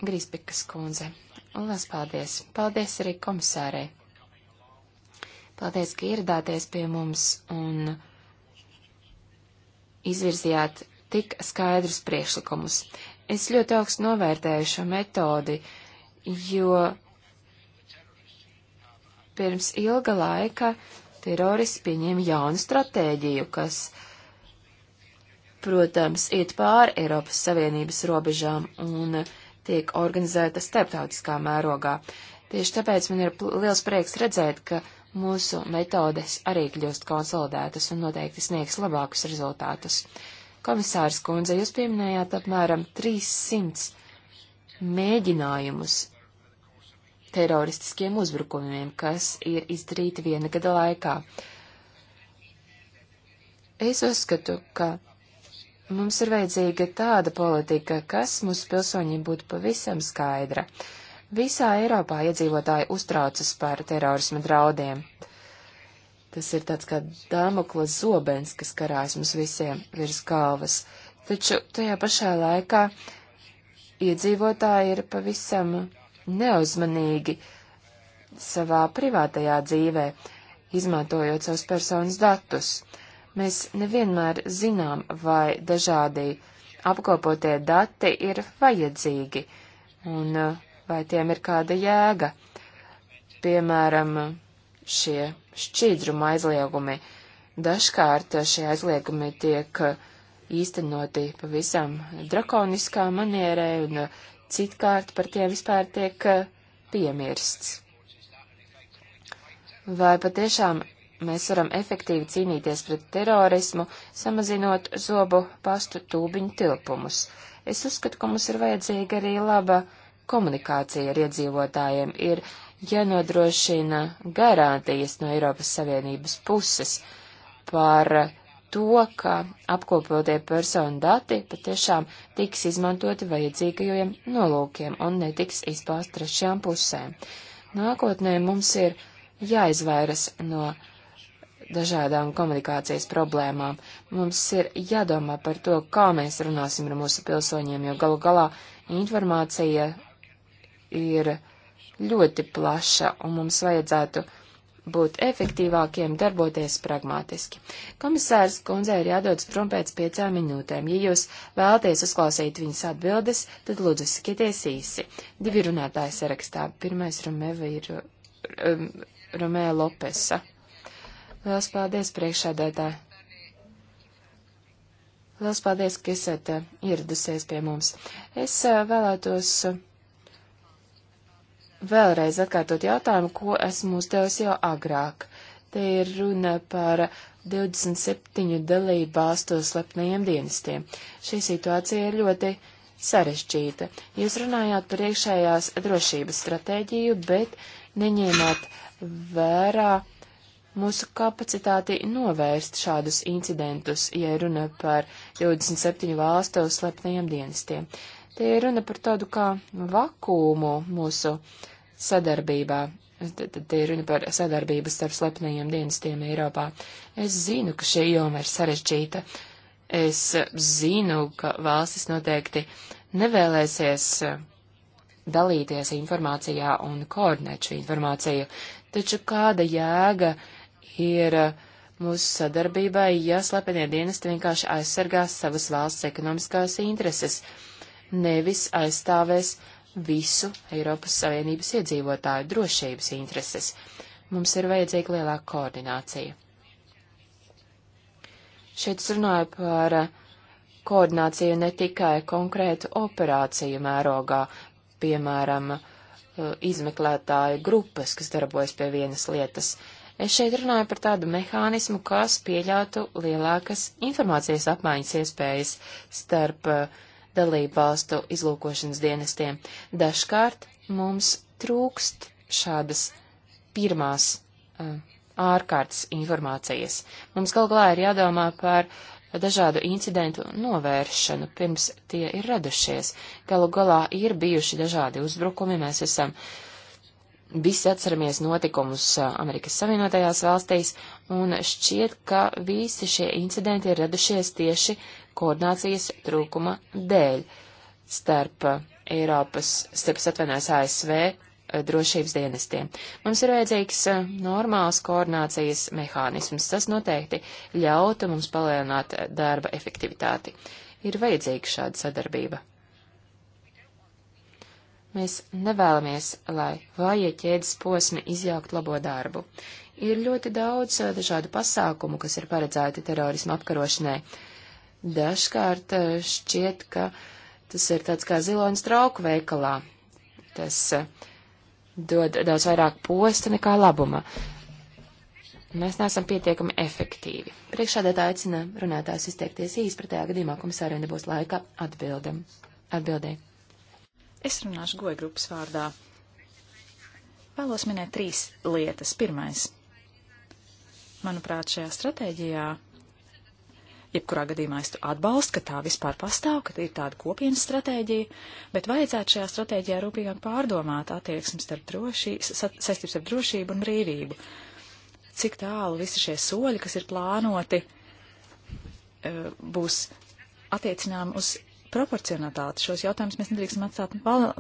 Grīspikas kundze. Lielas paldies! Paldies arī komisārei! Paldies, ka ieradāties pie mums un izvirzījāt tik skaidrus priekšlikumus. Es ļoti augstu novērtēju šo metodi, jo Pirms ilga laika teroristi pieņēma jaunu stratēģiju, kas, protams, iet pāri Eiropas Savienības robežām un tiek organizēta starptautiskā mērogā. Tieši tāpēc man ir liels prieks redzēt, ka mūsu metodes arī kļūst konsolidētas un noteikti sniegs labākus rezultātus. Komisārs kundze, jūs pieminējāt apmēram 300 mēģinājumus teroristiskiem uzbrukumiem, kas ir izdarīti viena gada laikā. Es uzskatu, ka mums ir vajadzīga tāda politika, kas mūsu pilsoņiem būtu pavisam skaidra. Visā Eiropā iedzīvotāji uztraucas par terorisma draudiem. Tas ir tāds kā Damoklas zobens, kas karājas mums visiem virs galvas. Taču tajā pašā laikā iedzīvotāji ir pavisam neuzmanīgi savā privātajā dzīvē, izmantojot savus personas datus. Mēs nevienmēr zinām, vai dažādi apkopotie dati ir vajadzīgi un uh, vai tiem ir kāda jēga. Piemēram, šie šķīdruma aizliegumi. Dažkārt šie aizliegumi tiek uh, īstenoti pavisam drakoniskā manierē un uh, citkārt par tiem vispār tiek eh, piemirsts. Vai patiešām mēs varam efektīvi cīnīties pret terorismu, samazinot zobu pastu tūbiņu tilpumus? Es uzskatu, ka mums ir vajadzīga arī laba komunikācija ar iedzīvotājiem, ir jānodrošina garantijas no Eiropas Savienības puses par to, ka apkopotie personu dati patiešām tiks izmantoti vajadzīgajiem nolūkiem un netiks izpāst trešajām pusēm. Nākotnē mums ir jāizvairas no dažādām komunikācijas problēmām. Mums ir jādomā par to, kā mēs runāsim ar mūsu pilsoņiem, jo galu galā informācija ir ļoti plaša, un mums vajadzētu būt efektīvākiem, darboties pragmātiski. Komisārs kundze ir jādodas prom pēc piecām minūtēm. Ja jūs vēlaties uzklausīt viņas atbildes, tad lūdzu skaties īsi. Divi runātāji sarakstā. Pirmais Romeva ir um, Romēja Lopesa. Lielas paldies priekšādātāji. Lielas paldies, ka esat uh, ieradusies pie mums. Es uh, vēlētos. Uh, vēlreiz atkārtot jautājumu, ko esmu uzdevis jau agrāk. Te ir runa par 27 dalību valstu slepniem dienestiem. Šī situācija ir ļoti sarežģīta. Jūs runājāt par iekšējās drošības stratēģiju, bet neņēmāt vērā mūsu kapacitāti novērst šādus incidentus, ja runa par 27 valstu slepniem dienestiem. Uh, Te ir runa par tādu kā vakumu mūsu sadarbībā. Te ir runa par sadarbības starp slepnajiem dienestiem Eiropā. Es zinu, ka šī joma ir sarežģīta. Es zinu, ka valstis noteikti nevēlēsies eh, dalīties informācijā un koordinēt šo informāciju. Taču kāda jēga ir eh, mūsu sadarbībai, ja slepenie dienesti vienkārši aizsargās savas valsts ekonomiskās intereses? nevis aizstāvēs visu Eiropas Savienības iedzīvotāju drošības intereses. Mums ir vajadzīga lielāka koordinācija. Šeit es runāju par koordināciju ne tikai konkrētu operāciju mērogā, piemēram, uh, izmeklētāju grupas, kas darbojas pie vienas lietas. Es šeit runāju par tādu mehānismu, kas pieļautu lielākas informācijas apmaiņas iespējas starp uh, dalībvalstu izlūkošanas dienestiem. Dažkārt mums trūkst šādas pirmās uh, ārkārtas informācijas. Mums gal galā ir jādomā par dažādu incidentu novēršanu, pirms tie ir radušies. Galu galā ir bijuši dažādi uzbrukumi, mēs esam uh, visi atceramies notikumus uh, Amerikas Savienotajās valstīs, un šķiet, ka visi šie incidenti ir radušies tieši koordinācijas trūkuma dēļ starp uh, Eiropas, starp satvenās ASV uh, drošības dienestiem. Mums ir vajadzīgs normāls koordinācijas mehānisms. Tas noteikti ļautu mums palielināt darba efektivitāti. Ir vajadzīga šāda sadarbība. Mēs nevēlamies, lai vāja ķēdes posmi izjaukt labo darbu. Ir ļoti daudz eh, dažādu pasākumu, kas ir paredzēti terorismu apkarošanai. Dažkārt eh, šķiet, ka tas ir tāds kā zilonis trauku veikalā. Tas eh, dod daudz vairāk posta nekā labuma. Mēs neesam pietiekami efektīvi. Priekšādētā aicina runātājs izteikties īsi, pretējā gadījumā komisāriem nebūs laika atbildam. Atbildēji. Es runāšu goja grupas vārdā. Vēlos minēt trīs lietas. Pirmais. Manuprāt, šajā stratēģijā, jebkurā gadījumā es atbalstu, ka tā vispār pastāv, ka ir tāda kopienas stratēģija, bet vajadzētu šajā stratēģijā rūpīgāk pārdomāt attieksmi starp drošību, saistības starp drošību un brīvību. Cik tālu visi šie soļi, kas ir plānoti, eh, būs attiecinām uz proporcionatāti. Šos jautājumus mēs nedrīkstam atstāt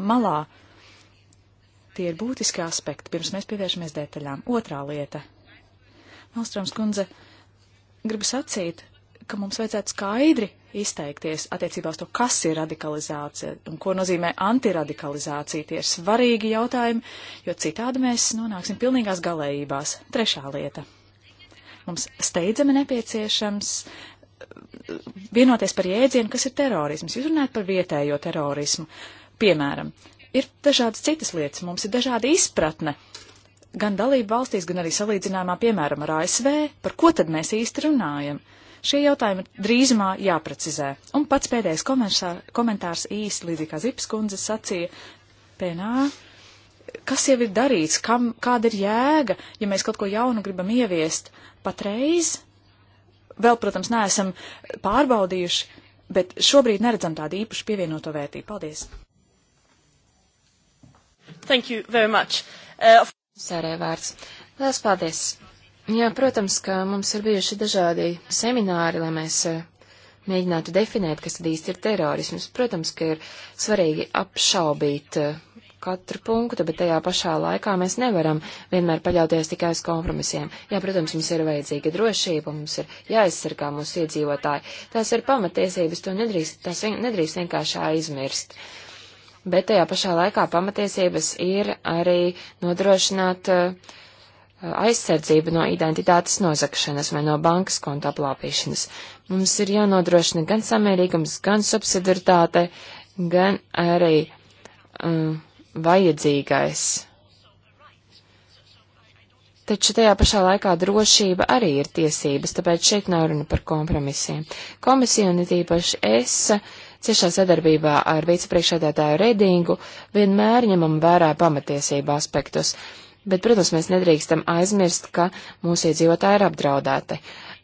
malā. Tie ir būtiski aspekti, pirms mēs pievēršamies detaļām. Otrā lieta. Malstroms kundze gribu sacīt, ka mums vajadzētu skaidri izteikties attiecībā uz to, kas ir radikalizācija un ko nozīmē antiradikalizācija. Tie ir svarīgi jautājumi, jo citādi mēs nonāksim pilnīgās galējībās. Trešā lieta. Mums steidzami nepieciešams vienoties par jēdzienu, kas ir terorisms. Jūs runājat par vietējo terorismu. Piemēram, ir dažādas citas lietas, mums ir dažāda izpratne. Gan dalību valstīs, gan arī salīdzinājumā, piemēram, ar ASV, par ko tad mēs īsti runājam. Šie jautājumi drīzumā jāprecizē. Un pats pēdējais komentārs, komentārs īsti līdzīgi kā Zipskundze sacīja, PNA kas jau ir darīts, kam, kāda ir jēga, ja mēs kaut ko jaunu gribam ieviest patreiz, vēl, protams, neesam pārbaudījuši, bet šobrīd neredzam tādu īpašu pievienoto vērtību. Paldies! Thank you very much. Uh, Sērē vārds. Lielas paldies! Jā, protams, ka mums ir bijuši dažādi semināri, lai mēs uh, mēģinātu definēt, kas tad īsti ir terorisms. Protams, ka ir svarīgi apšaubīt uh, katru punktu, bet tajā pašā laikā mēs nevaram vienmēr paļauties tikai uz kompromisiem. Jā, protams, mums ir vajadzīga drošība, mums ir jāaizsargā mūsu iedzīvotāji. Tās ir pamatiesības, to nedrīkst, tās vien, nedrīkst vienkārši aizmirst. Bet tajā pašā laikā pamatiesības ir arī nodrošināt uh, aizsardzību no identitātes nozakšanas vai no bankas konta aplāpīšanas. Mums ir jānodrošina gan samērīgums, gan subsidiritāte, gan arī um, vajadzīgais. Taču tajā pašā laikā drošība arī ir tiesības, tāpēc šeit nav runa par kompromisiem. Komisija un tīpaši es ciešā sadarbībā ar vicepriekšēdētāju Redingu vienmēr ņemam vērā pamatiesību aspektus. Bet, protams, mēs nedrīkstam aizmirst, ka mūsu iedzīvotāji ir apdraudēti.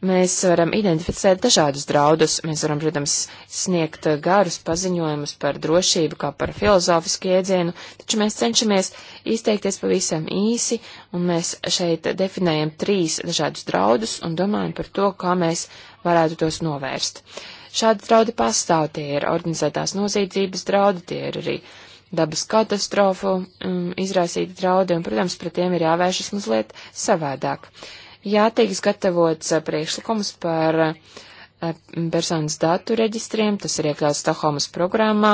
Mēs varam identificēt dažādus draudus, mēs varam, protams, sniegt garus paziņojumus par drošību kā par filozofisku iedzienu, taču mēs cenšamies izteikties pavisam īsi, un mēs šeit definējam trīs dažādus draudus un domājam par to, kā mēs varētu tos novērst. Šādi draudi pastāv, tie ir organizētās noziedzības draudi, tie ir arī dabas katastrofu um, izraisīti draudi, un, protams, pret tiem ir jāvēršas mazliet savādāk. Uh, Jā, tiks gatavots priekšlikums par personas datu reģistriem, tas ir iekļauts Stokholmas programmā,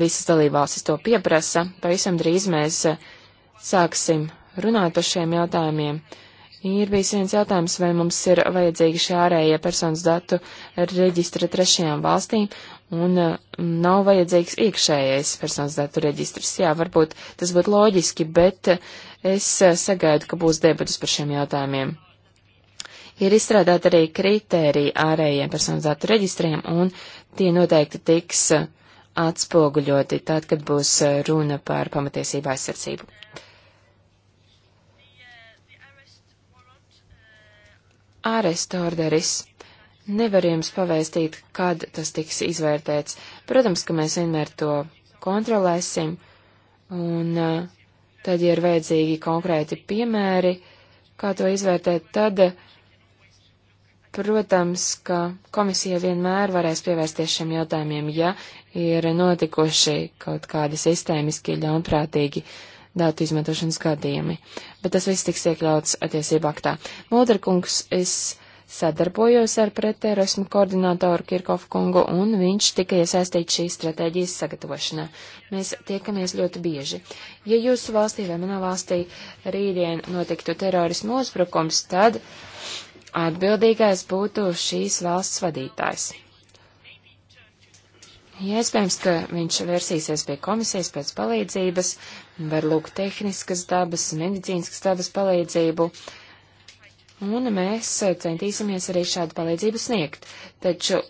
visas dalībvalstis to pieprasa, pavisam drīz mēs sāksim runāt par šiem jautājumiem. Ir bijis viens jautājums, vai mums ir vajadzīgi šie ārējie personas datu reģistra trešajām valstīm, un eh, nav vajadzīgs iekšējais personas datu reģistrs. Jā, varbūt tas būtu loģiski, bet eh, es eh, sagaidu, ka būs debatas par šiem jautājumiem. Ir izstrādāti arī kritēriji ārējiem personas datu reģistriem, un tie noteikti tiks atspoguļoti tad, kad būs runa par pamatiesību aizsardzību. āresta orderis. Nevar jums pavēstīt, kad tas tiks izvērtēts. Protams, ka mēs vienmēr to kontrolēsim, un eh, tad, ja ir vajadzīgi konkrēti piemēri, kā to izvērtēt, tad, protams, ka komisija vienmēr varēs pievērsties šiem jautājumiem, ja ir notikuši kaut kādi sistēmiski ļaunprātīgi uh, datu izmantošanas gadījumi. Bet tas viss tiks iekļauts attiesību aktā. Mūderkungs, es sadarbojos ar pretterorismu koordinātoru Kirkofu kungu, un viņš tika iesaistīts šīs stratēģijas sagatavošanā. Mēs tiekamies ļoti bieži. Ja jūsu valstī vai manā valstī rītdien notiktu terorismu uzbrukums, tad atbildīgais būtu šīs valsts vadītājs. Ja iespējams, ka viņš vērsīsies pie komisijas pēc palīdzības, var lūgt tehniskas dabas, medicīniskas dabas palīdzību, un mēs centīsimies arī šādu palīdzību sniegt. Taču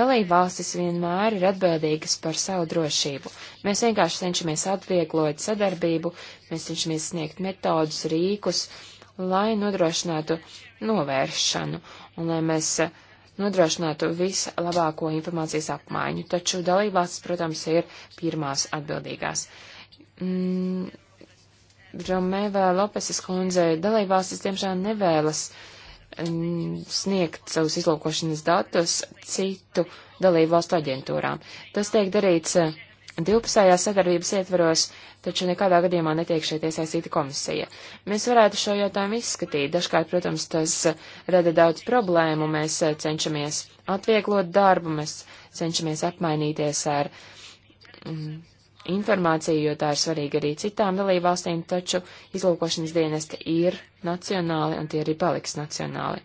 dalībvalstis vienmēr ir atbildīgas par savu drošību. Mēs vienkārši cenšamies atvieglot sadarbību, mēs cenšamies sniegt metodus, rīkus, lai nodrošinātu novēršanu, un lai mēs uh, nodrošinātu vislabāko informācijas apmaiņu, taču dalībvalstis, protams, ir pirmās atbildīgās. Mm, Romēvā Lopeses kundze dalībvalstis, diemžēl, nevēlas mm, sniegt savus izlūkošanas datus citu dalībvalstu aģentūrām. Tas tiek darīts Divpusējās sadarbības ietvaros taču nekādā gadījumā netiek šeit iesaistīta komisija. Mēs varētu šo jautājumu izskatīt. Dažkārt, protams, tas rada daudz problēmu. Mēs eh, cenšamies atvieglot darbu, mēs cenšamies apmainīties ar mm, informāciju, jo tā ir svarīga arī citām dalībvalstīm, taču izlūkošanas dienesti ir nacionāli un tie arī paliks nacionāli.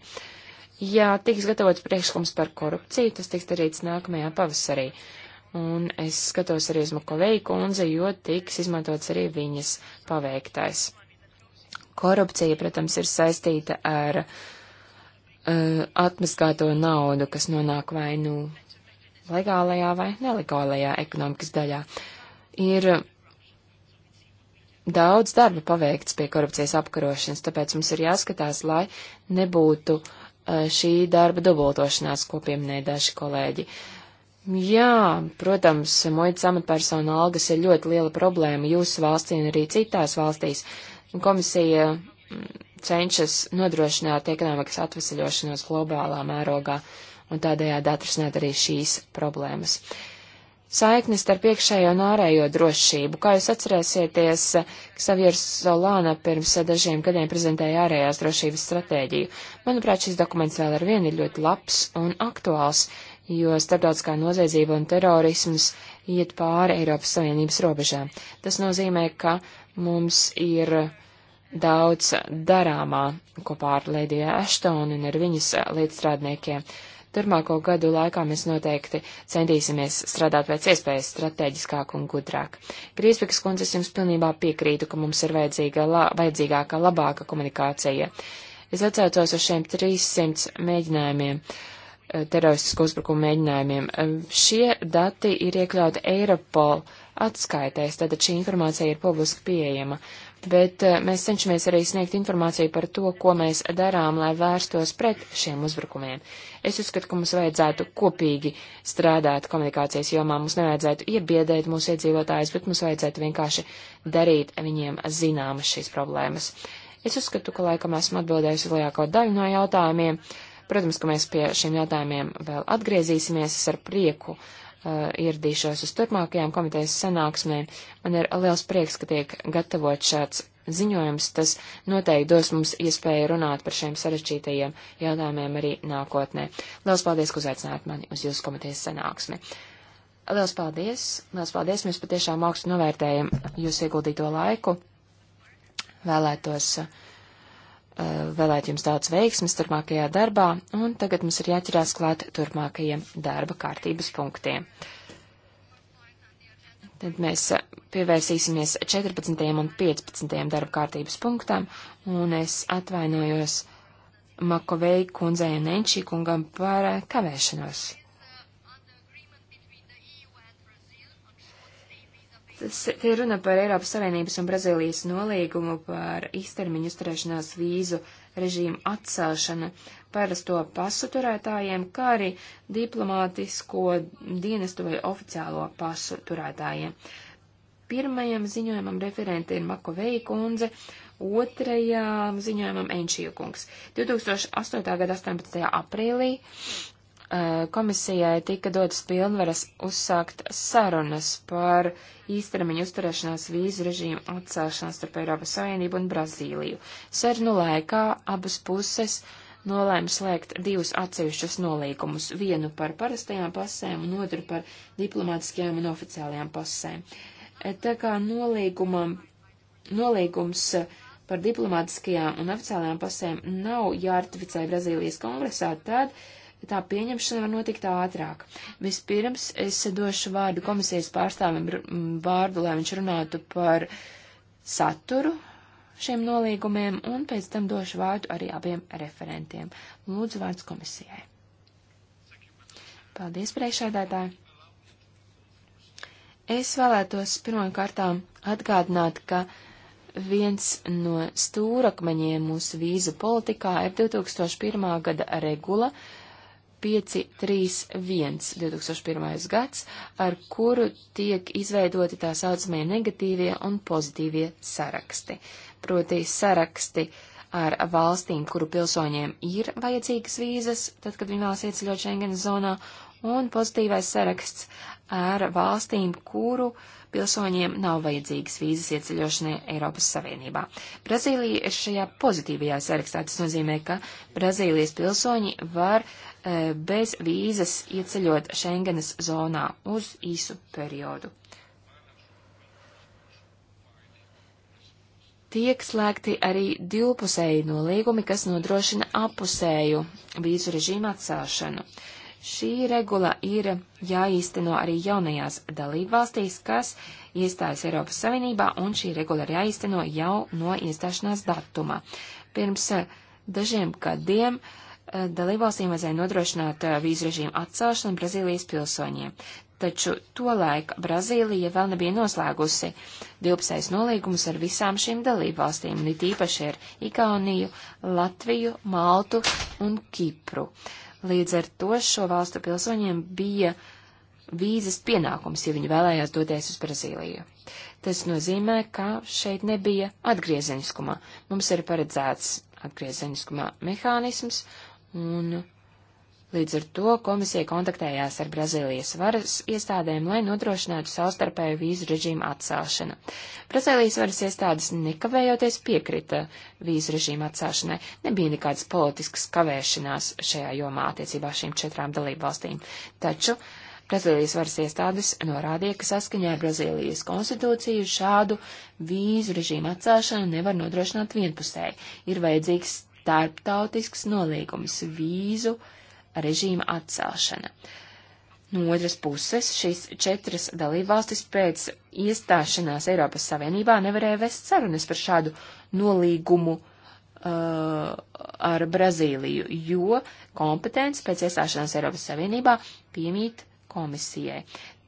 Ja tiks gatavots priekšlikums par korupciju, tas tiks darīts nākamajā pavasarī. Uh, un es skatos arī uz Makovei kundzi, jo tiks izmantots arī viņas paveiktais. Korupcija, protams, ir saistīta ar uh, atmaskāto naudu, kas nonāk vai nu legālajā vai nelegālajā ekonomikas daļā. Ir daudz darba paveikts pie korupcijas apkarošanas, tāpēc mums ir jāskatās, lai nebūtu eh, šī darba dubultošanās, ko pieminēja daži kolēģi. Uh, Jā, protams, muitas amatpersonu algas ir ļoti liela problēma jūsu valstī un arī citās valstīs. Komisija mm, cenšas nodrošināt ekonomikas atvesaļošanos globālā mērogā un tādējādi atrisināt arī šīs problēmas. Saiknis starp iekšējo un ārējo drošību. Kā jūs atcerēsieties, Xaviers Solāna pirms dažiem gadiem prezentēja ārējās drošības stratēģiju. Manuprāt, šis dokuments vēl ar vienu ir ļoti labs un aktuāls jo starptautiskā noziedzība un terorisms iet pāri Eiropas Savienības robežām. Tas nozīmē, ka mums ir daudz darāmā kopā ar Lēdiju Ashtonu un ar viņas līdzstrādniekiem. Turmāko gadu laikā mēs noteikti centīsimies strādāt pēc iespējas strateģiskāk un gudrāk. Grīsbekas kundze, es jums pilnībā piekrītu, ka mums ir vajadzīga la, vajadzīgāka, labāka komunikācija. Es atcaucos uz šiem 300 mēģinājumiem. Uh, Eh, teroristisku uzbrukumu mēģinājumiem. Eh, šie dati ir iekļauti Eiropol atskaitēs, tātad šī informācija ir publiski pieejama, bet eh, mēs cenšamies arī sniegt informāciju par to, ko mēs darām, lai vērstos pret šiem uzbrukumiem. Es uzskatu, ka mums vajadzētu kopīgi strādāt komunikācijas jomā, mums nevajadzētu iebiedēt mūsu iedzīvotājus, bet mums vajadzētu vienkārši darīt viņiem zināmas šīs problēmas. Es uzskatu, ka laikam esmu atbildējusi lielāko daļu no jautājumiem. Uh, Protams, ka mēs pie šiem jautājumiem vēl atgriezīsimies. Es ar prieku uh, ieradīšos uz turpmākajām komitejas sanāksmēm. Man ir liels prieks, ka tiek gatavot šāds ziņojums. Tas noteikti dos mums iespēju runāt par šiem sarežģītajiem jautājumiem arī nākotnē. Liels paldies, ka uzaicinājāt mani uz jūsu komitejas sanāksmi. Liels paldies! Liels paldies! Mēs patiešām augstu novērtējam jūsu ieguldīto laiku. Vēlētos uh, Eh, vēlēt jums daudz veiksmes turpmākajā darbā, un tagad mums ir jāķerās klāt turpmākajiem darba kārtības punktiem. Tad mēs eh, pievērsīsimies 14. un 15. darba kārtības punktām, un es atvainojos Makovei kundzei un Enčī kungam par eh, kavēšanos. Tas ir runa par Eiropas Savienības un Brazīlijas nolīgumu par īstermiņu uzturēšanās vīzu režīmu atcelšanu parasto pasu turētājiem, kā arī diplomātisko dienestu vai oficiālo pasu turētājiem. Pirmajam ziņojumam referente ir Makoveja kundze, otrajam ziņojumam Enšija kungs. 2008. gada 18. aprīlī Eh, komisijai tika dotas pilnvaras uzsākt sarunas par īstermiņu uzturēšanās vīzu režīmu atcelšanās starp Eiropas Savienību un Brazīliju. Sarunu laikā abas puses nolēma slēgt divus atsevišķus nolīgumus, vienu par parastajām pasēm un otru par diplomātiskajām un oficiālajām pasēm. Eh, tā kā nolīgumam, nolīgums par diplomātiskajām un oficiālajām pasēm nav jāratificē Brazīlijas kongresā, tad uh, ka tā pieņemšana var notikt ātrāk. Vispirms es došu vārdu komisijas pārstāvim vārdu, lai viņš runātu par saturu šiem nolīgumiem, un pēc tam došu vārdu arī abiem referentiem. Lūdzu vārds komisijai. Paldies, priekšādātāji! Es vēlētos pirmām kārtām atgādināt, ka viens no stūrakmeņiem mūsu vīzu politikā ir 2001. gada regula, 531 2001 gads, ar kuru tiek izveidoti tā saucamie negatīvie un pozitīvie saraksti. Proti saraksti ar valstīm, kuru pilsoņiem ir vajadzīgas vīzas, tad, kad viņi vēlas ieceļot Schengen zonā, un pozitīvais saraksts ar valstīm, kuru pilsoņiem nav vajadzīgas vīzas ieceļošanai Eiropas Savienībā. Brazīlija ir šajā pozitīvajā sarakstā. Tas nozīmē, ka Brazīlijas pilsoņi var E, bez vīzas ieceļot Schengenas zonā uz īsu periodu. Tiek slēgti arī divpusēji nolīgumi, kas nodrošina apusēju vīzu režīmu atcelšanu. Šī regula ir jāīsteno arī jaunajās dalībvalstīs, kas iestājas Eiropas Savienībā, un šī regula ir jāīsteno jau no iestāšanās datuma. Pirms dažiem gadiem uh, dalībvalstīm vajadzēja nodrošināt eh, vīzu režīmu atcelšanu Brazīlijas pilsoņiem. Taču tolaik Brazīlija vēl nebija noslēgusi divpusējs nolīgumus ar visām šīm dalībvalstīm, un it īpaši ar Igauniju, Latviju, Maltu un Kipru. Līdz ar to šo valstu pilsoņiem bija vīzas pienākums, ja viņi vēlējās doties uz Brazīliju. Tas nozīmē, ka šeit nebija atgriezeniskumā. Mums ir paredzēts atgriezeniskumā mehānisms, un līdz ar to komisija kontaktējās ar Brazīlijas varas iestādēm, lai nodrošinātu savstarpēju vīzu režīmu atcelšanu. Brazīlijas varas iestādes nekavējoties piekrita vīzu režīmu atcelšanai, nebija nekādas politiskas kavēšanās šajā jomā attiecībā šīm četrām dalību valstīm. Taču Brazīlijas varas iestādes norādīja, ka saskaņā ar Brazīlijas konstitūciju šādu vīzu režīmu atcelšanu nevar nodrošināt vienpusēji. Ir vajadzīgs starptautisks nolīgums - vīzu režīma atcelšana. No otras puses, šīs četras dalībvalstis pēc iestāšanās Eiropas Savienībā nevarēja vest sarunas par šādu nolīgumu uh, ar Brazīliju, jo kompetence pēc iestāšanās Eiropas Savienībā piemīt komisijai.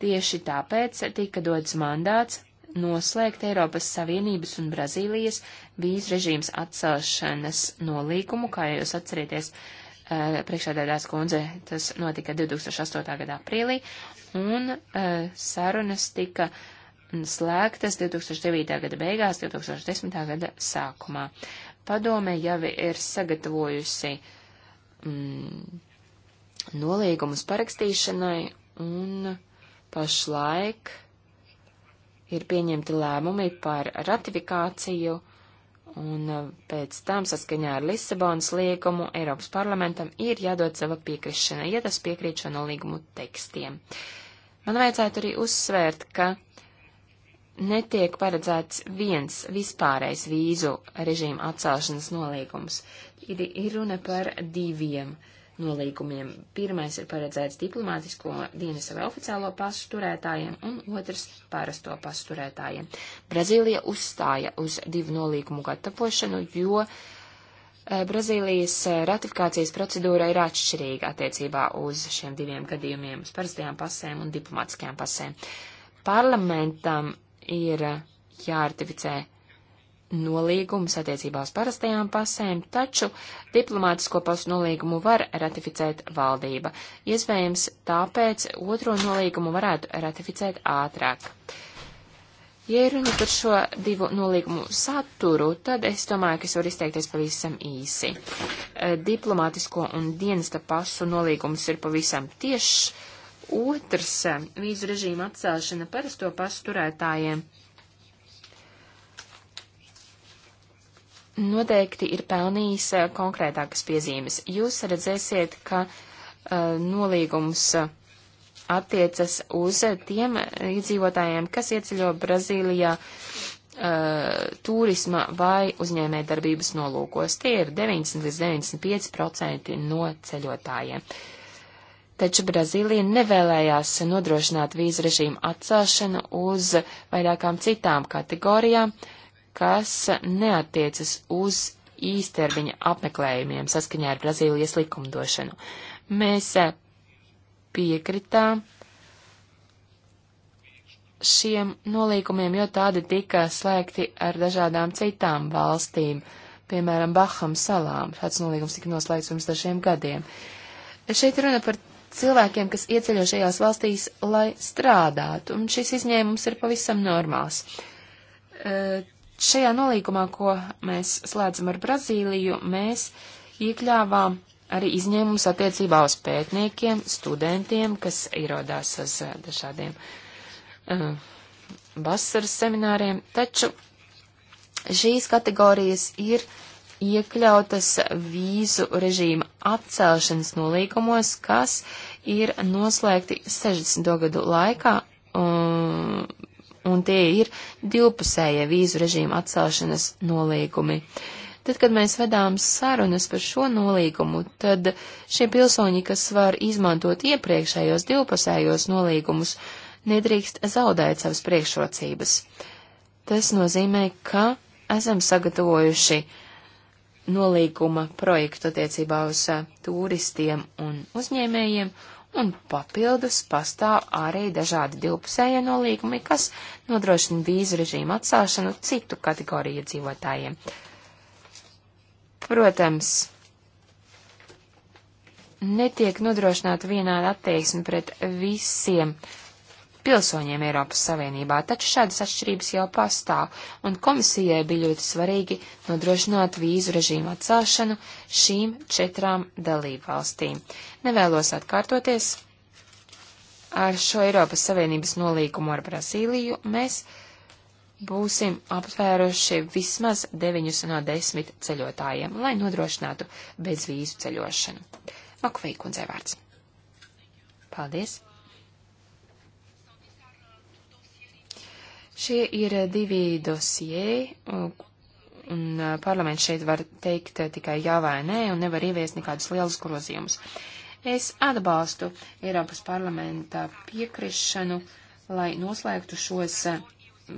Tieši tāpēc tika dots mandāts noslēgt Eiropas Savienības un Brazīlijas vīzu režīmas atcelšanas nolīgumu, kā jūs atcerieties, eh, priekšādēdās kundze, tas notika 2008. gada aprīlī, un eh, sarunas tika slēgtas 2009. gada beigās, 2010. gada sākumā. Padome jau ir sagatavojusi mm, nolīgumus parakstīšanai, un pašlaik uh, ir pieņemti lēmumi par ratifikāciju, un uh, pēc tam saskaņā ar Lisabonas līgumu Eiropas parlamentam ir jādod sava piekrišana, ja tas piekrīt šo nolīgumu tekstiem. Man vajadzētu arī uzsvērt, ka netiek paredzēts viens vispārējs vīzu režīma atcelšanas nolīgums. Ir, ir runa par diviem uh, nolīgumiem. Pirmais ir paredzēts diplomātisko dienas vai oficiālo pasu turētājiem, un otrs parasto pasu turētājiem. Brazīlija uzstāja uz divu nolīgumu gatavošanu, jo eh, Brazīlijas eh, ratifikācijas procedūra ir atšķirīga attiecībā uz šiem diviem gadījumiem, uz parastajām pasēm un diplomātiskajām pasēm. Parlamentam ir eh, jāratificē nolīgumus attiecībā uz parastajām pasēm, taču diplomātisko pasu nolīgumu var ratificēt valdība. Iespējams, tāpēc otro nolīgumu varētu ratificēt ātrāk. Ja runa par šo divu nolīgumu saturu, tad es domāju, ka es varu izteikties pavisam īsi. E, diplomātisko un dienesta pasu nolīgums ir pavisam tiešs. Otrs e, vīzu režīma atcelšana parasto pasu turētājiem noteikti ir pelnījis eh, konkrētākas piezīmes. Jūs redzēsiet, ka eh, nolīgums eh, attiecas uz tiem iedzīvotājiem, kas ieceļo Brazīlijā turisma vai uzņēmējdarbības nolūkos. Tie ir 90 līdz 95% no ceļotājiem. Taču Brazīlija nevēlējās nodrošināt vīzu režīmu atcelšanu uz vairākām citām kategorijām, uh, kas neatiecas uz īstermiņa apmeklējumiem saskaņā ar Brazīlijas likumdošanu. Mēs eh, piekritām šiem nolīgumiem, jo tādi tika slēgti ar dažādām citām valstīm, piemēram, Baham salām. Šāds nolīgums tika noslēgts pirms dažiem gadiem. Šeit runa par cilvēkiem, kas ieceļo šajās valstīs, lai strādātu, un šis izņēmums ir pavisam normāls. Eh, Šajā nolīgumā, ko mēs slēdzam ar Brazīliju, mēs iekļāvām arī izņēmums attiecībā uz pētniekiem, studentiem, kas ierodās uz eh, dažādiem uh, vasaras semināriem, taču šīs kategorijas ir iekļautas vīzu režīma atcelšanas nolīgumos, kas ir noslēgti 60. gadu laikā um, un tie ir divpusējie vīzu režīma atcelšanas nolīgumi. Tad, kad mēs vedām sarunas par šo nolīgumu, tad šie pilsoņi, kas var izmantot iepriekšējos divpusējos nolīgumus, nedrīkst zaudēt savas priekšrocības. Tas nozīmē, ka esam sagatavojuši nolīguma projektu attiecībā uz turistiem un uzņēmējiem, un papildus pastāv arī dažādi divpusējie nolīgumi, kas nodrošina vīzu režīmu atcelšanu citu kategoriju iedzīvotājiem. Protams, netiek nodrošināta vienāda attieksme pret visiem uh, pilsoņiem Eiropas Savienībā, taču šādas atšķirības jau pastāv, un komisijai bija ļoti svarīgi nodrošināt vīzu režīmu atcelšanu šīm četrām dalību valstīm. Nevēlos atkārtoties. Ar šo Eiropas Savienības nolīgumu ar Brazīliju mēs būsim aptvēruši vismaz 9 no 10 ceļotājiem, lai nodrošinātu bezvīzu ceļošanu. Makvei kundzei vārds. Paldies! Šie ir divi dosie, un uh, parlaments šeit var teikt uh, tikai jā vai nē, un nevar ieviest nekādus lielus grozījumus. Es atbalstu Eiropas parlamenta piekrišanu, lai noslēgtu šos uh,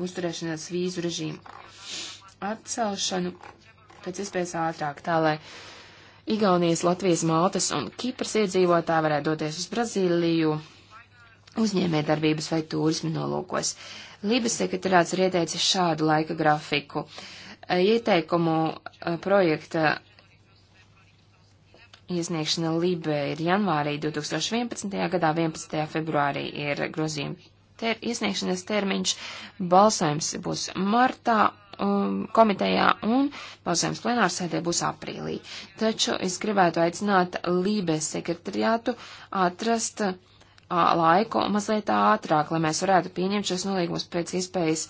uzturēšanās vīzu režīmu atcelšanu pēc iespējas ātrāk, tā lai Igaunijas, Latvijas, Maltas un Kipras iedzīvotāji varētu doties uz Brazīliju uzņēmējdarbības vai turismu nolūkos. Uh, Lībijas sekretariāts ir ieteicis šādu laika grafiku. Eh, ieteikumu eh, projekta iesniegšana Lībē ir janvārī 2011. gadā, 11. februārī ir grozījuma ter iesniegšanas termiņš, balsojums būs martā um, komitejā un balsojums plenārsēdē būs aprīlī. Taču es gribētu aicināt Lībes sekretariātu atrast uh, laiku mazliet ātrāk, lai mēs varētu pieņemt šos nolīgumus pēc iespējas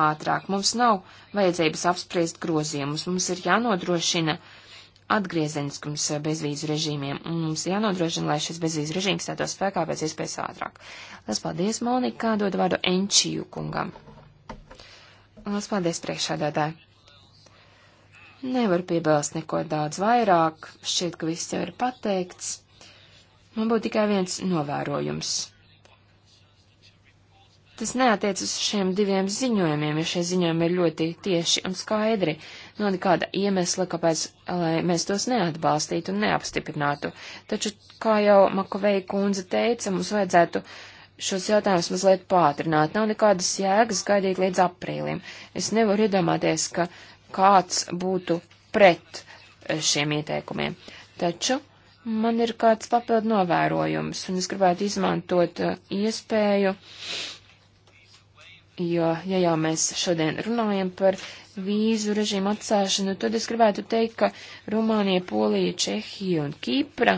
ātrāk. Mums nav vajadzības apspriest grozījumus, mums ir jānodrošina atgriezeniskums bezvīzu režīmiem, un mums jānodrošina, lai šis bezvīzu režīms stātos spēkā pēc iespējas ātrāk. Lielas paldies, Monika, dod vārdu Enčiju kungam. Lielas paldies, priekšādātāji. Nevar piebilst neko daudz vairāk, šķiet, ka viss jau ir pateikts. Man būtu tikai viens novērojums. Tas neatiec uz šiem diviem ziņojumiem, jo šie ziņojumi ir ļoti tieši un skaidri. Nav nekāda iemesla, kāpēc mēs tos neatbalstītu un neapstiprinātu. Taču, kā jau Makovei kundze teica, mums vajadzētu šos jautājumus mazliet pātrināt. Nav nekādas jēgas gaidīt līdz aprīlim. Es nevaru iedomāties, ka kāds būtu pret šiem ieteikumiem. Taču Man ir kāds papildu novērojums, un es gribētu izmantot uh, iespēju, jo, ja jau mēs šodien runājam par vīzu režīmu atcēšanu, tad es gribētu teikt, ka Rumānija, Polija, Čehija un Kipra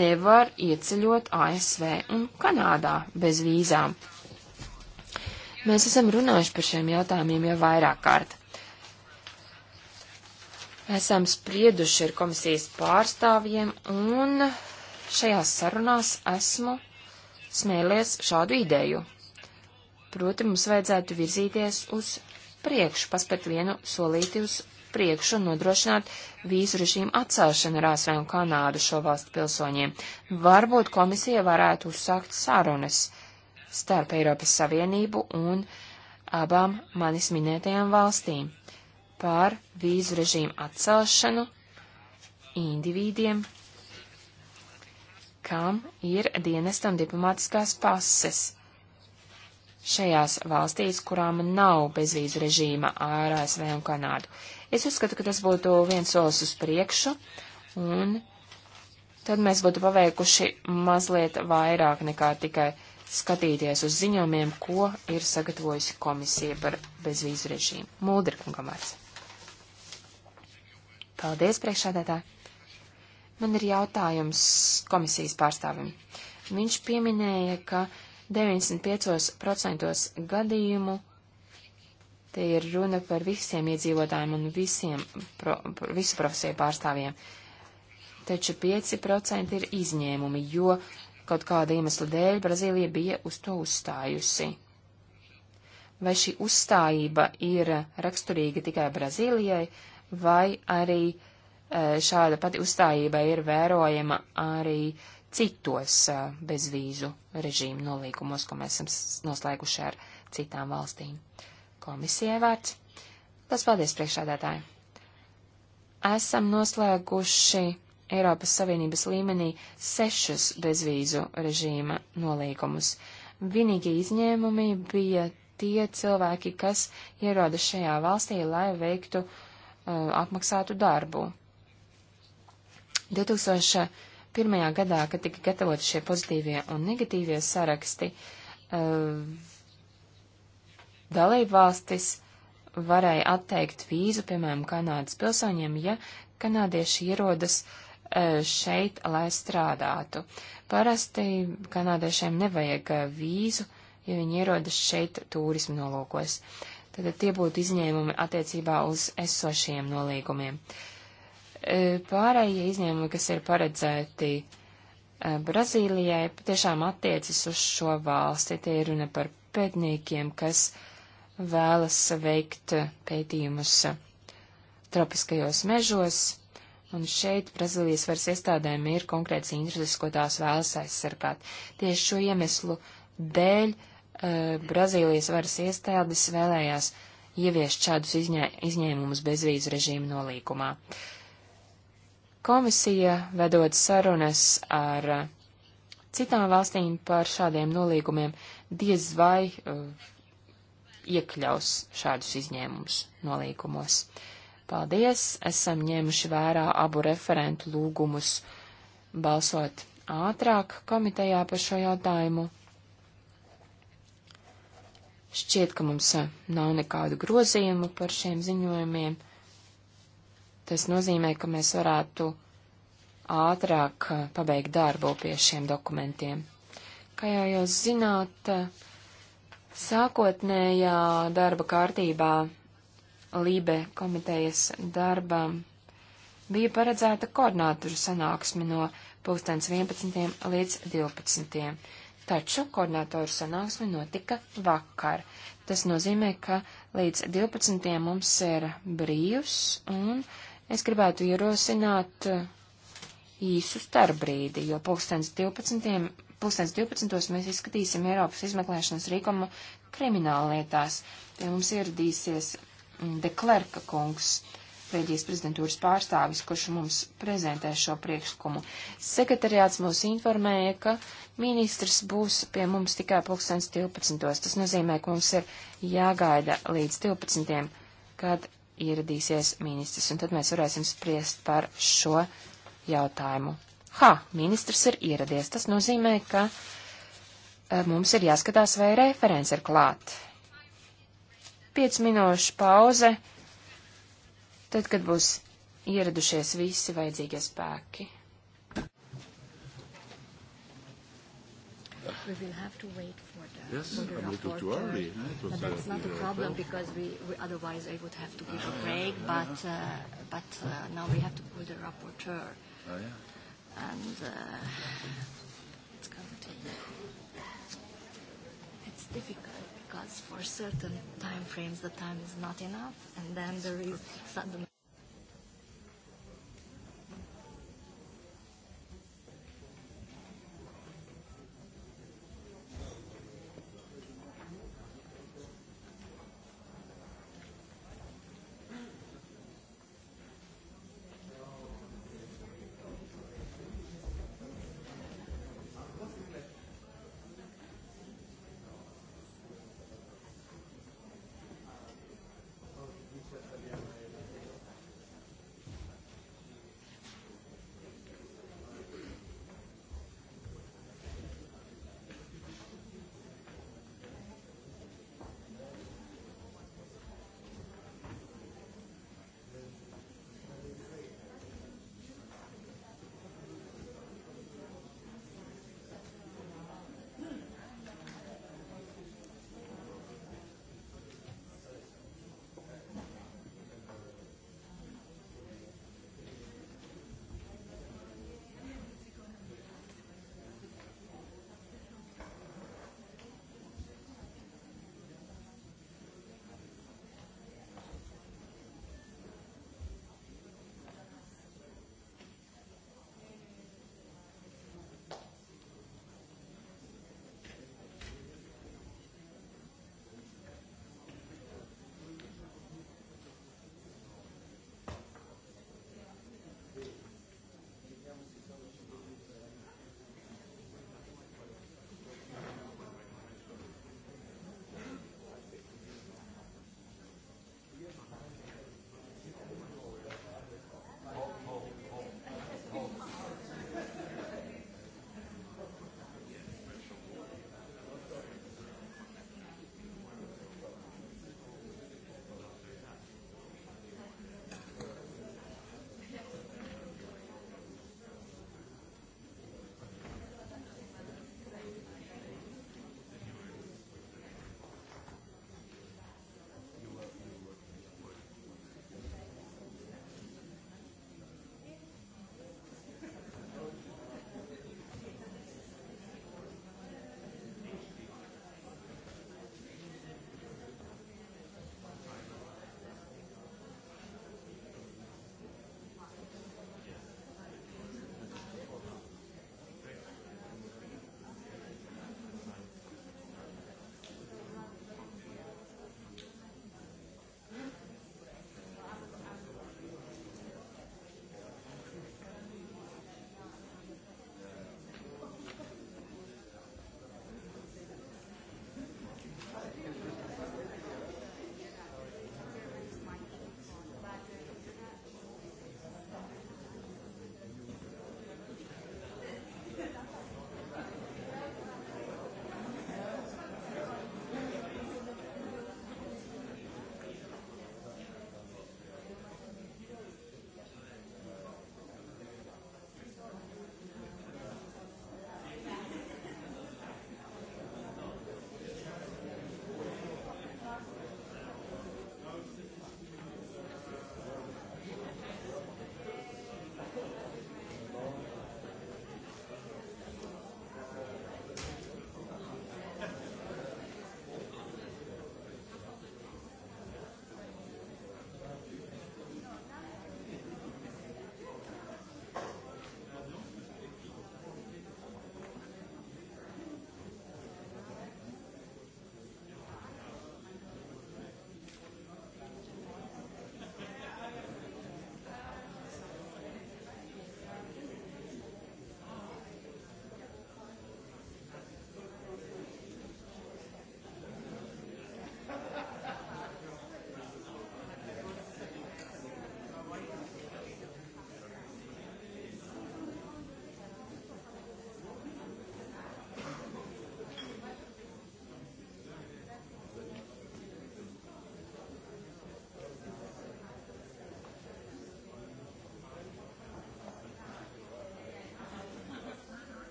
nevar ieceļot ASV un Kanādā bez vīzām. Mēs esam runājuši par šiem jautājumiem jau vairāk kārt. Esam sprieduši ar komisijas pārstāvjiem, un šajās sarunās esmu smēlies šādu ideju. Proti, mums vajadzētu virzīties uz priekšu, paspēt vienu solīti uz priekšu un nodrošināt vīzu režīmu atcelšanu ar ASV un Kanādu šo valstu pilsoņiem. Varbūt komisija varētu uzsākt sarunas starp Eiropas Savienību un abām manis minētajām valstīm par vīzu režīmu atcelšanu indivīdiem, kam ir dienestam diplomātiskās pases. Šajās valstīs, kurām nav bezvīzu režīma ar ASV un Kanādu. Es uzskatu, ka tas būtu viens solis uz priekšu, un tad mēs būtu paveikuši mazliet vairāk nekā tikai skatīties uz ziņojumiem, ko ir sagatavojusi komisija par bezvīzu režīmu. Mulderkungam vārds. Paldies, priekšādētāji. Man ir jautājums komisijas pārstāvim. Viņš pieminēja, ka 95% gadījumu te ir runa par visiem iedzīvotājiem un visiem, pro, visu profesiju pārstāvjiem. Taču 5% ir izņēmumi, jo kaut kāda iemesla dēļ Brazīlija bija uz to uzstājusi. Vai šī uzstājība ir raksturīga tikai Brazīlijai, vai arī e, šāda pati uzstājība ir vērojama arī citos e, bezvīzu režīmu nolīgumos, ko mēs esam noslēguši ar citām valstīm. Komisijai vārds. Tas paldies priekšādātāji. Esam noslēguši Eiropas Savienības līmenī sešus bezvīzu režīma nolīgumus. Vienīgie izņēmumi bija tie cilvēki, kas ierodas šajā valstī, lai veiktu uh, Uh, apmaksātu darbu. 2001. gadā, kad tika gatavoti šie pozitīvie un negatīvie saraksti, uh, dalību valstis varēja atteikt vīzu, piemēram, Kanādas pilsoņiem, ja kanādieši ierodas uh, šeit, lai strādātu. Parasti kanādiešiem nevajag vīzu, ja viņi ierodas šeit turismu nolūkos. Uh, Tad tie būtu izņēmumi attiecībā uz esošiem nolīgumiem. E, pārējie izņēmumi, kas ir paredzēti e, Brazīlijai, patiešām attiecas uz šo valsti. Tie ir runa par pētniekiem, kas vēlas veikt pētījumus tropiskajos mežos, Un šeit Brazīlijas varas iestādēm ir konkrēts intereses, ko tās vēlas aizsargāt. Tieši šo iemeslu dēļ Eh, Brazīlijas varas iestādes vēlējās ieviest šādus izņē, izņēmumus bezvīzu režīmu nolīkumā. Komisija, vedot sarunas ar eh, citām valstīm par šādiem nolīgumiem, diez vai uh, iekļaus šādus izņēmumus nolīgumos. Paldies! Esam ņēmuši vērā abu referentu lūgumus balsot ātrāk komitejā par šo jautājumu. Šķiet, ka mums eh, nav nekādu grozījumu par šiem ziņojumiem. Tas nozīmē, ka mēs varētu ātrāk eh, pabeigt darbu pie šiem dokumentiem. Kā jau jūs zināt, eh, sākotnējā darba kārtībā Lībe komitejas darbam bija paredzēta koordinātoru sanāksme no 2011. līdz 12 taču koordinātoru sanāksme notika vakar. Tas nozīmē, ka līdz 12. mums ir brīvs, un es gribētu ierosināt uh, īsu starpbrīdi, jo pulkstens 12. Pulkstens 12. mēs izskatīsim Eiropas izmeklēšanas rīkumu krimināllietās. Pie mums ieradīsies mm, deklerka kungs. Beļģijas prezidentūras pārstāvis, kurš mums prezentē šo priekšlikumu. Sekretariāts mūs informēja, ka ministrs būs pie mums tikai pulkstens 12. Tas nozīmē, ka mums ir jāgaida līdz 12. kad ieradīsies ministrs, un tad mēs varēsim spriest par šo jautājumu. Ha, ministrs ir ieradies. Tas nozīmē, ka eh, mums ir jāskatās, vai referents ir klāt. 5 minūšu pauze tad, kad būs ieradušies visi vajadzīgie spēki. We will have to wait for the, yes, for the rapporteur. Too early, eh? But that's uh, not a problem because we, we otherwise I would have to give a ah, break. Ah, but yeah. uh, but uh, now we have to call the rapporteur. Ah, yeah. And uh, it's going to take. It's difficult because for certain time frames the time is not enough, and then there is suddenly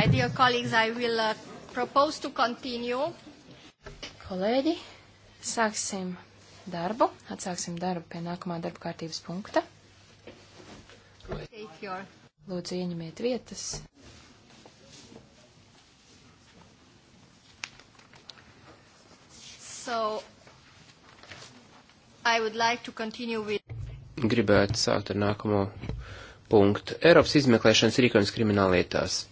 my dear colleagues, I will uh, propose to continue. Kolēģi, sāksim darbu. Atsāksim darbu pie nākamā darba kārtības punkta. Your... Lūdzu, ieņemiet vietas. So, I would like to continue with. Gribētu sākt ar nākamo punktu. Eiropas izmeklēšanas rīkojums krimināllietās.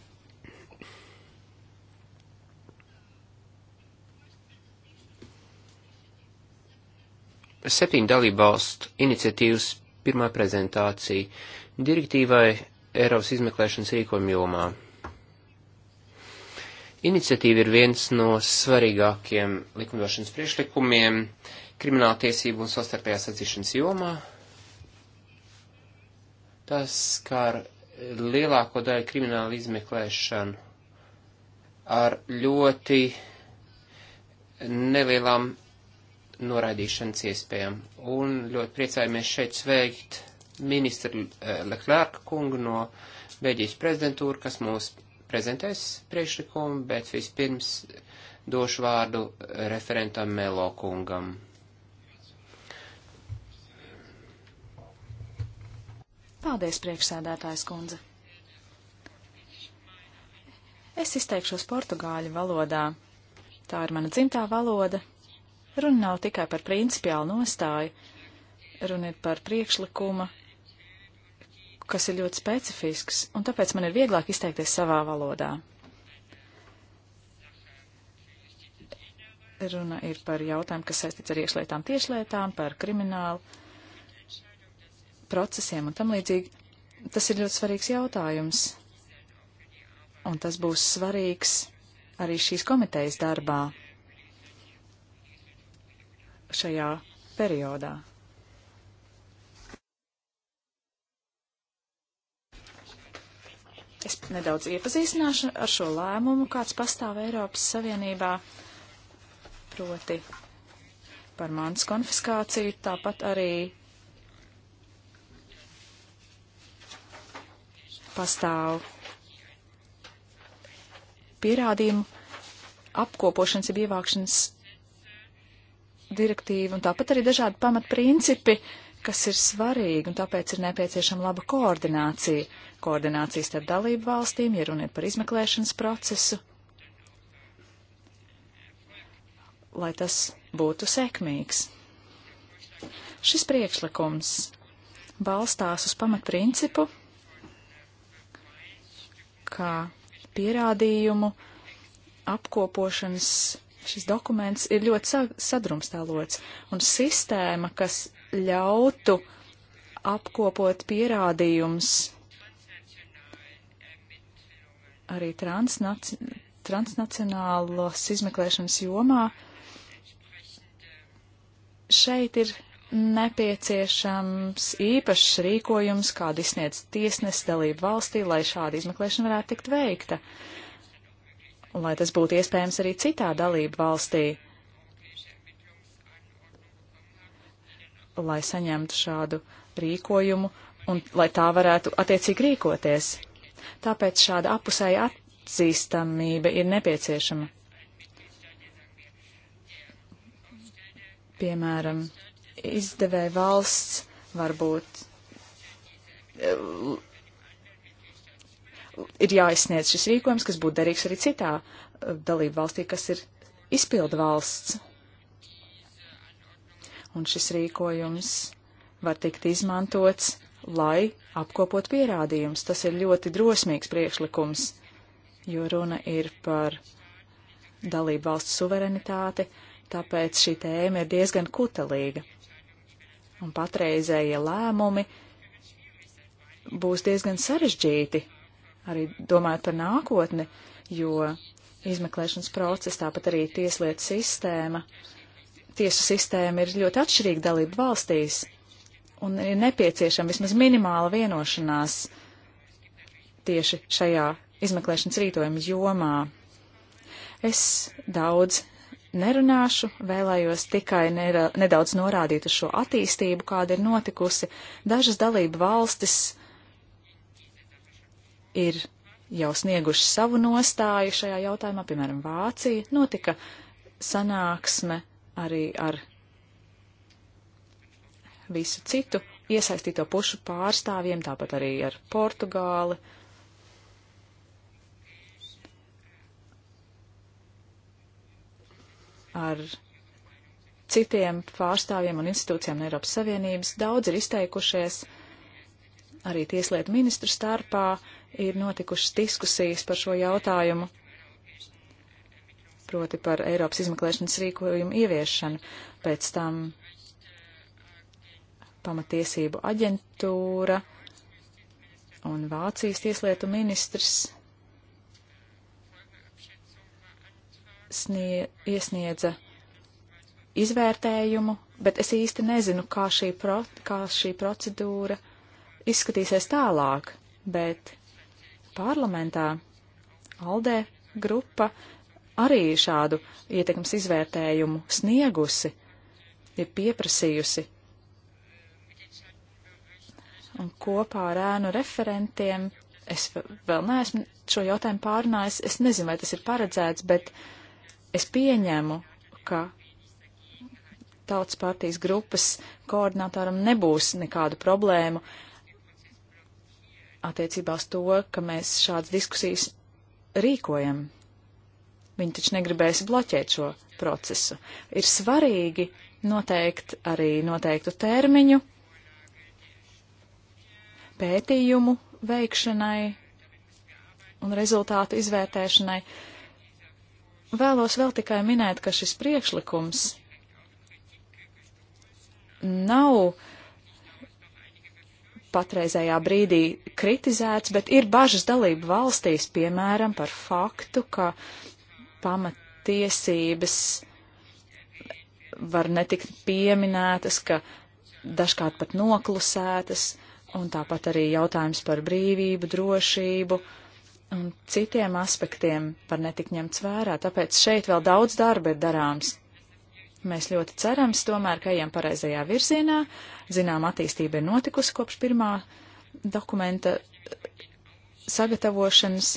septiņu dalībvalstu iniciatīvas pirmā prezentācija direktīvai Eiropas izmeklēšanas rīkojuma jomā. Iniciatīva ir viens no svarīgākiem likumdošanas priešlikumiem krimināla tiesību un sastarpējās atzīšanas jomā. Tas skar lielāko daļu kriminālu izmeklēšanu ar ļoti nelielām noraidīšanas iespējām. Un ļoti priecājamies šeit sveikt ministru eh, Leklērka kungu no Beļģijas prezidentūra, kas mūs prezentēs priekšlikumu, bet vispirms došu vārdu referentam Melo kungam. Paldies, priekšsēdētājs kundze. Es izteikšos portugāļu valodā. Tā ir mana dzimtā valoda, Runa nav tikai par principiālu nostāju, runa ir par priekšlikuma, kas ir ļoti specifisks, un tāpēc man ir vieglāk izteikties savā valodā. Runa ir par jautājumu, kas saistīts ar iekšlietām, tiešlietām, par kriminālu procesiem un tam līdzīgi. Tas ir ļoti svarīgs jautājums, un tas būs svarīgs arī šīs komitejas darbā šajā periodā. Es nedaudz iepazīstināšu ar šo lēmumu, kāds pastāv Eiropas Savienībā, proti par mans konfiskāciju, tāpat arī pastāv pierādījumu apkopošanas, jeb ievākšanas direktīva un tāpat arī dažādi pamatprincipi, kas ir svarīgi, un tāpēc ir nepieciešama laba koordinācija. Koordinācija starp dalību valstīm, ja runa ir par izmeklēšanas procesu, lai tas būtu sekmīgs. Šis priekšlikums balstās uz pamatprincipu, kā pierādījumu apkopošanas Šis dokuments ir ļoti sadrumstalots, un sistēma, kas ļautu apkopot pierādījums arī transnaci transnacionālas izmeklēšanas jomā, šeit ir nepieciešams īpašs rīkojums, kādu izsniedz tiesnes dalību valstī, lai šāda izmeklēšana varētu tikt veikta. Uh, un lai tas būtu iespējams arī citā dalību valstī, lai saņemtu šādu rīkojumu un lai tā varētu attiecīgi rīkoties. Tāpēc šāda apusēja atzīstamība ir nepieciešama. Piemēram, izdevēja valsts varbūt ir jāizsniedz šis rīkojums, kas būtu derīgs arī citā eh, dalību valstī, kas ir izpildu valsts. Un šis rīkojums var tikt izmantots, lai apkopot pierādījumus. Tas ir ļoti drosmīgs priekšlikums, jo runa ir par dalību valsts suverenitāti, tāpēc šī tēma ir diezgan kutelīga. Un patreizējie lēmumi būs diezgan sarežģīti arī domājot par nākotni, jo izmeklēšanas process, tāpat arī tieslietu sistēma, tiesu sistēma ir ļoti atšķirīga dalību valstīs, un ir nepieciešama vismaz minimāla vienošanās tieši šajā izmeklēšanas rītojuma jomā. Es daudz nerunāšu, vēlējos tikai nera, nedaudz norādīt uz šo attīstību, kāda ir notikusi. Dažas dalību valstis ir jau snieguši savu nostāju šajā jautājumā, piemēram, Vācija, notika sanāksme arī ar visu citu iesaistīto pušu pārstāvjiem, tāpat arī ar Portugāli. Ar citiem pārstāvjiem un institūcijām no Eiropas Savienības daudz ir izteikušies arī tieslietu ministru starpā, ir notikušas diskusijas par šo jautājumu, proti par Eiropas izmeklēšanas rīkojumu ieviešanu. Pēc tam pamatiesību aģentūra un Vācijas tieslietu ministrs snie, iesniedza izvērtējumu, bet es īsti nezinu, kā šī, pro, kā šī procedūra izskatīsies tālāk, bet parlamentā Aldē grupa arī šādu ietekmes izvērtējumu sniegusi, ir pieprasījusi. Un kopā ar ēnu referentiem es vēl neesmu šo jautājumu pārunājis, es nezinu, vai tas ir paredzēts, bet es pieņemu, ka tautas partijas grupas koordinātāram nebūs nekādu problēmu uh, attiecībā uz to, ka mēs šādas diskusijas rīkojam. Viņi taču negribēs bloķēt šo procesu. Ir svarīgi noteikt arī noteiktu termiņu pētījumu veikšanai un rezultātu izvērtēšanai. Vēlos vēl tikai minēt, ka šis priekšlikums nav uh, patreizējā brīdī kritizēts, bet ir bažas dalību valstīs, piemēram, par faktu, ka pamatiesības var netikt pieminētas, ka dažkārt pat noklusētas, un tāpat arī jautājums par brīvību, drošību un citiem aspektiem var netikt ņemts vērā. Tāpēc šeit vēl daudz darba ir darāms. Mēs ļoti cerams tomēr, ka ejam pareizajā virzienā. Zinām, attīstība ir notikusi kopš pirmā dokumenta sagatavošanas.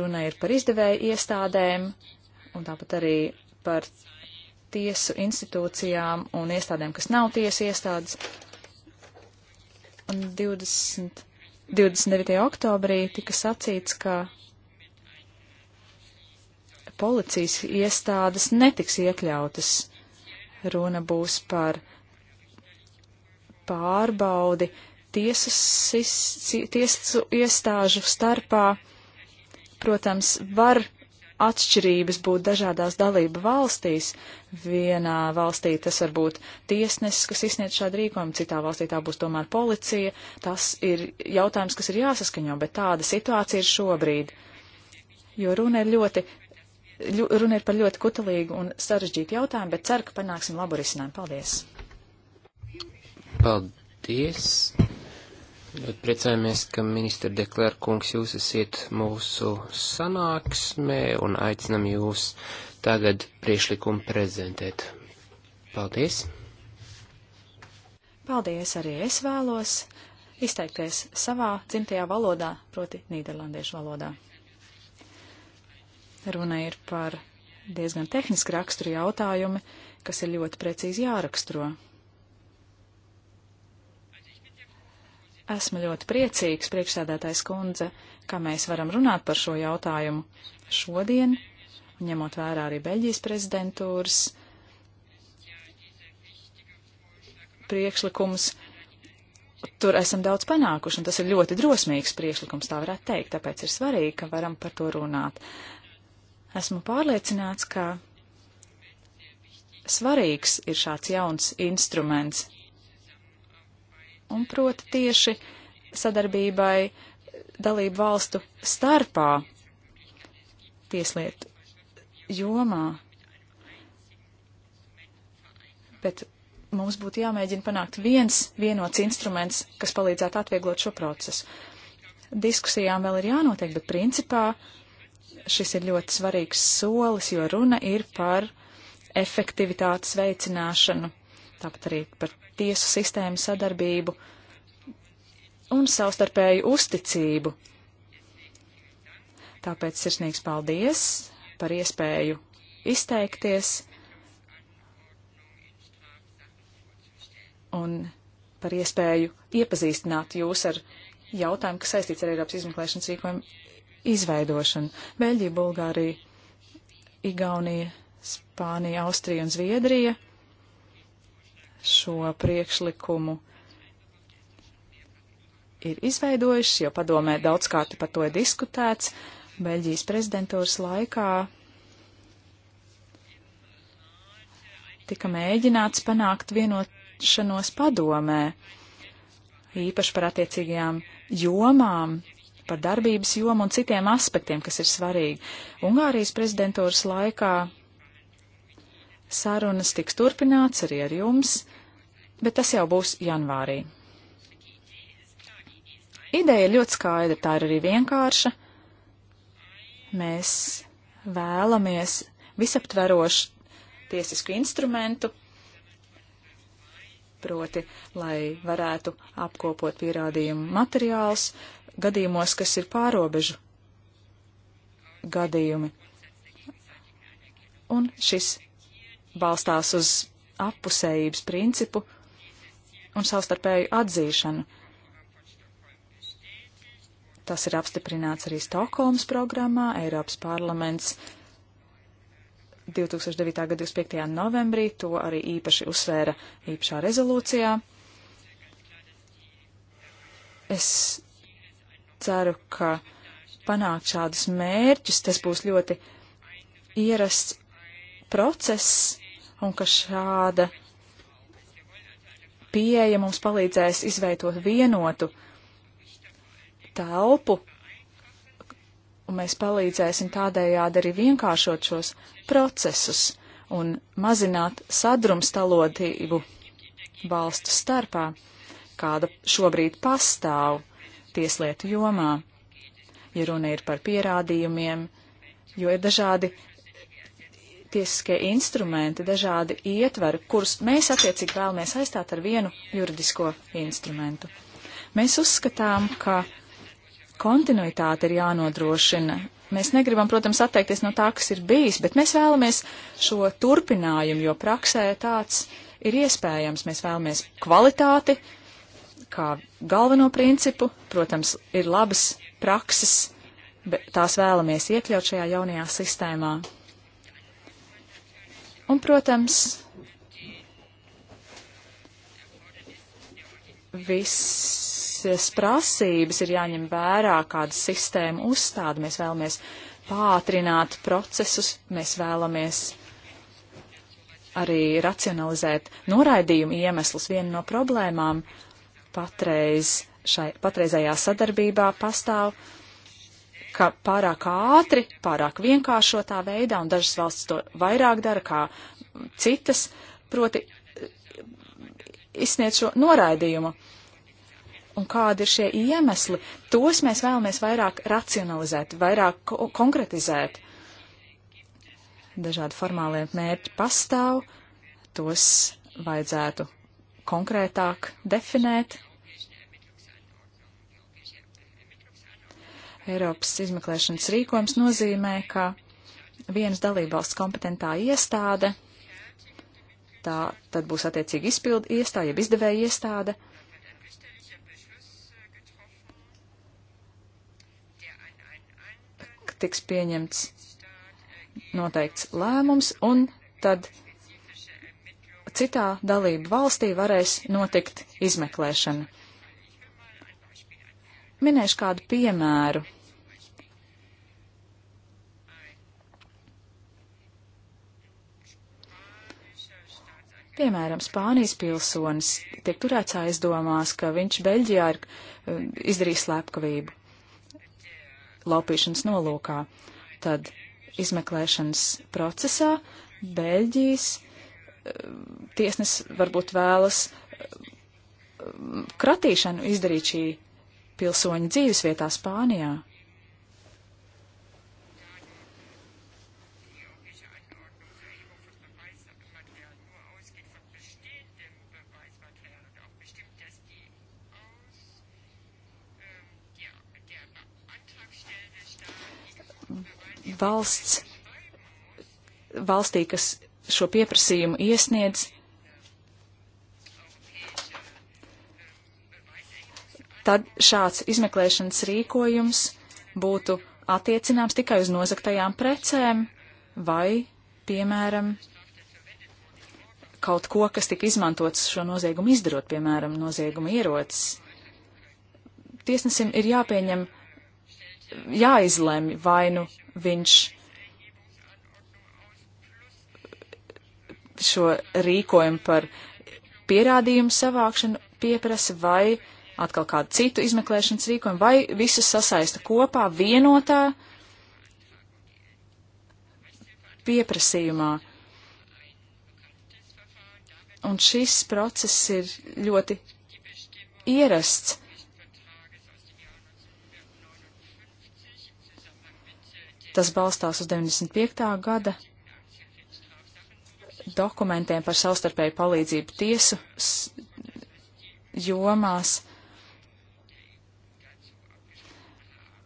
Runa ir par izdevēju iestādēm un tāpat arī par tiesu institūcijām un iestādēm, kas nav tiesu iestādes. Un 20, 29. oktobrī tika sacīts, ka policijas iestādes netiks iekļautas. Runa būs par pārbaudi tiesas, tiesu iestāžu starpā. Protams, var atšķirības būt dažādās dalību valstīs. Vienā valstī tas var būt tiesnesis, kas izsniedz šādu rīkojumu, citā valstī tā būs tomēr policija. Tas ir jautājums, kas ir jāsaskaņo, bet tāda situācija ir šobrīd. Jo runa ir ļoti ļu, runa ir par ļoti kutelīgu un sarežģītu jautājumu, bet ceru, ka panāksim labu risinājumu. Paldies! Paldies! Ļoti priecājamies, ka ministra Deklēra kungs jūs esiet mūsu sanāksmē un aicinam jūs tagad priešlikumu prezentēt. Paldies! Paldies arī es vēlos izteikties savā dzimtajā valodā, proti Nīderlandiešu valodā. Runa ir par diezgan tehniski raksturu jautājumi, kas ir ļoti precīzi jāraksturo. Esmu ļoti priecīgs, priekšsēdētājs kundze, ka mēs varam runāt par šo jautājumu šodien, ņemot vērā arī Beļģijas prezidentūras priekšlikums. Tur esam daudz panākuši, un tas ir ļoti drosmīgs priekšlikums, tā varētu teikt, tāpēc ir svarīgi, ka varam par to runāt. Esmu pārliecināts, ka svarīgs ir šāds jauns instruments, un proti tieši sadarbībai dalību valstu starpā tieslietu jomā. Bet mums būtu jāmēģina panākt viens vienots instruments, kas palīdzētu atvieglot šo procesu. Diskusijām vēl ir jānotiek, bet principā uh, šis ir ļoti svarīgs solis, jo runa ir par efektivitātes veicināšanu, tāpat arī par tiesu sistēmu sadarbību un savstarpēju uzticību. Tāpēc sirsnīgs paldies par iespēju izteikties un par iespēju iepazīstināt jūs ar jautājumu, kas saistīts ar Eiropas izmeklēšanas rīkojumu izveidošanu. Beļģija, Bulgārija, Igaunija, Spānija, Austrija un Zviedrija šo priekšlikumu ir izveidojušas, jo padomē daudzkārt par to ir diskutēts. Beļģijas prezidentūras laikā tika mēģināts panākt vienošanos padomē, īpaši par attiecīgajām jomām, par darbības jomu un citiem aspektiem, kas ir svarīgi. Ungārijas prezidentūras laikā sarunas tiks turpināts arī ar jums, bet tas jau būs janvārī. Ideja ir ļoti skaidra, tā ir arī vienkārša. Mēs vēlamies visaptverošu tiesisku instrumentu, proti, lai varētu apkopot pierādījumu materiāls, gadījumos, kas ir pārobežu gadījumi. Un šis balstās uz appusējības principu un savstarpēju atzīšanu. Tas ir apstiprināts arī Stokholmas programmā. Eiropas parlaments 2009. gada 25. novembrī to arī īpaši uzsvēra īpašā rezolūcijā. Es ceru, ka panākt šādus mērķus, tas būs ļoti ierasts process un ka šāda pieeja mums palīdzēs izveidot vienotu telpu, un mēs palīdzēsim tādējādi arī vienkāršot šos procesus un mazināt sadrumstalotību valstu starpā, kāda šobrīd pastāv tieslietu jomā, ja runa ir par pierādījumiem, jo ir dažādi tiesiskie instrumenti, dažādi ietvari, kurus mēs attiecīgi vēlamies aizstāt ar vienu juridisko instrumentu. Mēs uzskatām, ka kontinuitāte ir jānodrošina. Mēs negribam, protams, atteikties no tā, kas ir bijis, bet mēs vēlamies šo turpinājumu, jo praksē tāds ir iespējams. Mēs vēlamies kvalitāti, kā galveno principu. Protams, ir labas prakses, bet tās vēlamies iekļaut šajā jaunajā sistēmā. Un, protams, visas prasības ir jāņem vērā, kāda sistēma uzstāda. Mēs vēlamies pātrināt procesus, mēs vēlamies arī racionalizēt noraidījumu iemeslus. Viena no problēmām patreiz šai patreizējā sadarbībā pastāv, ka pārāk ātri, pārāk vienkāršotā veidā, un dažas valsts to vairāk dara kā citas, proti izsniedz šo noraidījumu. Un kādi ir šie iemesli? Tos mēs vēlamies vairāk racionalizēt, vairāk ko konkretizēt. Dažādi formālie mērķi pastāv, tos vajadzētu konkrētāk definēt. Eiropas izmeklēšanas rīkojums nozīmē, ka vienas dalībvalsts kompetentā iestāde, tā tad būs attiecīgi izpildu iestāde, jeb izdevēja iestāde, tiks pieņemts noteikts lēmums, un tad citā dalību valstī varēs notikt izmeklēšana. Minēšu kādu piemēru. Piemēram, Spānijas pilsonis tiek turēts aizdomās, ka viņš Beļģijā ir um, izdarījis slepkavību laupīšanas nolūkā. Tad izmeklēšanas procesā Beļģijas uh, Eh, tiesnes varbūt vēlas eh, kratīšanu izdarīt šī pilsoņa dzīvesvietā Spānijā. Valsts, valstī, kas šo pieprasījumu iesniedz, tad šāds izmeklēšanas rīkojums būtu attiecināms tikai uz nozaktajām precēm vai, piemēram, kaut ko, kas tika izmantots šo noziegumu izdarot, piemēram, noziegumu ierocis. Tiesnesim ir jāpieņem, jāizlemj vai nu viņš šo rīkojumu par pierādījumu savākšanu pieprasa vai atkal kādu citu izmeklēšanas rīkojumu, vai visas sasaista kopā vienotā pieprasījumā. Un šis process ir ļoti ierasts. Tas balstās uz 95. gada dokumentiem par savstarpēju palīdzību tiesu jomās.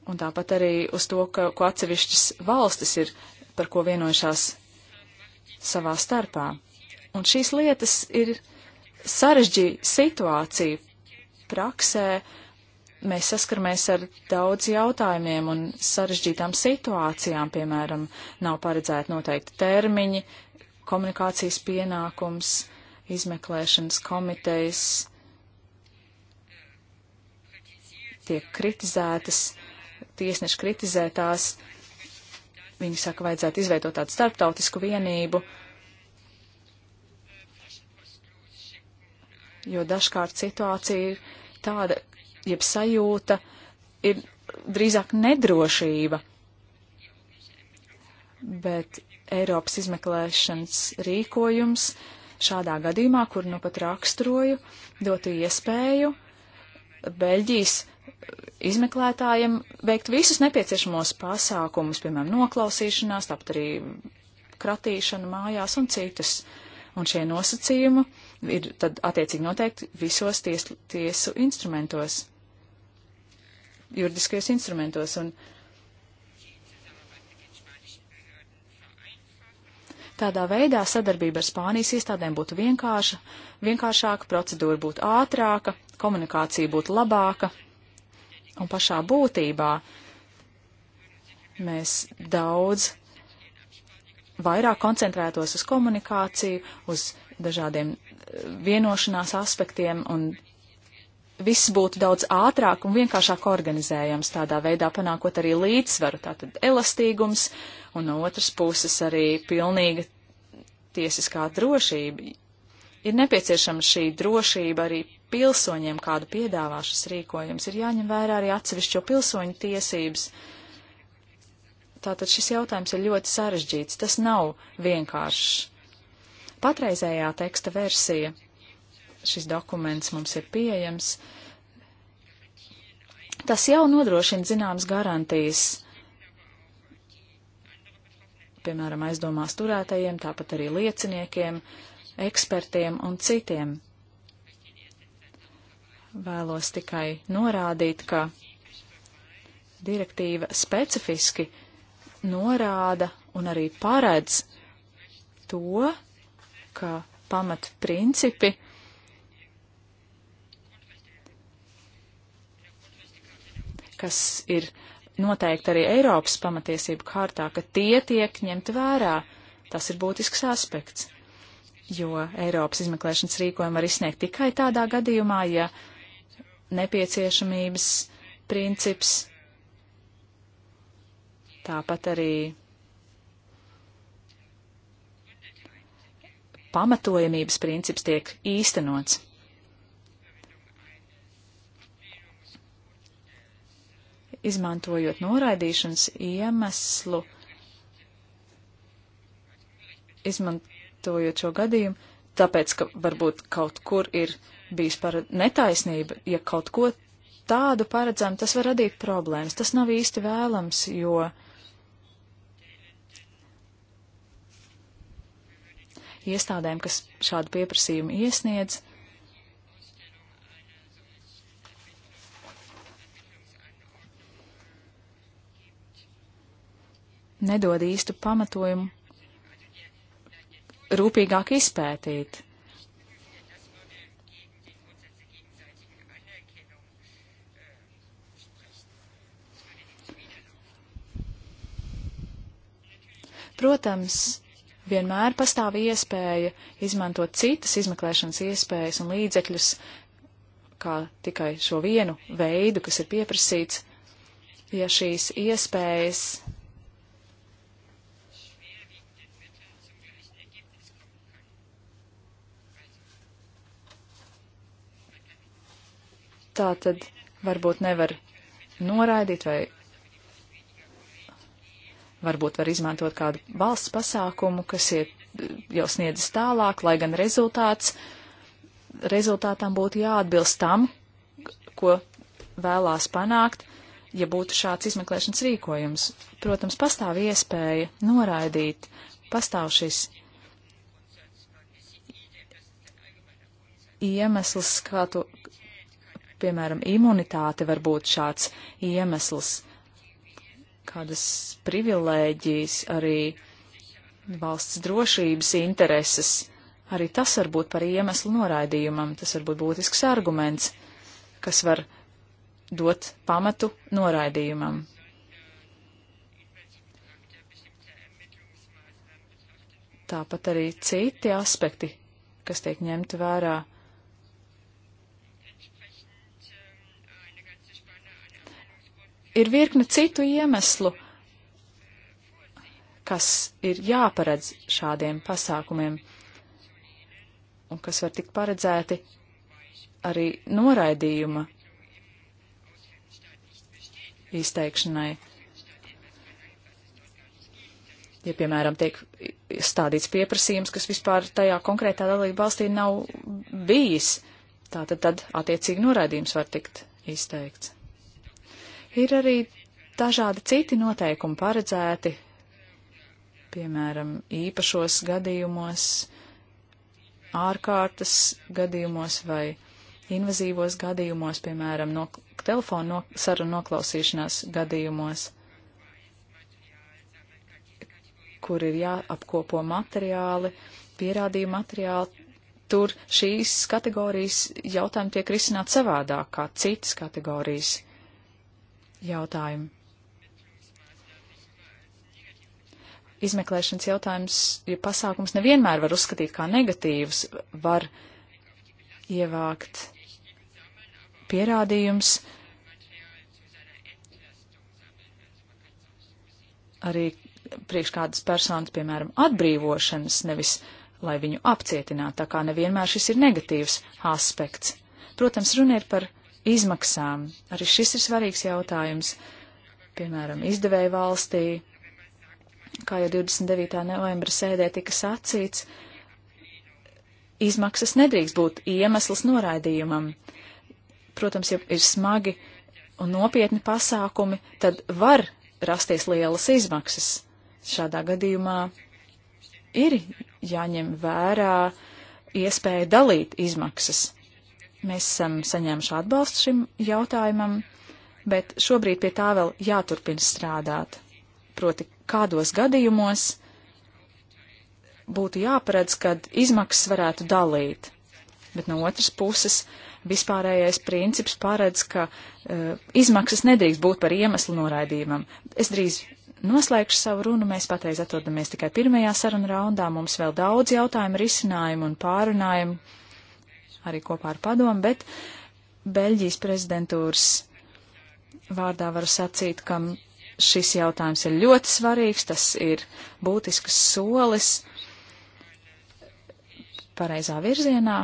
Un tāpat arī uz to, ka, ko atsevišķas valstis ir par ko vienojušās savā starpā. Un šīs lietas ir sarežģīta situācija praksē. Mēs saskaramies ar daudz jautājumiem un sarežģītām situācijām, piemēram, nav paredzēti noteikti termiņi, komunikācijas pienākums, izmeklēšanas komitejas tiek kritizētas, tiesneši kritizē tās. Viņi saka, vajadzētu izveidot tādu starptautisku vienību, jo dažkārt situācija ir tāda, jeb sajūta ir drīzāk nedrošība bet Eiropas izmeklēšanas rīkojums šādā gadījumā, kur nu pat raksturoju, dotu iespēju Beļģijas izmeklētājiem veikt visus nepieciešamos pasākumus, piemēram, noklausīšanās, tāpat arī kratīšanu mājās un citus. Un šie nosacījumi ir tad attiecīgi noteikti visos ties, tiesu instrumentos, juridiskajos instrumentos. Un, uh, Tādā veidā sadarbība ar Spānijas iestādēm būtu vienkārša, vienkāršāka, procedūra būtu ātrāka, komunikācija būtu labāka. Un pašā būtībā mēs daudz vairāk koncentrētos uz komunikāciju, uz dažādiem eh, vienošanās aspektiem un viss būtu daudz ātrāk un vienkāršāk organizējams, tādā veidā panākot arī līdzsvaru, tātad elastīgums un no otras puses arī pilnīga tiesiskā drošība. Ir nepieciešama šī drošība arī pilsoņiem, kādu piedāvā šis rīkojums. Ir jāņem vērā arī atsevišķo pilsoņu tiesības. Tātad šis jautājums ir ļoti sarežģīts. Tas nav vienkāršs. Patreizējā teksta versija, šis dokuments mums ir pieejams, tas jau nodrošina zināmas garantijas piemēram, aizdomās turētajiem, tāpat arī lieciniekiem, ekspertiem un citiem. Vēlos tikai norādīt, ka direktīva specifiski norāda un arī paredz to, ka pamat principi kas ir noteikti arī Eiropas pamatiesību kārtā, ka tie tiek ņemti vērā. Tas ir būtisks aspekts, jo Eiropas izmeklēšanas rīkojumu var izsniegt tikai tādā gadījumā, ja nepieciešamības princips, tāpat arī pamatojamības princips tiek īstenots. izmantojot noraidīšanas iemeslu, izmantojot šo gadījumu, tāpēc, ka varbūt kaut kur ir bijis par netaisnība, ja kaut ko tādu paredzam, tas var radīt problēmas. Tas nav īsti vēlams, jo iestādēm, kas šādu pieprasījumu iesniedz, uh, nedod īstu pamatojumu rūpīgāk izpētīt. Protams, vienmēr pastāv iespēja izmantot citas izmeklēšanas iespējas un līdzekļus, kā tikai šo vienu veidu, kas ir pieprasīts, ja šīs iespējas tā tad varbūt nevar noraidīt vai varbūt var izmantot kādu valsts pasākumu, kas ir jau sniedzis tālāk, lai gan rezultāts, rezultātam būtu jāatbilst tam, ko vēlās panākt, ja būtu šāds izmeklēšanas rīkojums. Protams, pastāv iespēja noraidīt, pastāv šis iemesls, kā to, Piemēram, imunitāte var būt šāds iemesls, kādas privilēģijas, arī valsts drošības intereses. Arī tas var būt par iemeslu noraidījumam, tas var būt būtisks arguments, kas var dot pamatu noraidījumam. Tāpat arī citi aspekti, kas tiek ņemti vērā ir virkne citu iemeslu, kas ir jāparedz šādiem pasākumiem un kas var tikt paredzēti arī noraidījuma izteikšanai. Ja, piemēram, tiek stādīts pieprasījums, kas vispār tajā konkrētā dalība valstī nav bijis, tā tad, tad attiecīgi noraidījums var tikt izteikts. Ir arī dažādi citi noteikumi paredzēti, piemēram, īpašos gadījumos, ārkārtas gadījumos vai invazīvos gadījumos, piemēram, no telefona no, sarunu noklausīšanās gadījumos, kur ir jāapkopo materiāli, pierādīju materiāli. Tur šīs kategorijas jautājumi tiek risināti savādāk kā citas kategorijas jautājumu. Izmeklēšanas jautājums, ja pasākums nevienmēr var uzskatīt kā negatīvs, var ievākt pierādījums arī priekš kādas personas, piemēram, atbrīvošanas, nevis lai viņu apcietinātu, tā kā nevienmēr šis ir negatīvs aspekts. Protams, runa ir par izmaksām. Arī šis ir svarīgs jautājums. Piemēram, izdevēja valstī, kā jau 29. novembra sēdē tika sacīts, izmaksas nedrīkst būt iemesls noraidījumam. Protams, ja ir smagi un nopietni pasākumi, tad var rasties lielas izmaksas. Šādā gadījumā ir jāņem vērā iespēja dalīt izmaksas. Mēs esam saņēmuši atbalstu šim jautājumam, bet šobrīd pie tā vēl jāturpina strādāt. Proti, kādos gadījumos būtu jāparedz, kad izmaksas varētu dalīt. Bet no otras puses, vispārējais princips paredz, ka uh, izmaksas nedrīkst būt par iemeslu noraidījumam. Es drīz noslēgšu savu runu, mēs patreiz atrodamies tikai pirmajā sarunu raundā, mums vēl daudz jautājumu, risinājumu un pārunājumu, arī kopā ar padomu, bet Beļģijas prezidentūras vārdā varu sacīt, ka šis jautājums ir ļoti svarīgs, tas ir būtisks solis pareizā virzienā,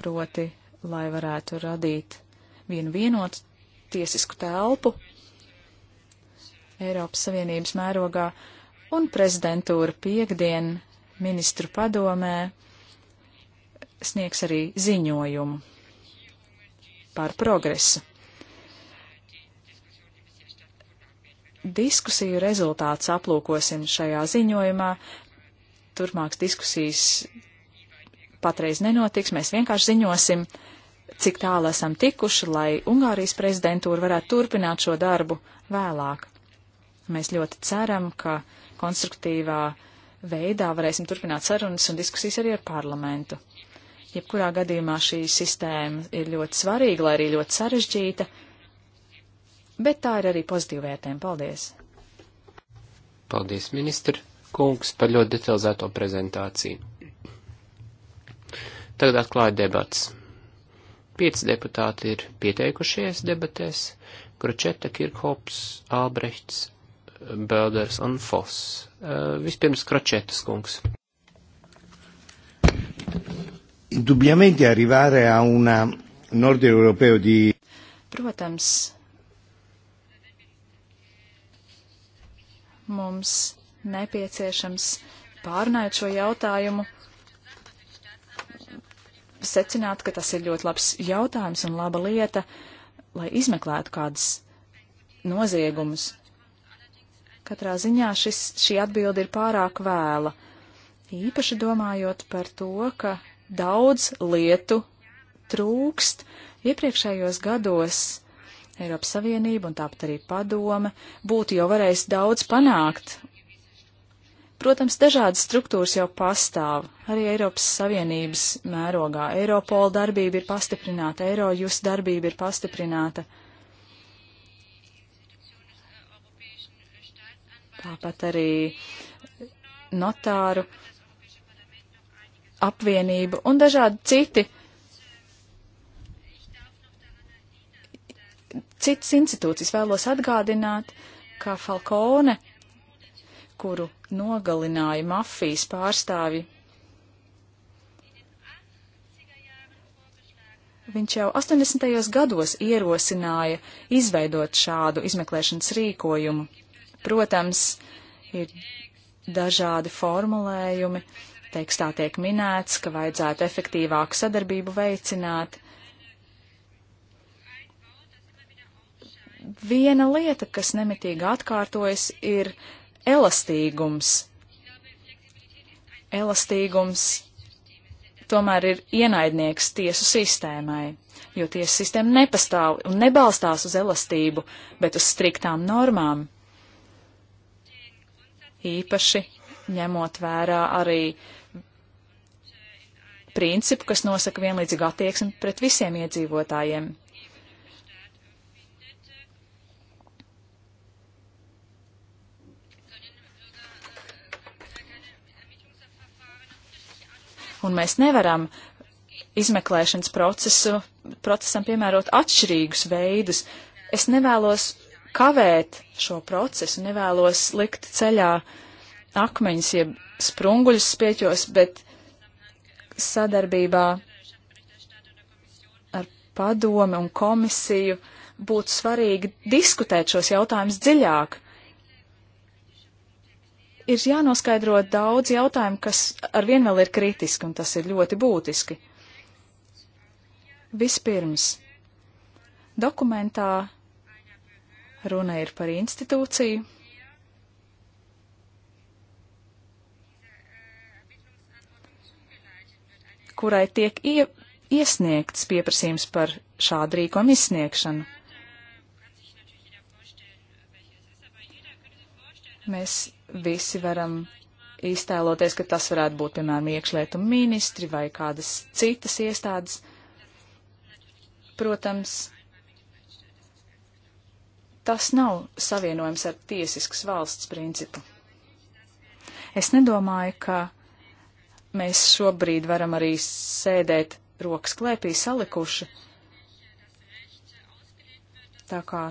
proti, lai varētu radīt vienu vienotu tiesisku telpu Eiropas Savienības mērogā, un prezidentūra piekdien ministru padomē sniegs arī ziņojumu par progresu. Diskusiju rezultāts aplūkosim šajā ziņojumā. Turmāks diskusijas patreiz nenotiks, mēs vienkārši ziņosim, cik tālu esam tikuši, lai Ungārijas prezidentūra varētu turpināt šo darbu vēlāk. Mēs ļoti ceram, ka konstruktīvā veidā varēsim turpināt sarunas un diskusijas arī ar parlamentu. Jebkurā gadījumā šī sistēma ir ļoti svarīga, lai arī ļoti sarežģīta, bet tā ir arī pozitīva vērtējuma. Paldies! Paldies, ministra kungs, par ļoti detalizēto prezentāciju. Tagad atklāja debats. Pieci deputāti ir pieteikušies debatēs - Gručeta, Kirkhops, Albrechts, Bēlders un Foss. Eh, vispirms Kročetas kungs. Indubbiamente arrivare a un nord europeo di. Protams, mums nepieciešams pārnājot šo jautājumu, secināt, ka tas ir ļoti labs jautājums un laba lieta, lai izmeklētu kādas noziegumus. Katrā ziņā šis, šī atbilde ir pārāk vēla, īpaši domājot par to, ka daudz lietu trūkst. Iepriekšējos gados Eiropas Savienība un tāpat arī padome būtu jau varējis daudz panākt. Protams, dažādas struktūras jau pastāv. Arī Eiropas Savienības mērogā Eiropola darbība ir pastiprināta, Eirojus darbība ir pastiprināta. Tāpat arī notāru apvienību un dažādi citi, citas institūcijas vēlos atgādināt, kā Falkone, kuru nogalināja mafijas pārstāvi. Viņš jau 80. gados ierosināja izveidot šādu izmeklēšanas rīkojumu. Protams, ir dažādi formulējumi, uh, tekstā tiek minēts, ka vajadzētu efektīvāku sadarbību veicināt. Viena lieta, kas nemitīgi atkārtojas, ir elastīgums. Elastīgums tomēr ir ienaidnieks tiesu sistēmai, jo tiesu sistēma nepastāv un nebalstās uz elastību, bet uz striktām normām. Īpaši ņemot vērā arī principu, kas nosaka vienlīdzīgu attieksmi pret visiem iedzīvotājiem. Un mēs nevaram izmeklēšanas procesu, procesam piemērot atšķirīgus veidus. Es nevēlos kavēt šo procesu, nevēlos likt ceļā akmeņus, jeb sprunguļus spieķos, bet sadarbībā ar padomi un komisiju būtu svarīgi diskutēt šos jautājumus dziļāk. Ir jānoskaidro daudz jautājumu, kas ar vien vēl ir kritiski, un tas ir ļoti būtiski. Vispirms, dokumentā runa ir par institūciju, kurai tiek ie, iesniegts pieprasījums par šādu rīkojumu izsniegšanu. Mēs visi varam iztēloties, ka tas varētu būt, piemēram, iekšlietu ministri vai kādas citas iestādes. Protams, tas nav savienojams ar tiesiskas valsts principu. Es nedomāju, ka mēs šobrīd varam arī sēdēt rokas klēpī salikuši. Tā kā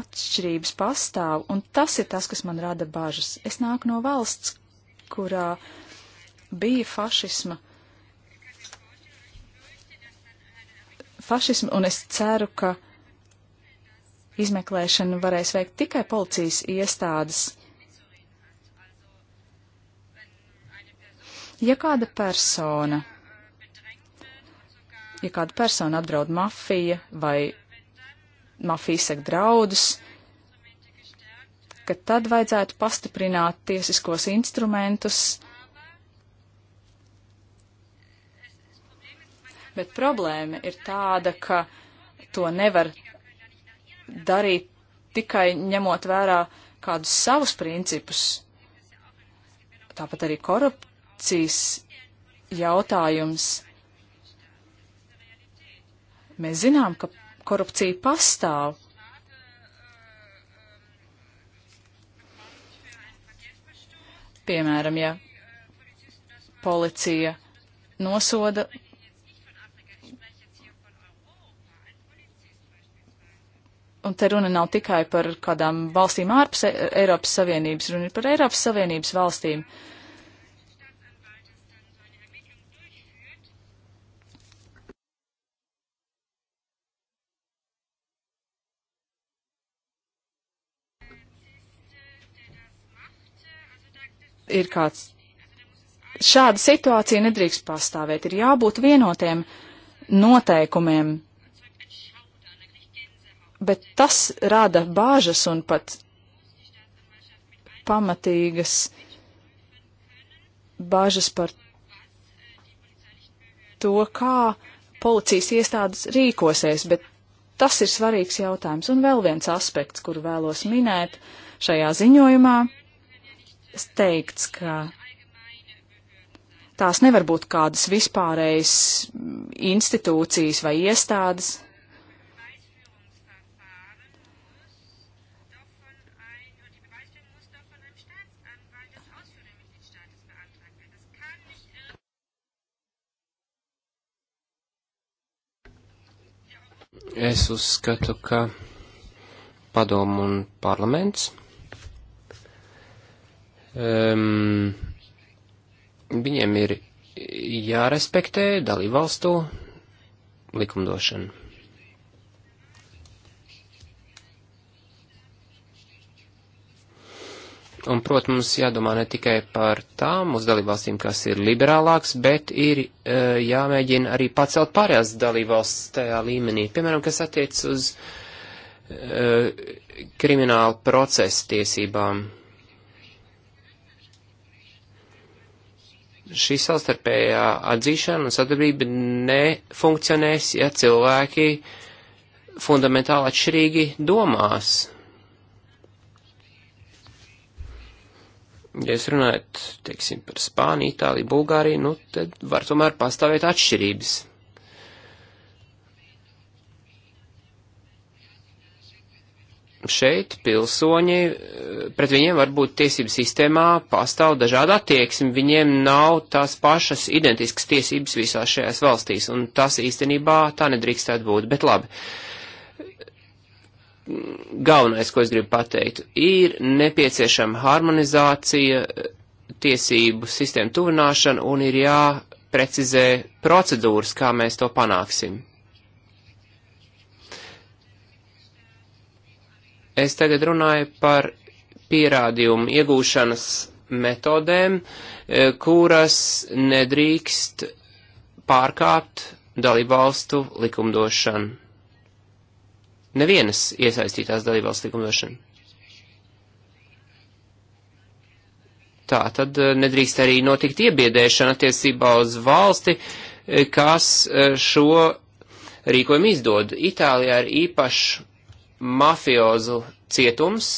atšķirības pastāv, un tas ir tas, kas man rada bažas. Es nāku no valsts, kurā bija fašisma. Fašisma, un es ceru, ka izmeklēšanu varēs veikt tikai policijas iestādes. Ja kāda persona, ja kāda persona apdraud mafija vai mafija izsaka draudus, ka tad vajadzētu pastiprināt tiesiskos instrumentus, bet problēma ir tāda, ka to nevar darīt tikai ņemot vērā kādus savus principus. Tāpat arī korup acīs jautājums. Mēs zinām, ka korupcija pastāv. Piemēram, ja policija nosoda un te runa nav tikai par kādām valstīm ārpus e- Eiropas Savienības, runa ir par Eiropas Savienības valstīm. Uh, ir kāds. Šāda situācija nedrīkst pastāvēt. Ir jābūt vienotiem noteikumiem. Bet tas rada bāžas un pat pamatīgas bāžas par to, kā policijas iestādes rīkosies, bet tas ir svarīgs jautājums. Un vēl viens aspekts, kuru vēlos minēt šajā ziņojumā teikts, ka tās nevar būt kādas vispārējas institūcijas vai iestādes. Es uzskatu, ka padomu un parlaments um, viņiem ir jārespektē dalībvalstu likumdošana. Un, protams, jādomā ne tikai par tām uz dalībvalstīm, kas ir liberālāks, bet ir e, jāmēģina arī pacelt pārējās dalībvalsts tajā līmenī, piemēram, kas attiec uz e, kriminālu procesu tiesībām. šī savstarpējā atzīšana un sadarbība nefunkcionēs, ja cilvēki fundamentāli atšķirīgi domās. Ja es runāju, teiksim, par Spāniju, Itāliju, Bulgāriju, nu, tad var tomēr pastāvēt atšķirības. šeit pilsoņi, eh, pret viņiem varbūt tiesību sistēmā pastāv dažāda attieksme, viņiem nav tās pašas identiskas tiesības visās šajās valstīs, un tas īstenībā tā nedrīkstētu būt, bet labi. Galvenais, ko es gribu pateikt, ir nepieciešama harmonizācija, eh, tiesību sistēmu tuvināšana un ir jāprecizē procedūras, kā mēs to panāksim. Es tagad runāju par pierādījumu iegūšanas metodēm, e, kuras nedrīkst pārkāpt dalībvalstu likumdošanu. Nevienas iesaistītās dalībvalstu likumdošanu. Tā tad e, nedrīkst arī notikt iebiedēšana attiecībā uz valsti, e, kas šo rīkojumu izdod. Itālijā ir īpašs mafiozu cietums.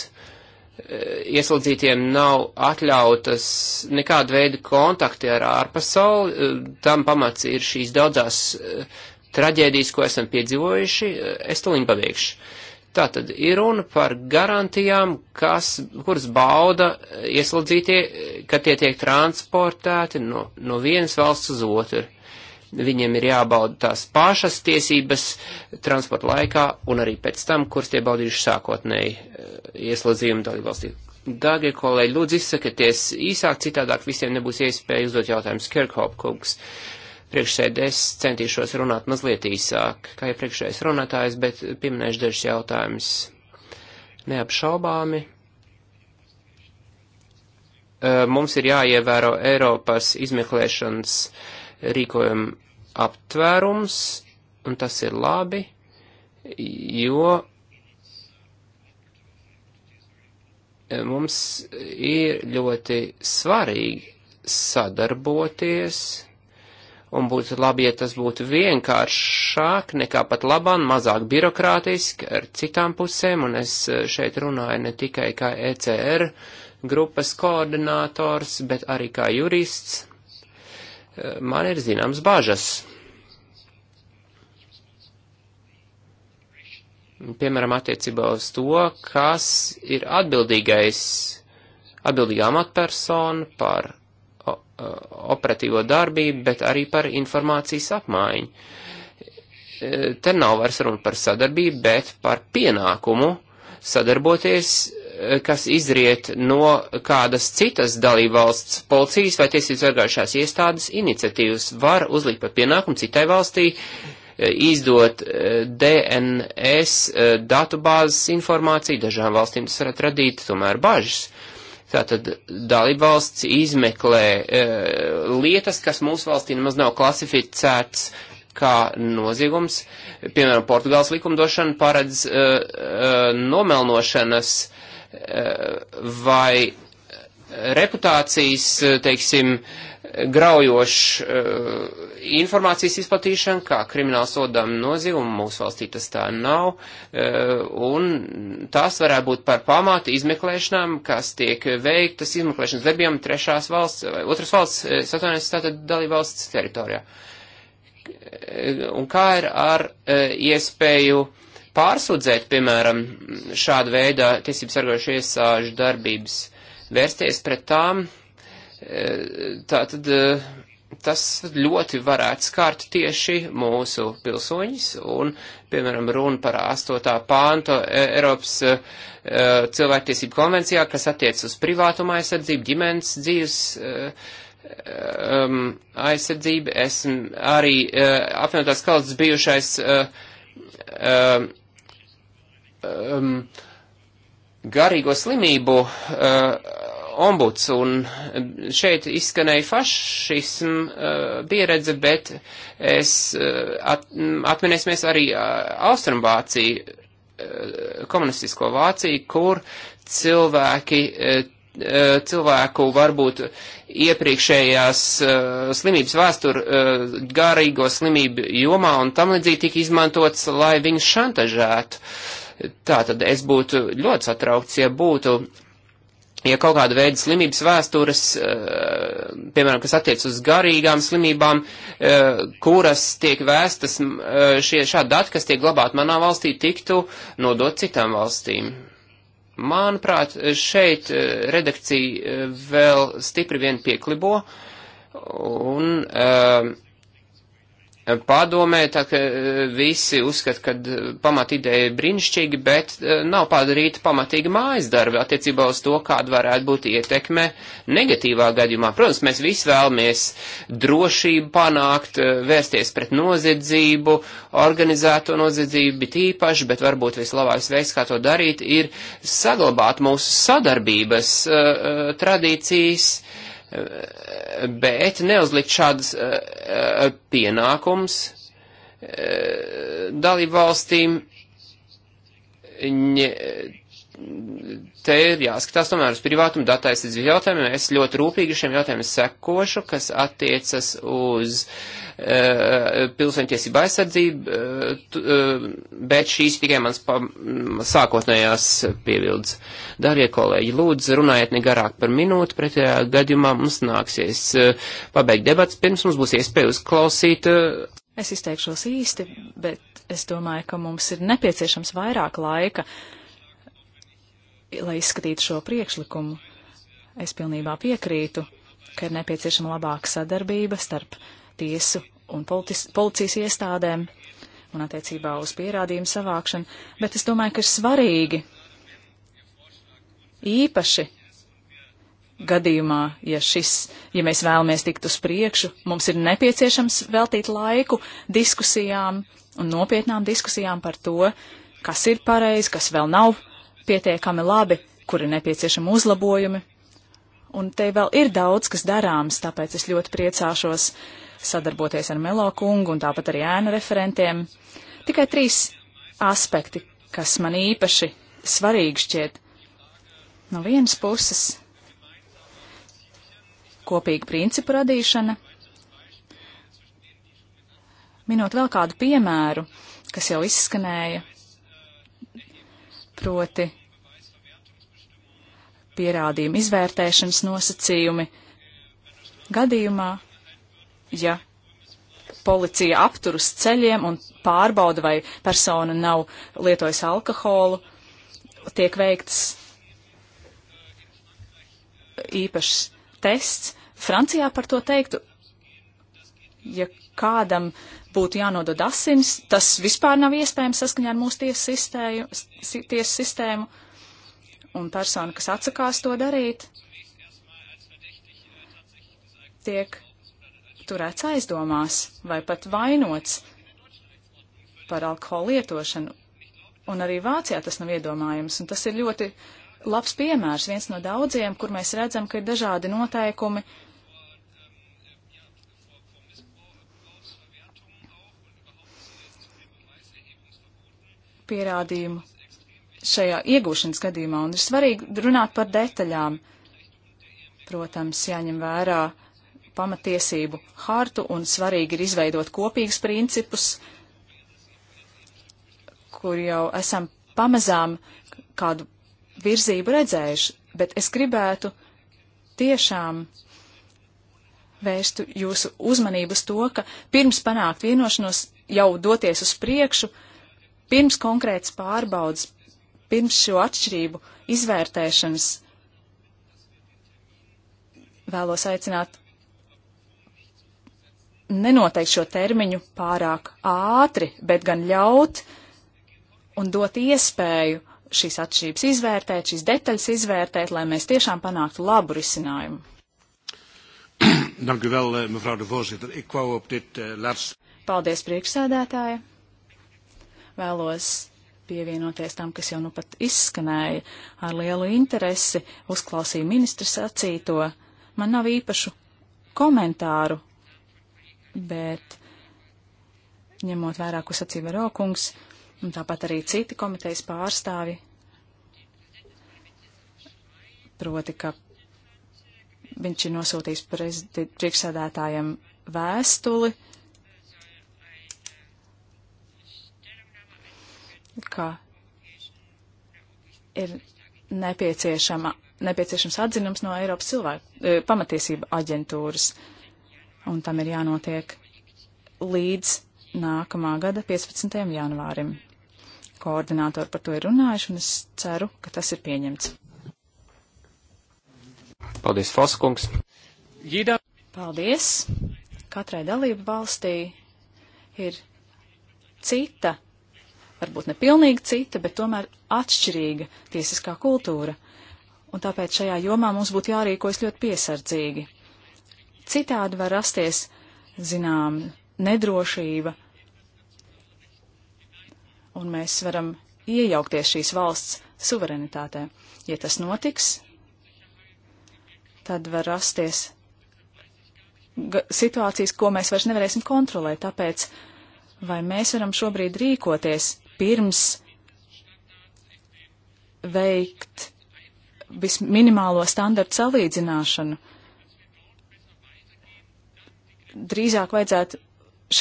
E, ieslodzītiem nav atļautas nekāda veida kontakti ar ārpasauli. E, tam pamats ir šīs daudzās e, traģēdijas, ko esam piedzīvojuši. Es to viņu pabeigšu. Tā tad ir runa par garantijām, kas, kuras bauda ieslodzītie, kad tie tiek transportēti no, no vienas valsts uz otru viņiem ir jābauda tās pašas tiesības transporta laikā un arī pēc tam, kuras tie baudījuši sākotnēji eh, ieslodzījumi dalībvalstī. Dārgie kolēģi, lūdzu izsakieties īsāk, citādāk visiem nebūs iespēja uzdot jautājumus. Kirkhope kungs, priekšsēd es centīšos runāt mazliet īsāk, kā iepriekšējais runātājs, bet pieminēšu dažus jautājumus. Neapšaubāmi eh, mums ir jāievēro Eiropas izmeklēšanas rīkojam aptvērums, un tas ir labi, jo mums ir ļoti svarīgi sadarboties, un būtu labi, ja tas būtu vienkāršāk nekā pat labāk, mazāk birokrātiski ar citām pusēm, un es šeit runāju ne tikai kā ECR grupas koordinators, bet arī kā jurists man ir zināms bažas. Piemēram, attiecībā uz to, kas ir atbildīgais, atbildīgā amatpersona par operatīvo darbību, bet arī par informācijas apmaiņu. E, te nav vairs runa par sadarbību, bet par pienākumu sadarboties kas izriet no kādas citas dalībvalsts policijas vai tiesības vargājušās iestādes iniciatīvas, var uzlikt par pienākumu citai valstī e, izdot e, DNS e, datubāzes informāciju. Dažām valstīm tas varētu radīt tomēr bažas. Tātad dalībvalsts izmeklē e, lietas, kas mūsu valstī nemaz nav klasificēts kā noziegums. Piemēram, Portugāles likumdošana paredz e, e, nomelnošanas e, Eh, vai eh, reputācijas, eh, teiksim, graujoša informācijas izplatīšana, kā krimināla sodām nozīmuma, mūsu valstī tas tā nav, un tās varētu būt par pamātu izmeklēšanām, kas tiek veiktas izmeklēšanas darbiem trešās valsts, vai otras valsts, satunies tātad dalībvalsts teritorijā. Un kā ir ar iespēju pārsūdzēt, piemēram, šādu veidu tiesību sargojušu iesāžu darbības, vērsties pret tām, e, tā tad e, tas ļoti varētu skārt tieši mūsu pilsoņus, un, piemēram, runa par 8. pānto e, Eiropas uh, cilvēktiesību konvencijā, kas attiec uz privātuma aizsardzību, ģimenes dzīves uh, um, aizsardzību. Esmu arī uh, apvienotās kaldas bijušais. Uh, uh, um, garīgo slimību uh, ombuds, un šeit izskanēja fašismu uh, pieredze, bet es uh, at, atminēsimies arī uh, Austrumvāciju, uh, komunistisko Vāciju, kur cilvēki. Uh, uh, cilvēku varbūt iepriekšējās uh, slimības vēstur uh, garīgo slimību jomā un tam līdzīgi tika izmantots, lai viņus šantažētu. Uh, Tā tad es būtu ļoti satraukts, ja būtu, ja kaut kāda veida slimības vēstures, eh, piemēram, kas attiec uz garīgām slimībām, eh, kuras tiek vēstas, eh, šie šādi dati, kas tiek glabāti manā valstī, tiktu nodot citām valstīm. Manuprāt, šeit redakcija vēl stipri vien pieklibo, un uh, padomē, tā ka eh, visi uzskata, ka eh, pamatīdeja ir brīnišķīgi, bet eh, nav padarīta pamatīga mājas darba attiecībā uz to, kāda varētu būt ietekme negatīvā gadījumā. Protams, mēs visi vēlamies drošību panākt, vērsties pret noziedzību, organizēto noziedzību bet īpaši, bet varbūt vislabākais veids, kā to darīt, ir saglabāt mūsu sadarbības uh, tradīcijas, uh, bet neuzlikt šādas eh, eh, pienākums eh, dalību valstīm te ir jāskatās tomēr uz privātumu datu aizsardzību jautājumiem. Es ļoti rūpīgi šiem jautājumiem sekošu, kas attiecas uz uh, pilsoņtiesību aizsardzību, uh, bet šīs tikai mans sākotnējās piebildes. Darbie kolēģi, lūdzu, runājiet ne garāk par minūti, pretējā gadījumā mums nāksies uh, pabeigt debats, pirms mums būs iespēja uzklausīt. Es izteikšos īsti, bet es domāju, ka mums ir nepieciešams vairāk laika. Uh, lai izskatītu šo priekšlikumu. Es pilnībā piekrītu, ka ir nepieciešama labāka sadarbība starp tiesu un politis, policijas iestādēm un attiecībā uz pierādījumu savākšanu, bet es domāju, ka ir svarīgi īpaši gadījumā, ja, šis, ja mēs vēlamies tikt uz priekšu, mums ir nepieciešams veltīt laiku diskusijām un nopietnām diskusijām par to, kas ir pareizi, kas vēl nav pietiekami labi, kur ir nepieciešami uzlabojumi. Un te vēl ir daudz, kas darāms, tāpēc es ļoti priecāšos sadarboties ar Melo kungu un tāpat arī ēnu referentiem. Tikai trīs aspekti, kas man īpaši svarīgi šķiet. No vienas puses kopīga principu radīšana. Minot vēl kādu piemēru, kas jau izskanēja, proti pierādījumu izvērtēšanas nosacījumi gadījumā, ja policija aptur uz ceļiem un pārbauda, vai persona nav lietojusi alkoholu, tiek veikts īpašs tests. Francijā par to teiktu, ja kādam uh, būtu jānodod asins, tas vispār nav iespējams saskaņā ar mūsu tiesu sistēmu, tiesu sistēmu. Un persona, kas atsakās to darīt, tiek turēts aizdomās vai pat vainots par alkohola lietošanu. Un arī Vācijā tas nav iedomājams. Un tas ir ļoti labs piemērs, viens no daudziem, kur mēs redzam, ka ir dažādi noteikumi, uh, pierādījumu šajā iegūšanas gadījumā, un ir svarīgi runāt par detaļām. Protams, jāņem vērā pamatiesību hartu, un svarīgi ir izveidot kopīgus principus, kur jau esam pamazām kādu virzību redzējuši, bet es gribētu tiešām vērstu jūsu uzmanību uz to, ka pirms panākt vienošanos jau doties uz priekšu, uh, pirms konkrētas pārbaudas, pirms šo atšķirību izvērtēšanas vēlos aicināt nenoteikt šo termiņu pārāk ātri, bet gan ļaut un dot iespēju šīs atšķirības izvērtēt, šīs detaļas izvērtēt, lai mēs tiešām panāktu labu risinājumu. Dank u wel, eh, mevrouw de voorzitter. Ik wou op dit uh, laatste. Paldies, priekšsēdētāja. Vēlos pievienoties tam, kas jau nu pat izskanēja ar lielu interesi, uzklausīju ministru sacīto. Man nav īpašu komentāru, bet ņemot vērā, ko sacīja Verokungs, un tāpat arī citi komitejas pārstāvi, proti, ka viņš ir nosūtījis priekšsēdētājiem vēstuli, uh, ka ir nepieciešama, nepieciešams atzinums no Eiropas cilvēku e, pamatiesība aģentūras, un tam ir jānotiek līdz nākamā gada 15. janvārim. Koordinātori par to ir runājuši, un es ceru, ka tas ir pieņemts. Paldies, Foskungs! Jidā. Paldies! Katrai dalību valstī ir cita varbūt ne pilnīgi cita, bet tomēr atšķirīga tiesiskā kultūra. Un tāpēc šajā jomā mums būtu jārīkojas ļoti piesardzīgi. Citādi var rasties, zinām, nedrošība, un mēs varam iejaukties šīs valsts suverenitātē. Ja tas notiks, tad var rasties situācijas, ko mēs vairs nevarēsim kontrolēt. Tāpēc vai mēs varam šobrīd rīkoties vispirms veikt visminimālo standartu salīdzināšanu. Drīzāk vajadzētu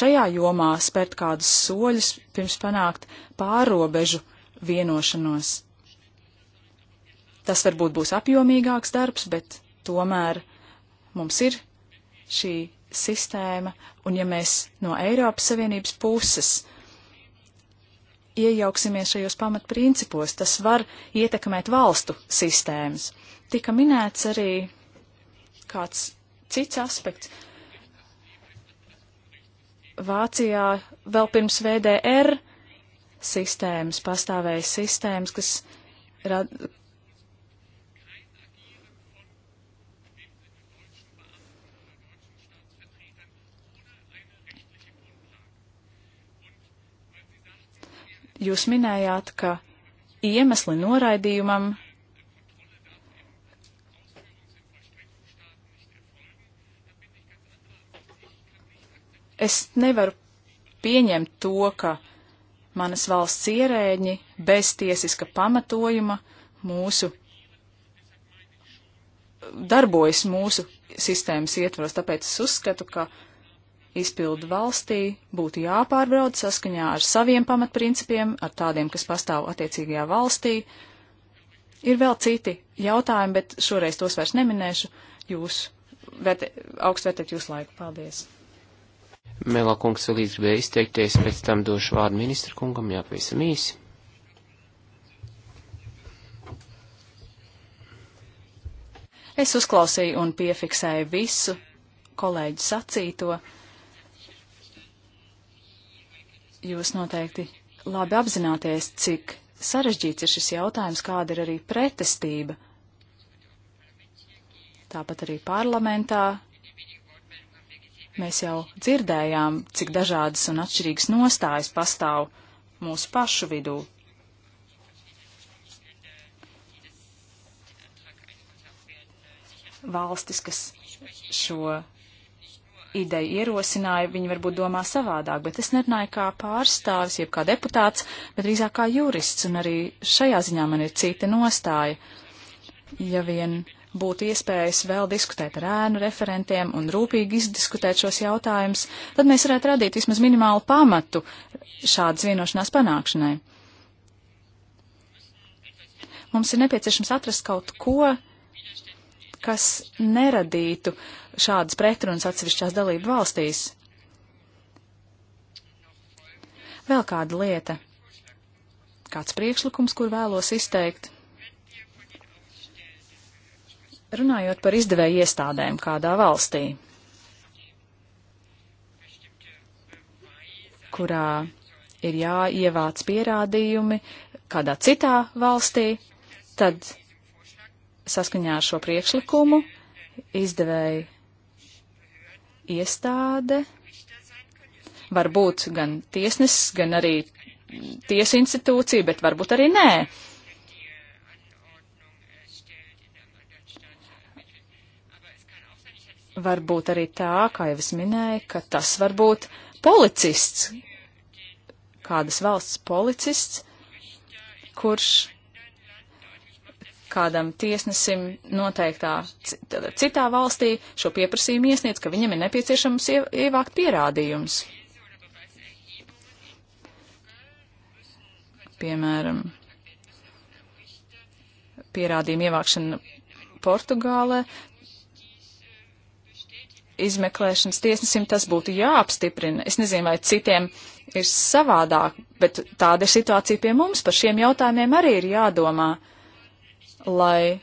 šajā jomā spērt kādus soļus, pirms panākt pārobežu vienošanos. Tas varbūt būs apjomīgāks darbs, bet tomēr mums ir šī sistēma, un ja mēs no Eiropas Savienības puses iejauksimies šajos pamatprincipos, tas var ietekmēt valstu sistēmas. Tika minēts arī kāds cits aspekts. Vācijā vēl pirms VDR sistēmas pastāvēja sistēmas, kas, rad, Jūs minējāt, ka iemesli noraidījumam es nevaru pieņemt to, ka manas valsts ierēģi bez tiesiska pamatojuma mūsu darbojas mūsu sistēmas ietvaros, tāpēc es uzskatu, ka izpildu valstī būtu jāpārbauda saskaņā ar saviem pamatprincipiem, ar tādiem, kas pastāv attiecīgajā valstī. Ir vēl citi jautājumi, bet šoreiz tos vairs neminēšu. Jūs vērtē, augstvērtēt jūsu laiku. Paldies! Melo kungs vēl izgribēja izteikties, pēc tam došu vārdu ministra kungam, jā, pavisam īsi. Es uzklausīju un piefiksēju visu kolēģi sacīto. Jūs noteikti labi apzināties, cik sarežģīts ir šis jautājums, kāda ir arī pretestība. Tāpat arī parlamentā mēs jau dzirdējām, cik dažādas un atšķirīgas nostājas pastāv mūsu pašu vidū. Valstis, kas šo ideju ierosināju, viņi varbūt domā savādāk, bet es nerunāju kā pārstāvis, jeb kā deputāts, bet drīzāk kā jurists, un arī šajā ziņā man ir cita nostāja. Ja vien būtu iespējas vēl diskutēt ar ēnu referentiem un rūpīgi izdiskutēt šos jautājumus, tad mēs varētu radīt vismaz minimālu pamatu šādas vienošanās panākšanai. Mums ir nepieciešams atrast kaut ko, kas neradītu uh, šādas pretrunas atsevišķās dalību valstīs. Vēl kāda lieta, kāds priekšlikums, kur vēlos izteikt. Runājot par izdevēju iestādēm kādā valstī, kurā ir jāievāc pierādījumi kādā citā valstī, tad saskaņā ar šo priekšlikumu izdevēja iestāde var būt gan tiesnesis, gan arī tiesu institūcija, bet varbūt arī nē. Varbūt arī tā, kā jau es minēju, ka tas var būt policists, kādas valsts policists, kurš kādam tiesnesim noteiktā citā valstī šo pieprasījumu iesniedz, ka viņam ir nepieciešams ievākt pierādījums. Piemēram, pierādījumu ievākšana Portugālē. Izmeklēšanas tiesnesim tas būtu jāapstiprina. Es nezinu, vai citiem ir savādāk, bet tāda ir situācija pie mums. Par šiem jautājumiem arī ir jādomā. Uh, lai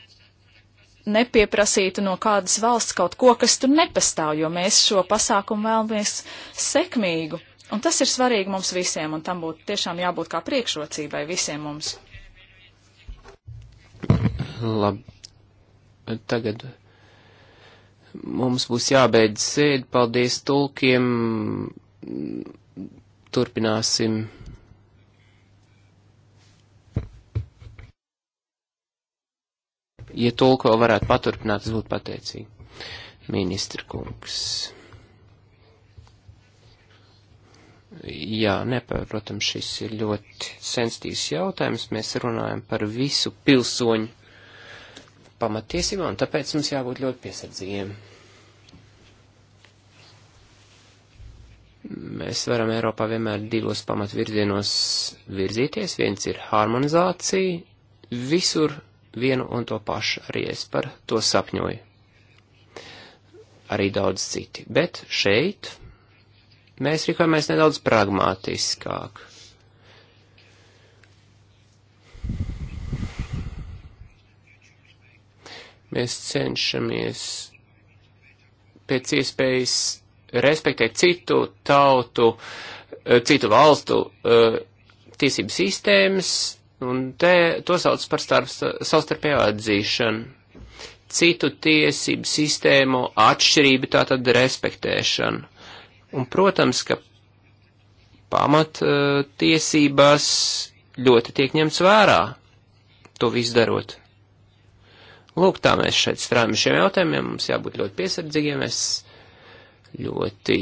nepieprasītu no kādas valsts kaut ko, kas tur nepastāv, jo mēs šo pasākumu vēlamies sekmīgu. Un tas ir svarīgi mums visiem, un tam būtu tiešām jābūt kā priekšrocībai visiem mums. Labi. Tagad mums būs jābeidz sēdi. Paldies tulkiem. Turpināsim. ja tulko varētu paturpināt, es būtu pateicīgi. Ministra kungs. Jā, neprotams, šis ir ļoti sensitīvs jautājums. Mēs runājam par visu pilsoņu pamatiesībām, tāpēc mums jābūt ļoti piesardzīgiem. Mēs varam Eiropā vienmēr divos pamatvirzienos virzīties. Viens ir harmonizācija visur vienu un to pašu, arī es par to sapņoju. Arī daudz citi. Bet šeit mēs rīkojamies nedaudz pragmātiskāk. Mēs cenšamies pēc iespējas respektēt citu tautu, citu valstu uh, tiesību sistēmas, Un te to sauc par starp, savstarpējo atzīšanu. Citu tiesību sistēmu atšķirību tātad respektēšanu. Un, protams, ka pamattiesībās e, ļoti tiek ņemts vērā to visu darot. Lūk, tā mēs šeit strādājam šiem jautājumiem, mums jābūt ļoti piesardzīgiem. Es ļoti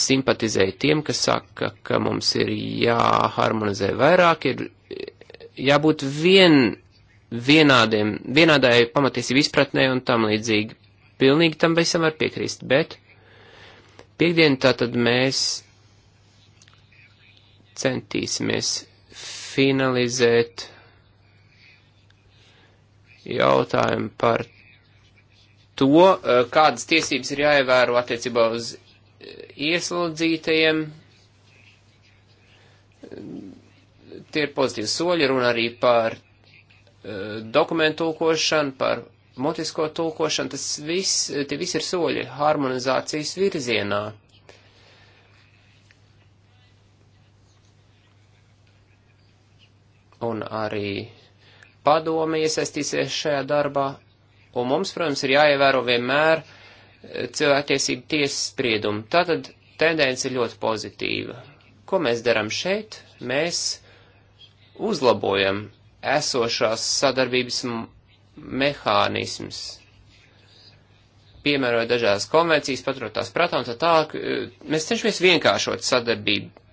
simpatizēju tiem, kas saka, ka mums ir jāharmonizē vairāk, ir jābūt vien, vienādiem, vienādai pamatiesību izpratnē un tam līdzīgi. Pilnīgi tam visam var piekrist, bet piekdien tātad mēs centīsimies finalizēt jautājumu par to, eh, kādas tiesības ir jāievēro attiecībā uz eh, ieslodzītajiem tie ir pozitīvi soļi, runa arī par eh, dokumentu tulkošanu, par mutisko tulkošanu, tas viss, tie visi ir soļi harmonizācijas virzienā. Un arī padome iesaistīsies šajā darbā, un mums, protams, ir jāievēro vienmēr eh, cilvēktiesību tiesas spriedumu. Tātad tendence ir ļoti pozitīva. Ko mēs darām šeit? Mēs uzlabojam esošās sadarbības mehānismus, piemērojot dažādas konvencijas, paturot tās prātā un tā tālāk. E, mēs cenšamies vienkāršot sadarbību,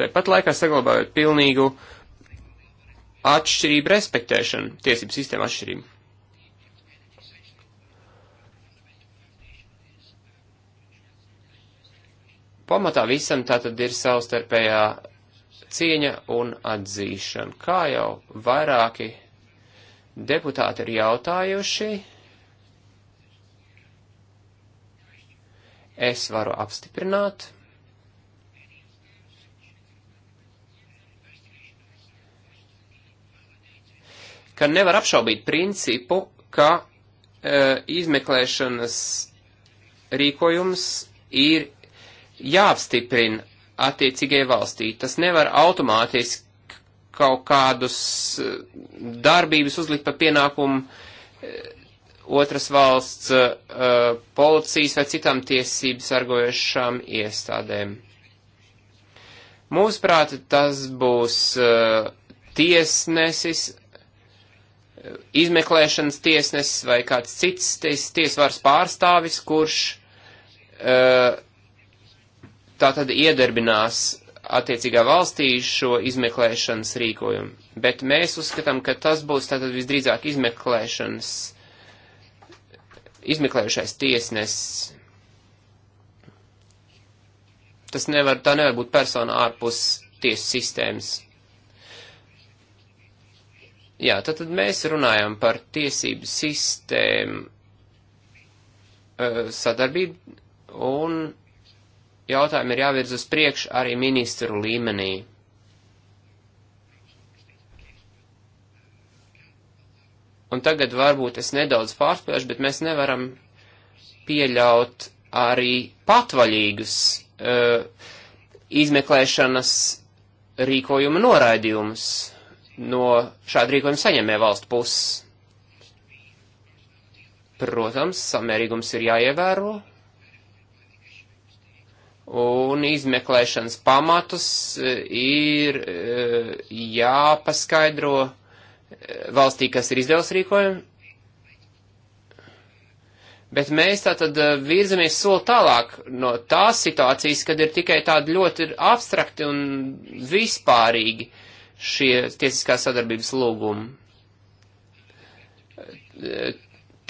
tāpat laikā saglabājot pilnīgu atšķirību respektēšanu, tiesību sistēmu atšķirību. Pamatā visam tā tad ir savstarpējā cieņa un atzīšana. Kā jau vairāki deputāti ir jautājuši, es varu apstiprināt, ka nevar apšaubīt principu, ka e, izmeklēšanas rīkojums ir jāapstiprina attiecīgajai valstī. Tas nevar automātiski kaut kādus eh, darbības uzlikt par pienākumu eh, otras valsts eh, policijas vai citām tiesības argojušām iestādēm. Mūsuprāt, tas būs tiesnesis, izmeklēšanas tiesnesis vai kāds cits ties, tiesvaras pārstāvis, kurš uh, tā tad iedarbinās attiecīgā valstī šo izmeklēšanas rīkojumu. Bet mēs uzskatām, ka tas būs tātad visdrīzāk izmeklēšanas, izmeklējušais tiesnesis. Tas nevar, tā nevar būt persona ārpus tiesu sistēmas. Jā, tad, tad mēs runājam par tiesību sistēmu eh, sadarbību un jautājumi ir jāvirz uz priekšu arī ministru līmenī. Un tagad varbūt es nedaudz pārspēlēšu, bet mēs nevaram pieļaut arī patvaļīgus uh, izmeklēšanas rīkojuma noraidījumus no šāda rīkojuma saņemē valstu puses. Protams, samērīgums ir jāievēro, un izmeklēšanas pamatus e, ir e, jāpaskaidro e, valstī, kas ir izdevusi rīkojumu. Bet mēs tātad virzamies soli tālāk no tās situācijas, kad ir tikai tādi ļoti abstrakti un vispārīgi šie tiesiskās sadarbības lūgumi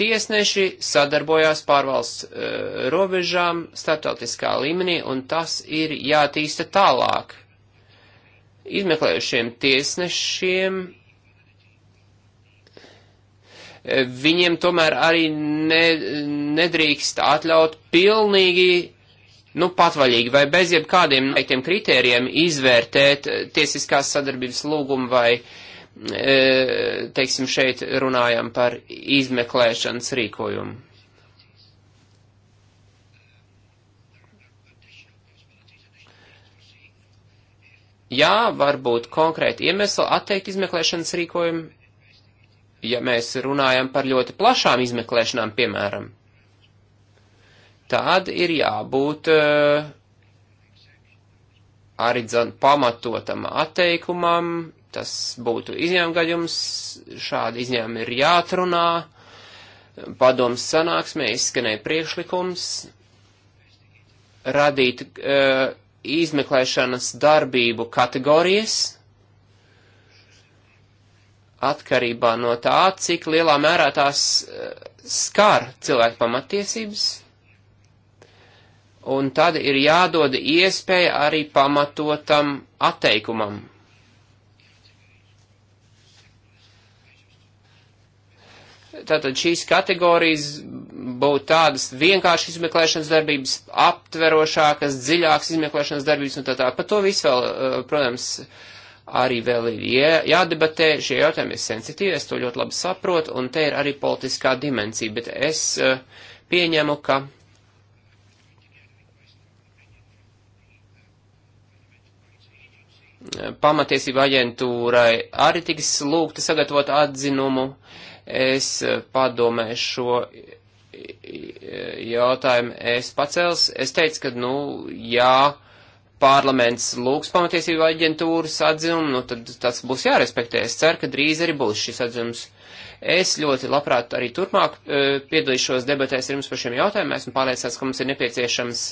tiesneši sadarbojās pārvalsts e, robežām starptautiskā līmenī, un tas ir jātīsta tālāk. Izmeklējušiem tiesnešiem e, viņiem tomēr arī ne, nedrīkst atļaut pilnīgi, nu, patvaļīgi vai bez jebkādiem noteiktiem kritērijiem izvērtēt e, tiesiskās sadarbības lūgumu vai uh, E, teiksim, šeit runājam par izmeklēšanas rīkojumu. Jā, varbūt konkrēti iemesli atteikt izmeklēšanas rīkojumu, ja mēs runājam par ļoti plašām izmeklēšanām, piemēram. Tad ir jābūt uh, arī pamatotam atteikumam, Tas būtu izņēmuma gadījums, šādi izņēmumi ir jāatrunā, padoms sanāksmē izskanēja priekšlikums radīt e, izmeklēšanas darbību kategorijas atkarībā no tā, cik lielā mērā tās e, skar cilvēku pamatiesības, un tad ir jādod iespēja arī pamatotam atteikumam tātad šīs kategorijas būtu tādas vienkāršas izmeklēšanas darbības, aptverošākas, dziļākas izmeklēšanas darbības un tā tā. Par to visu vēl, eh, protams, arī vēl ir jā, jādebatē. Šie jautājumi ir sensitīvi, es to ļoti labi saprotu, un te ir arī politiskā dimensija, bet es eh, pieņemu, ka. Pamatiesība aģentūrai arī tiks lūgta sagatavot atzinumu uh, es eh, padomē šo eh, eh, jautājumu es pacels. Es teicu, ka, nu, jā, parlaments lūgs pamatiesību aģentūras atzinumu, nu, tad tas būs jārespektē. Es ceru, ka drīz arī būs šis atzinums. Es ļoti labprāt arī turpmāk piedalīšos debatēs ar jums par šiem jautājumiem. Esmu pārliecināts, ka mums ir nepieciešams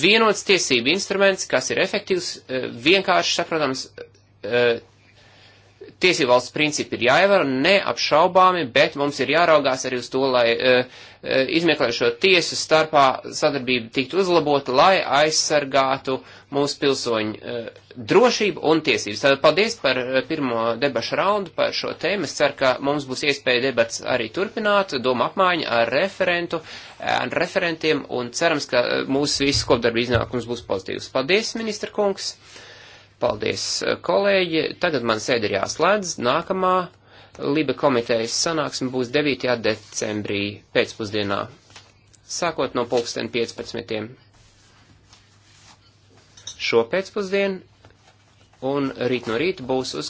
vienots tiesību instruments, kas ir efektīvs, vienkārši saprotams, tiesību valsts principi ir jāievēro neapšaubāmi, bet mums ir jāraugās arī uz to, lai uh, izmeklējušo tiesu starpā sadarbība tiktu uzlabota, lai aizsargātu mūsu pilsoņu uh, drošību un tiesības. Tātad paldies par pirmo debašu raundu par šo tēmu. Es ceru, ka mums būs iespēja debats arī turpināt, doma apmaiņa ar referentu, ar referentiem un cerams, ka mūsu visu kopdarbu iznākums būs pozitīvs. Paldies, ministra kungs! Paldies, eh, kolēģi. Tagad man sēde ir jāslēdz. Nākamā Liba komitejas sanāksme būs 9. decembrī pēcpusdienā, sākot no pulksten 15. Šo pēcpusdienu un rīt no rīta būs uz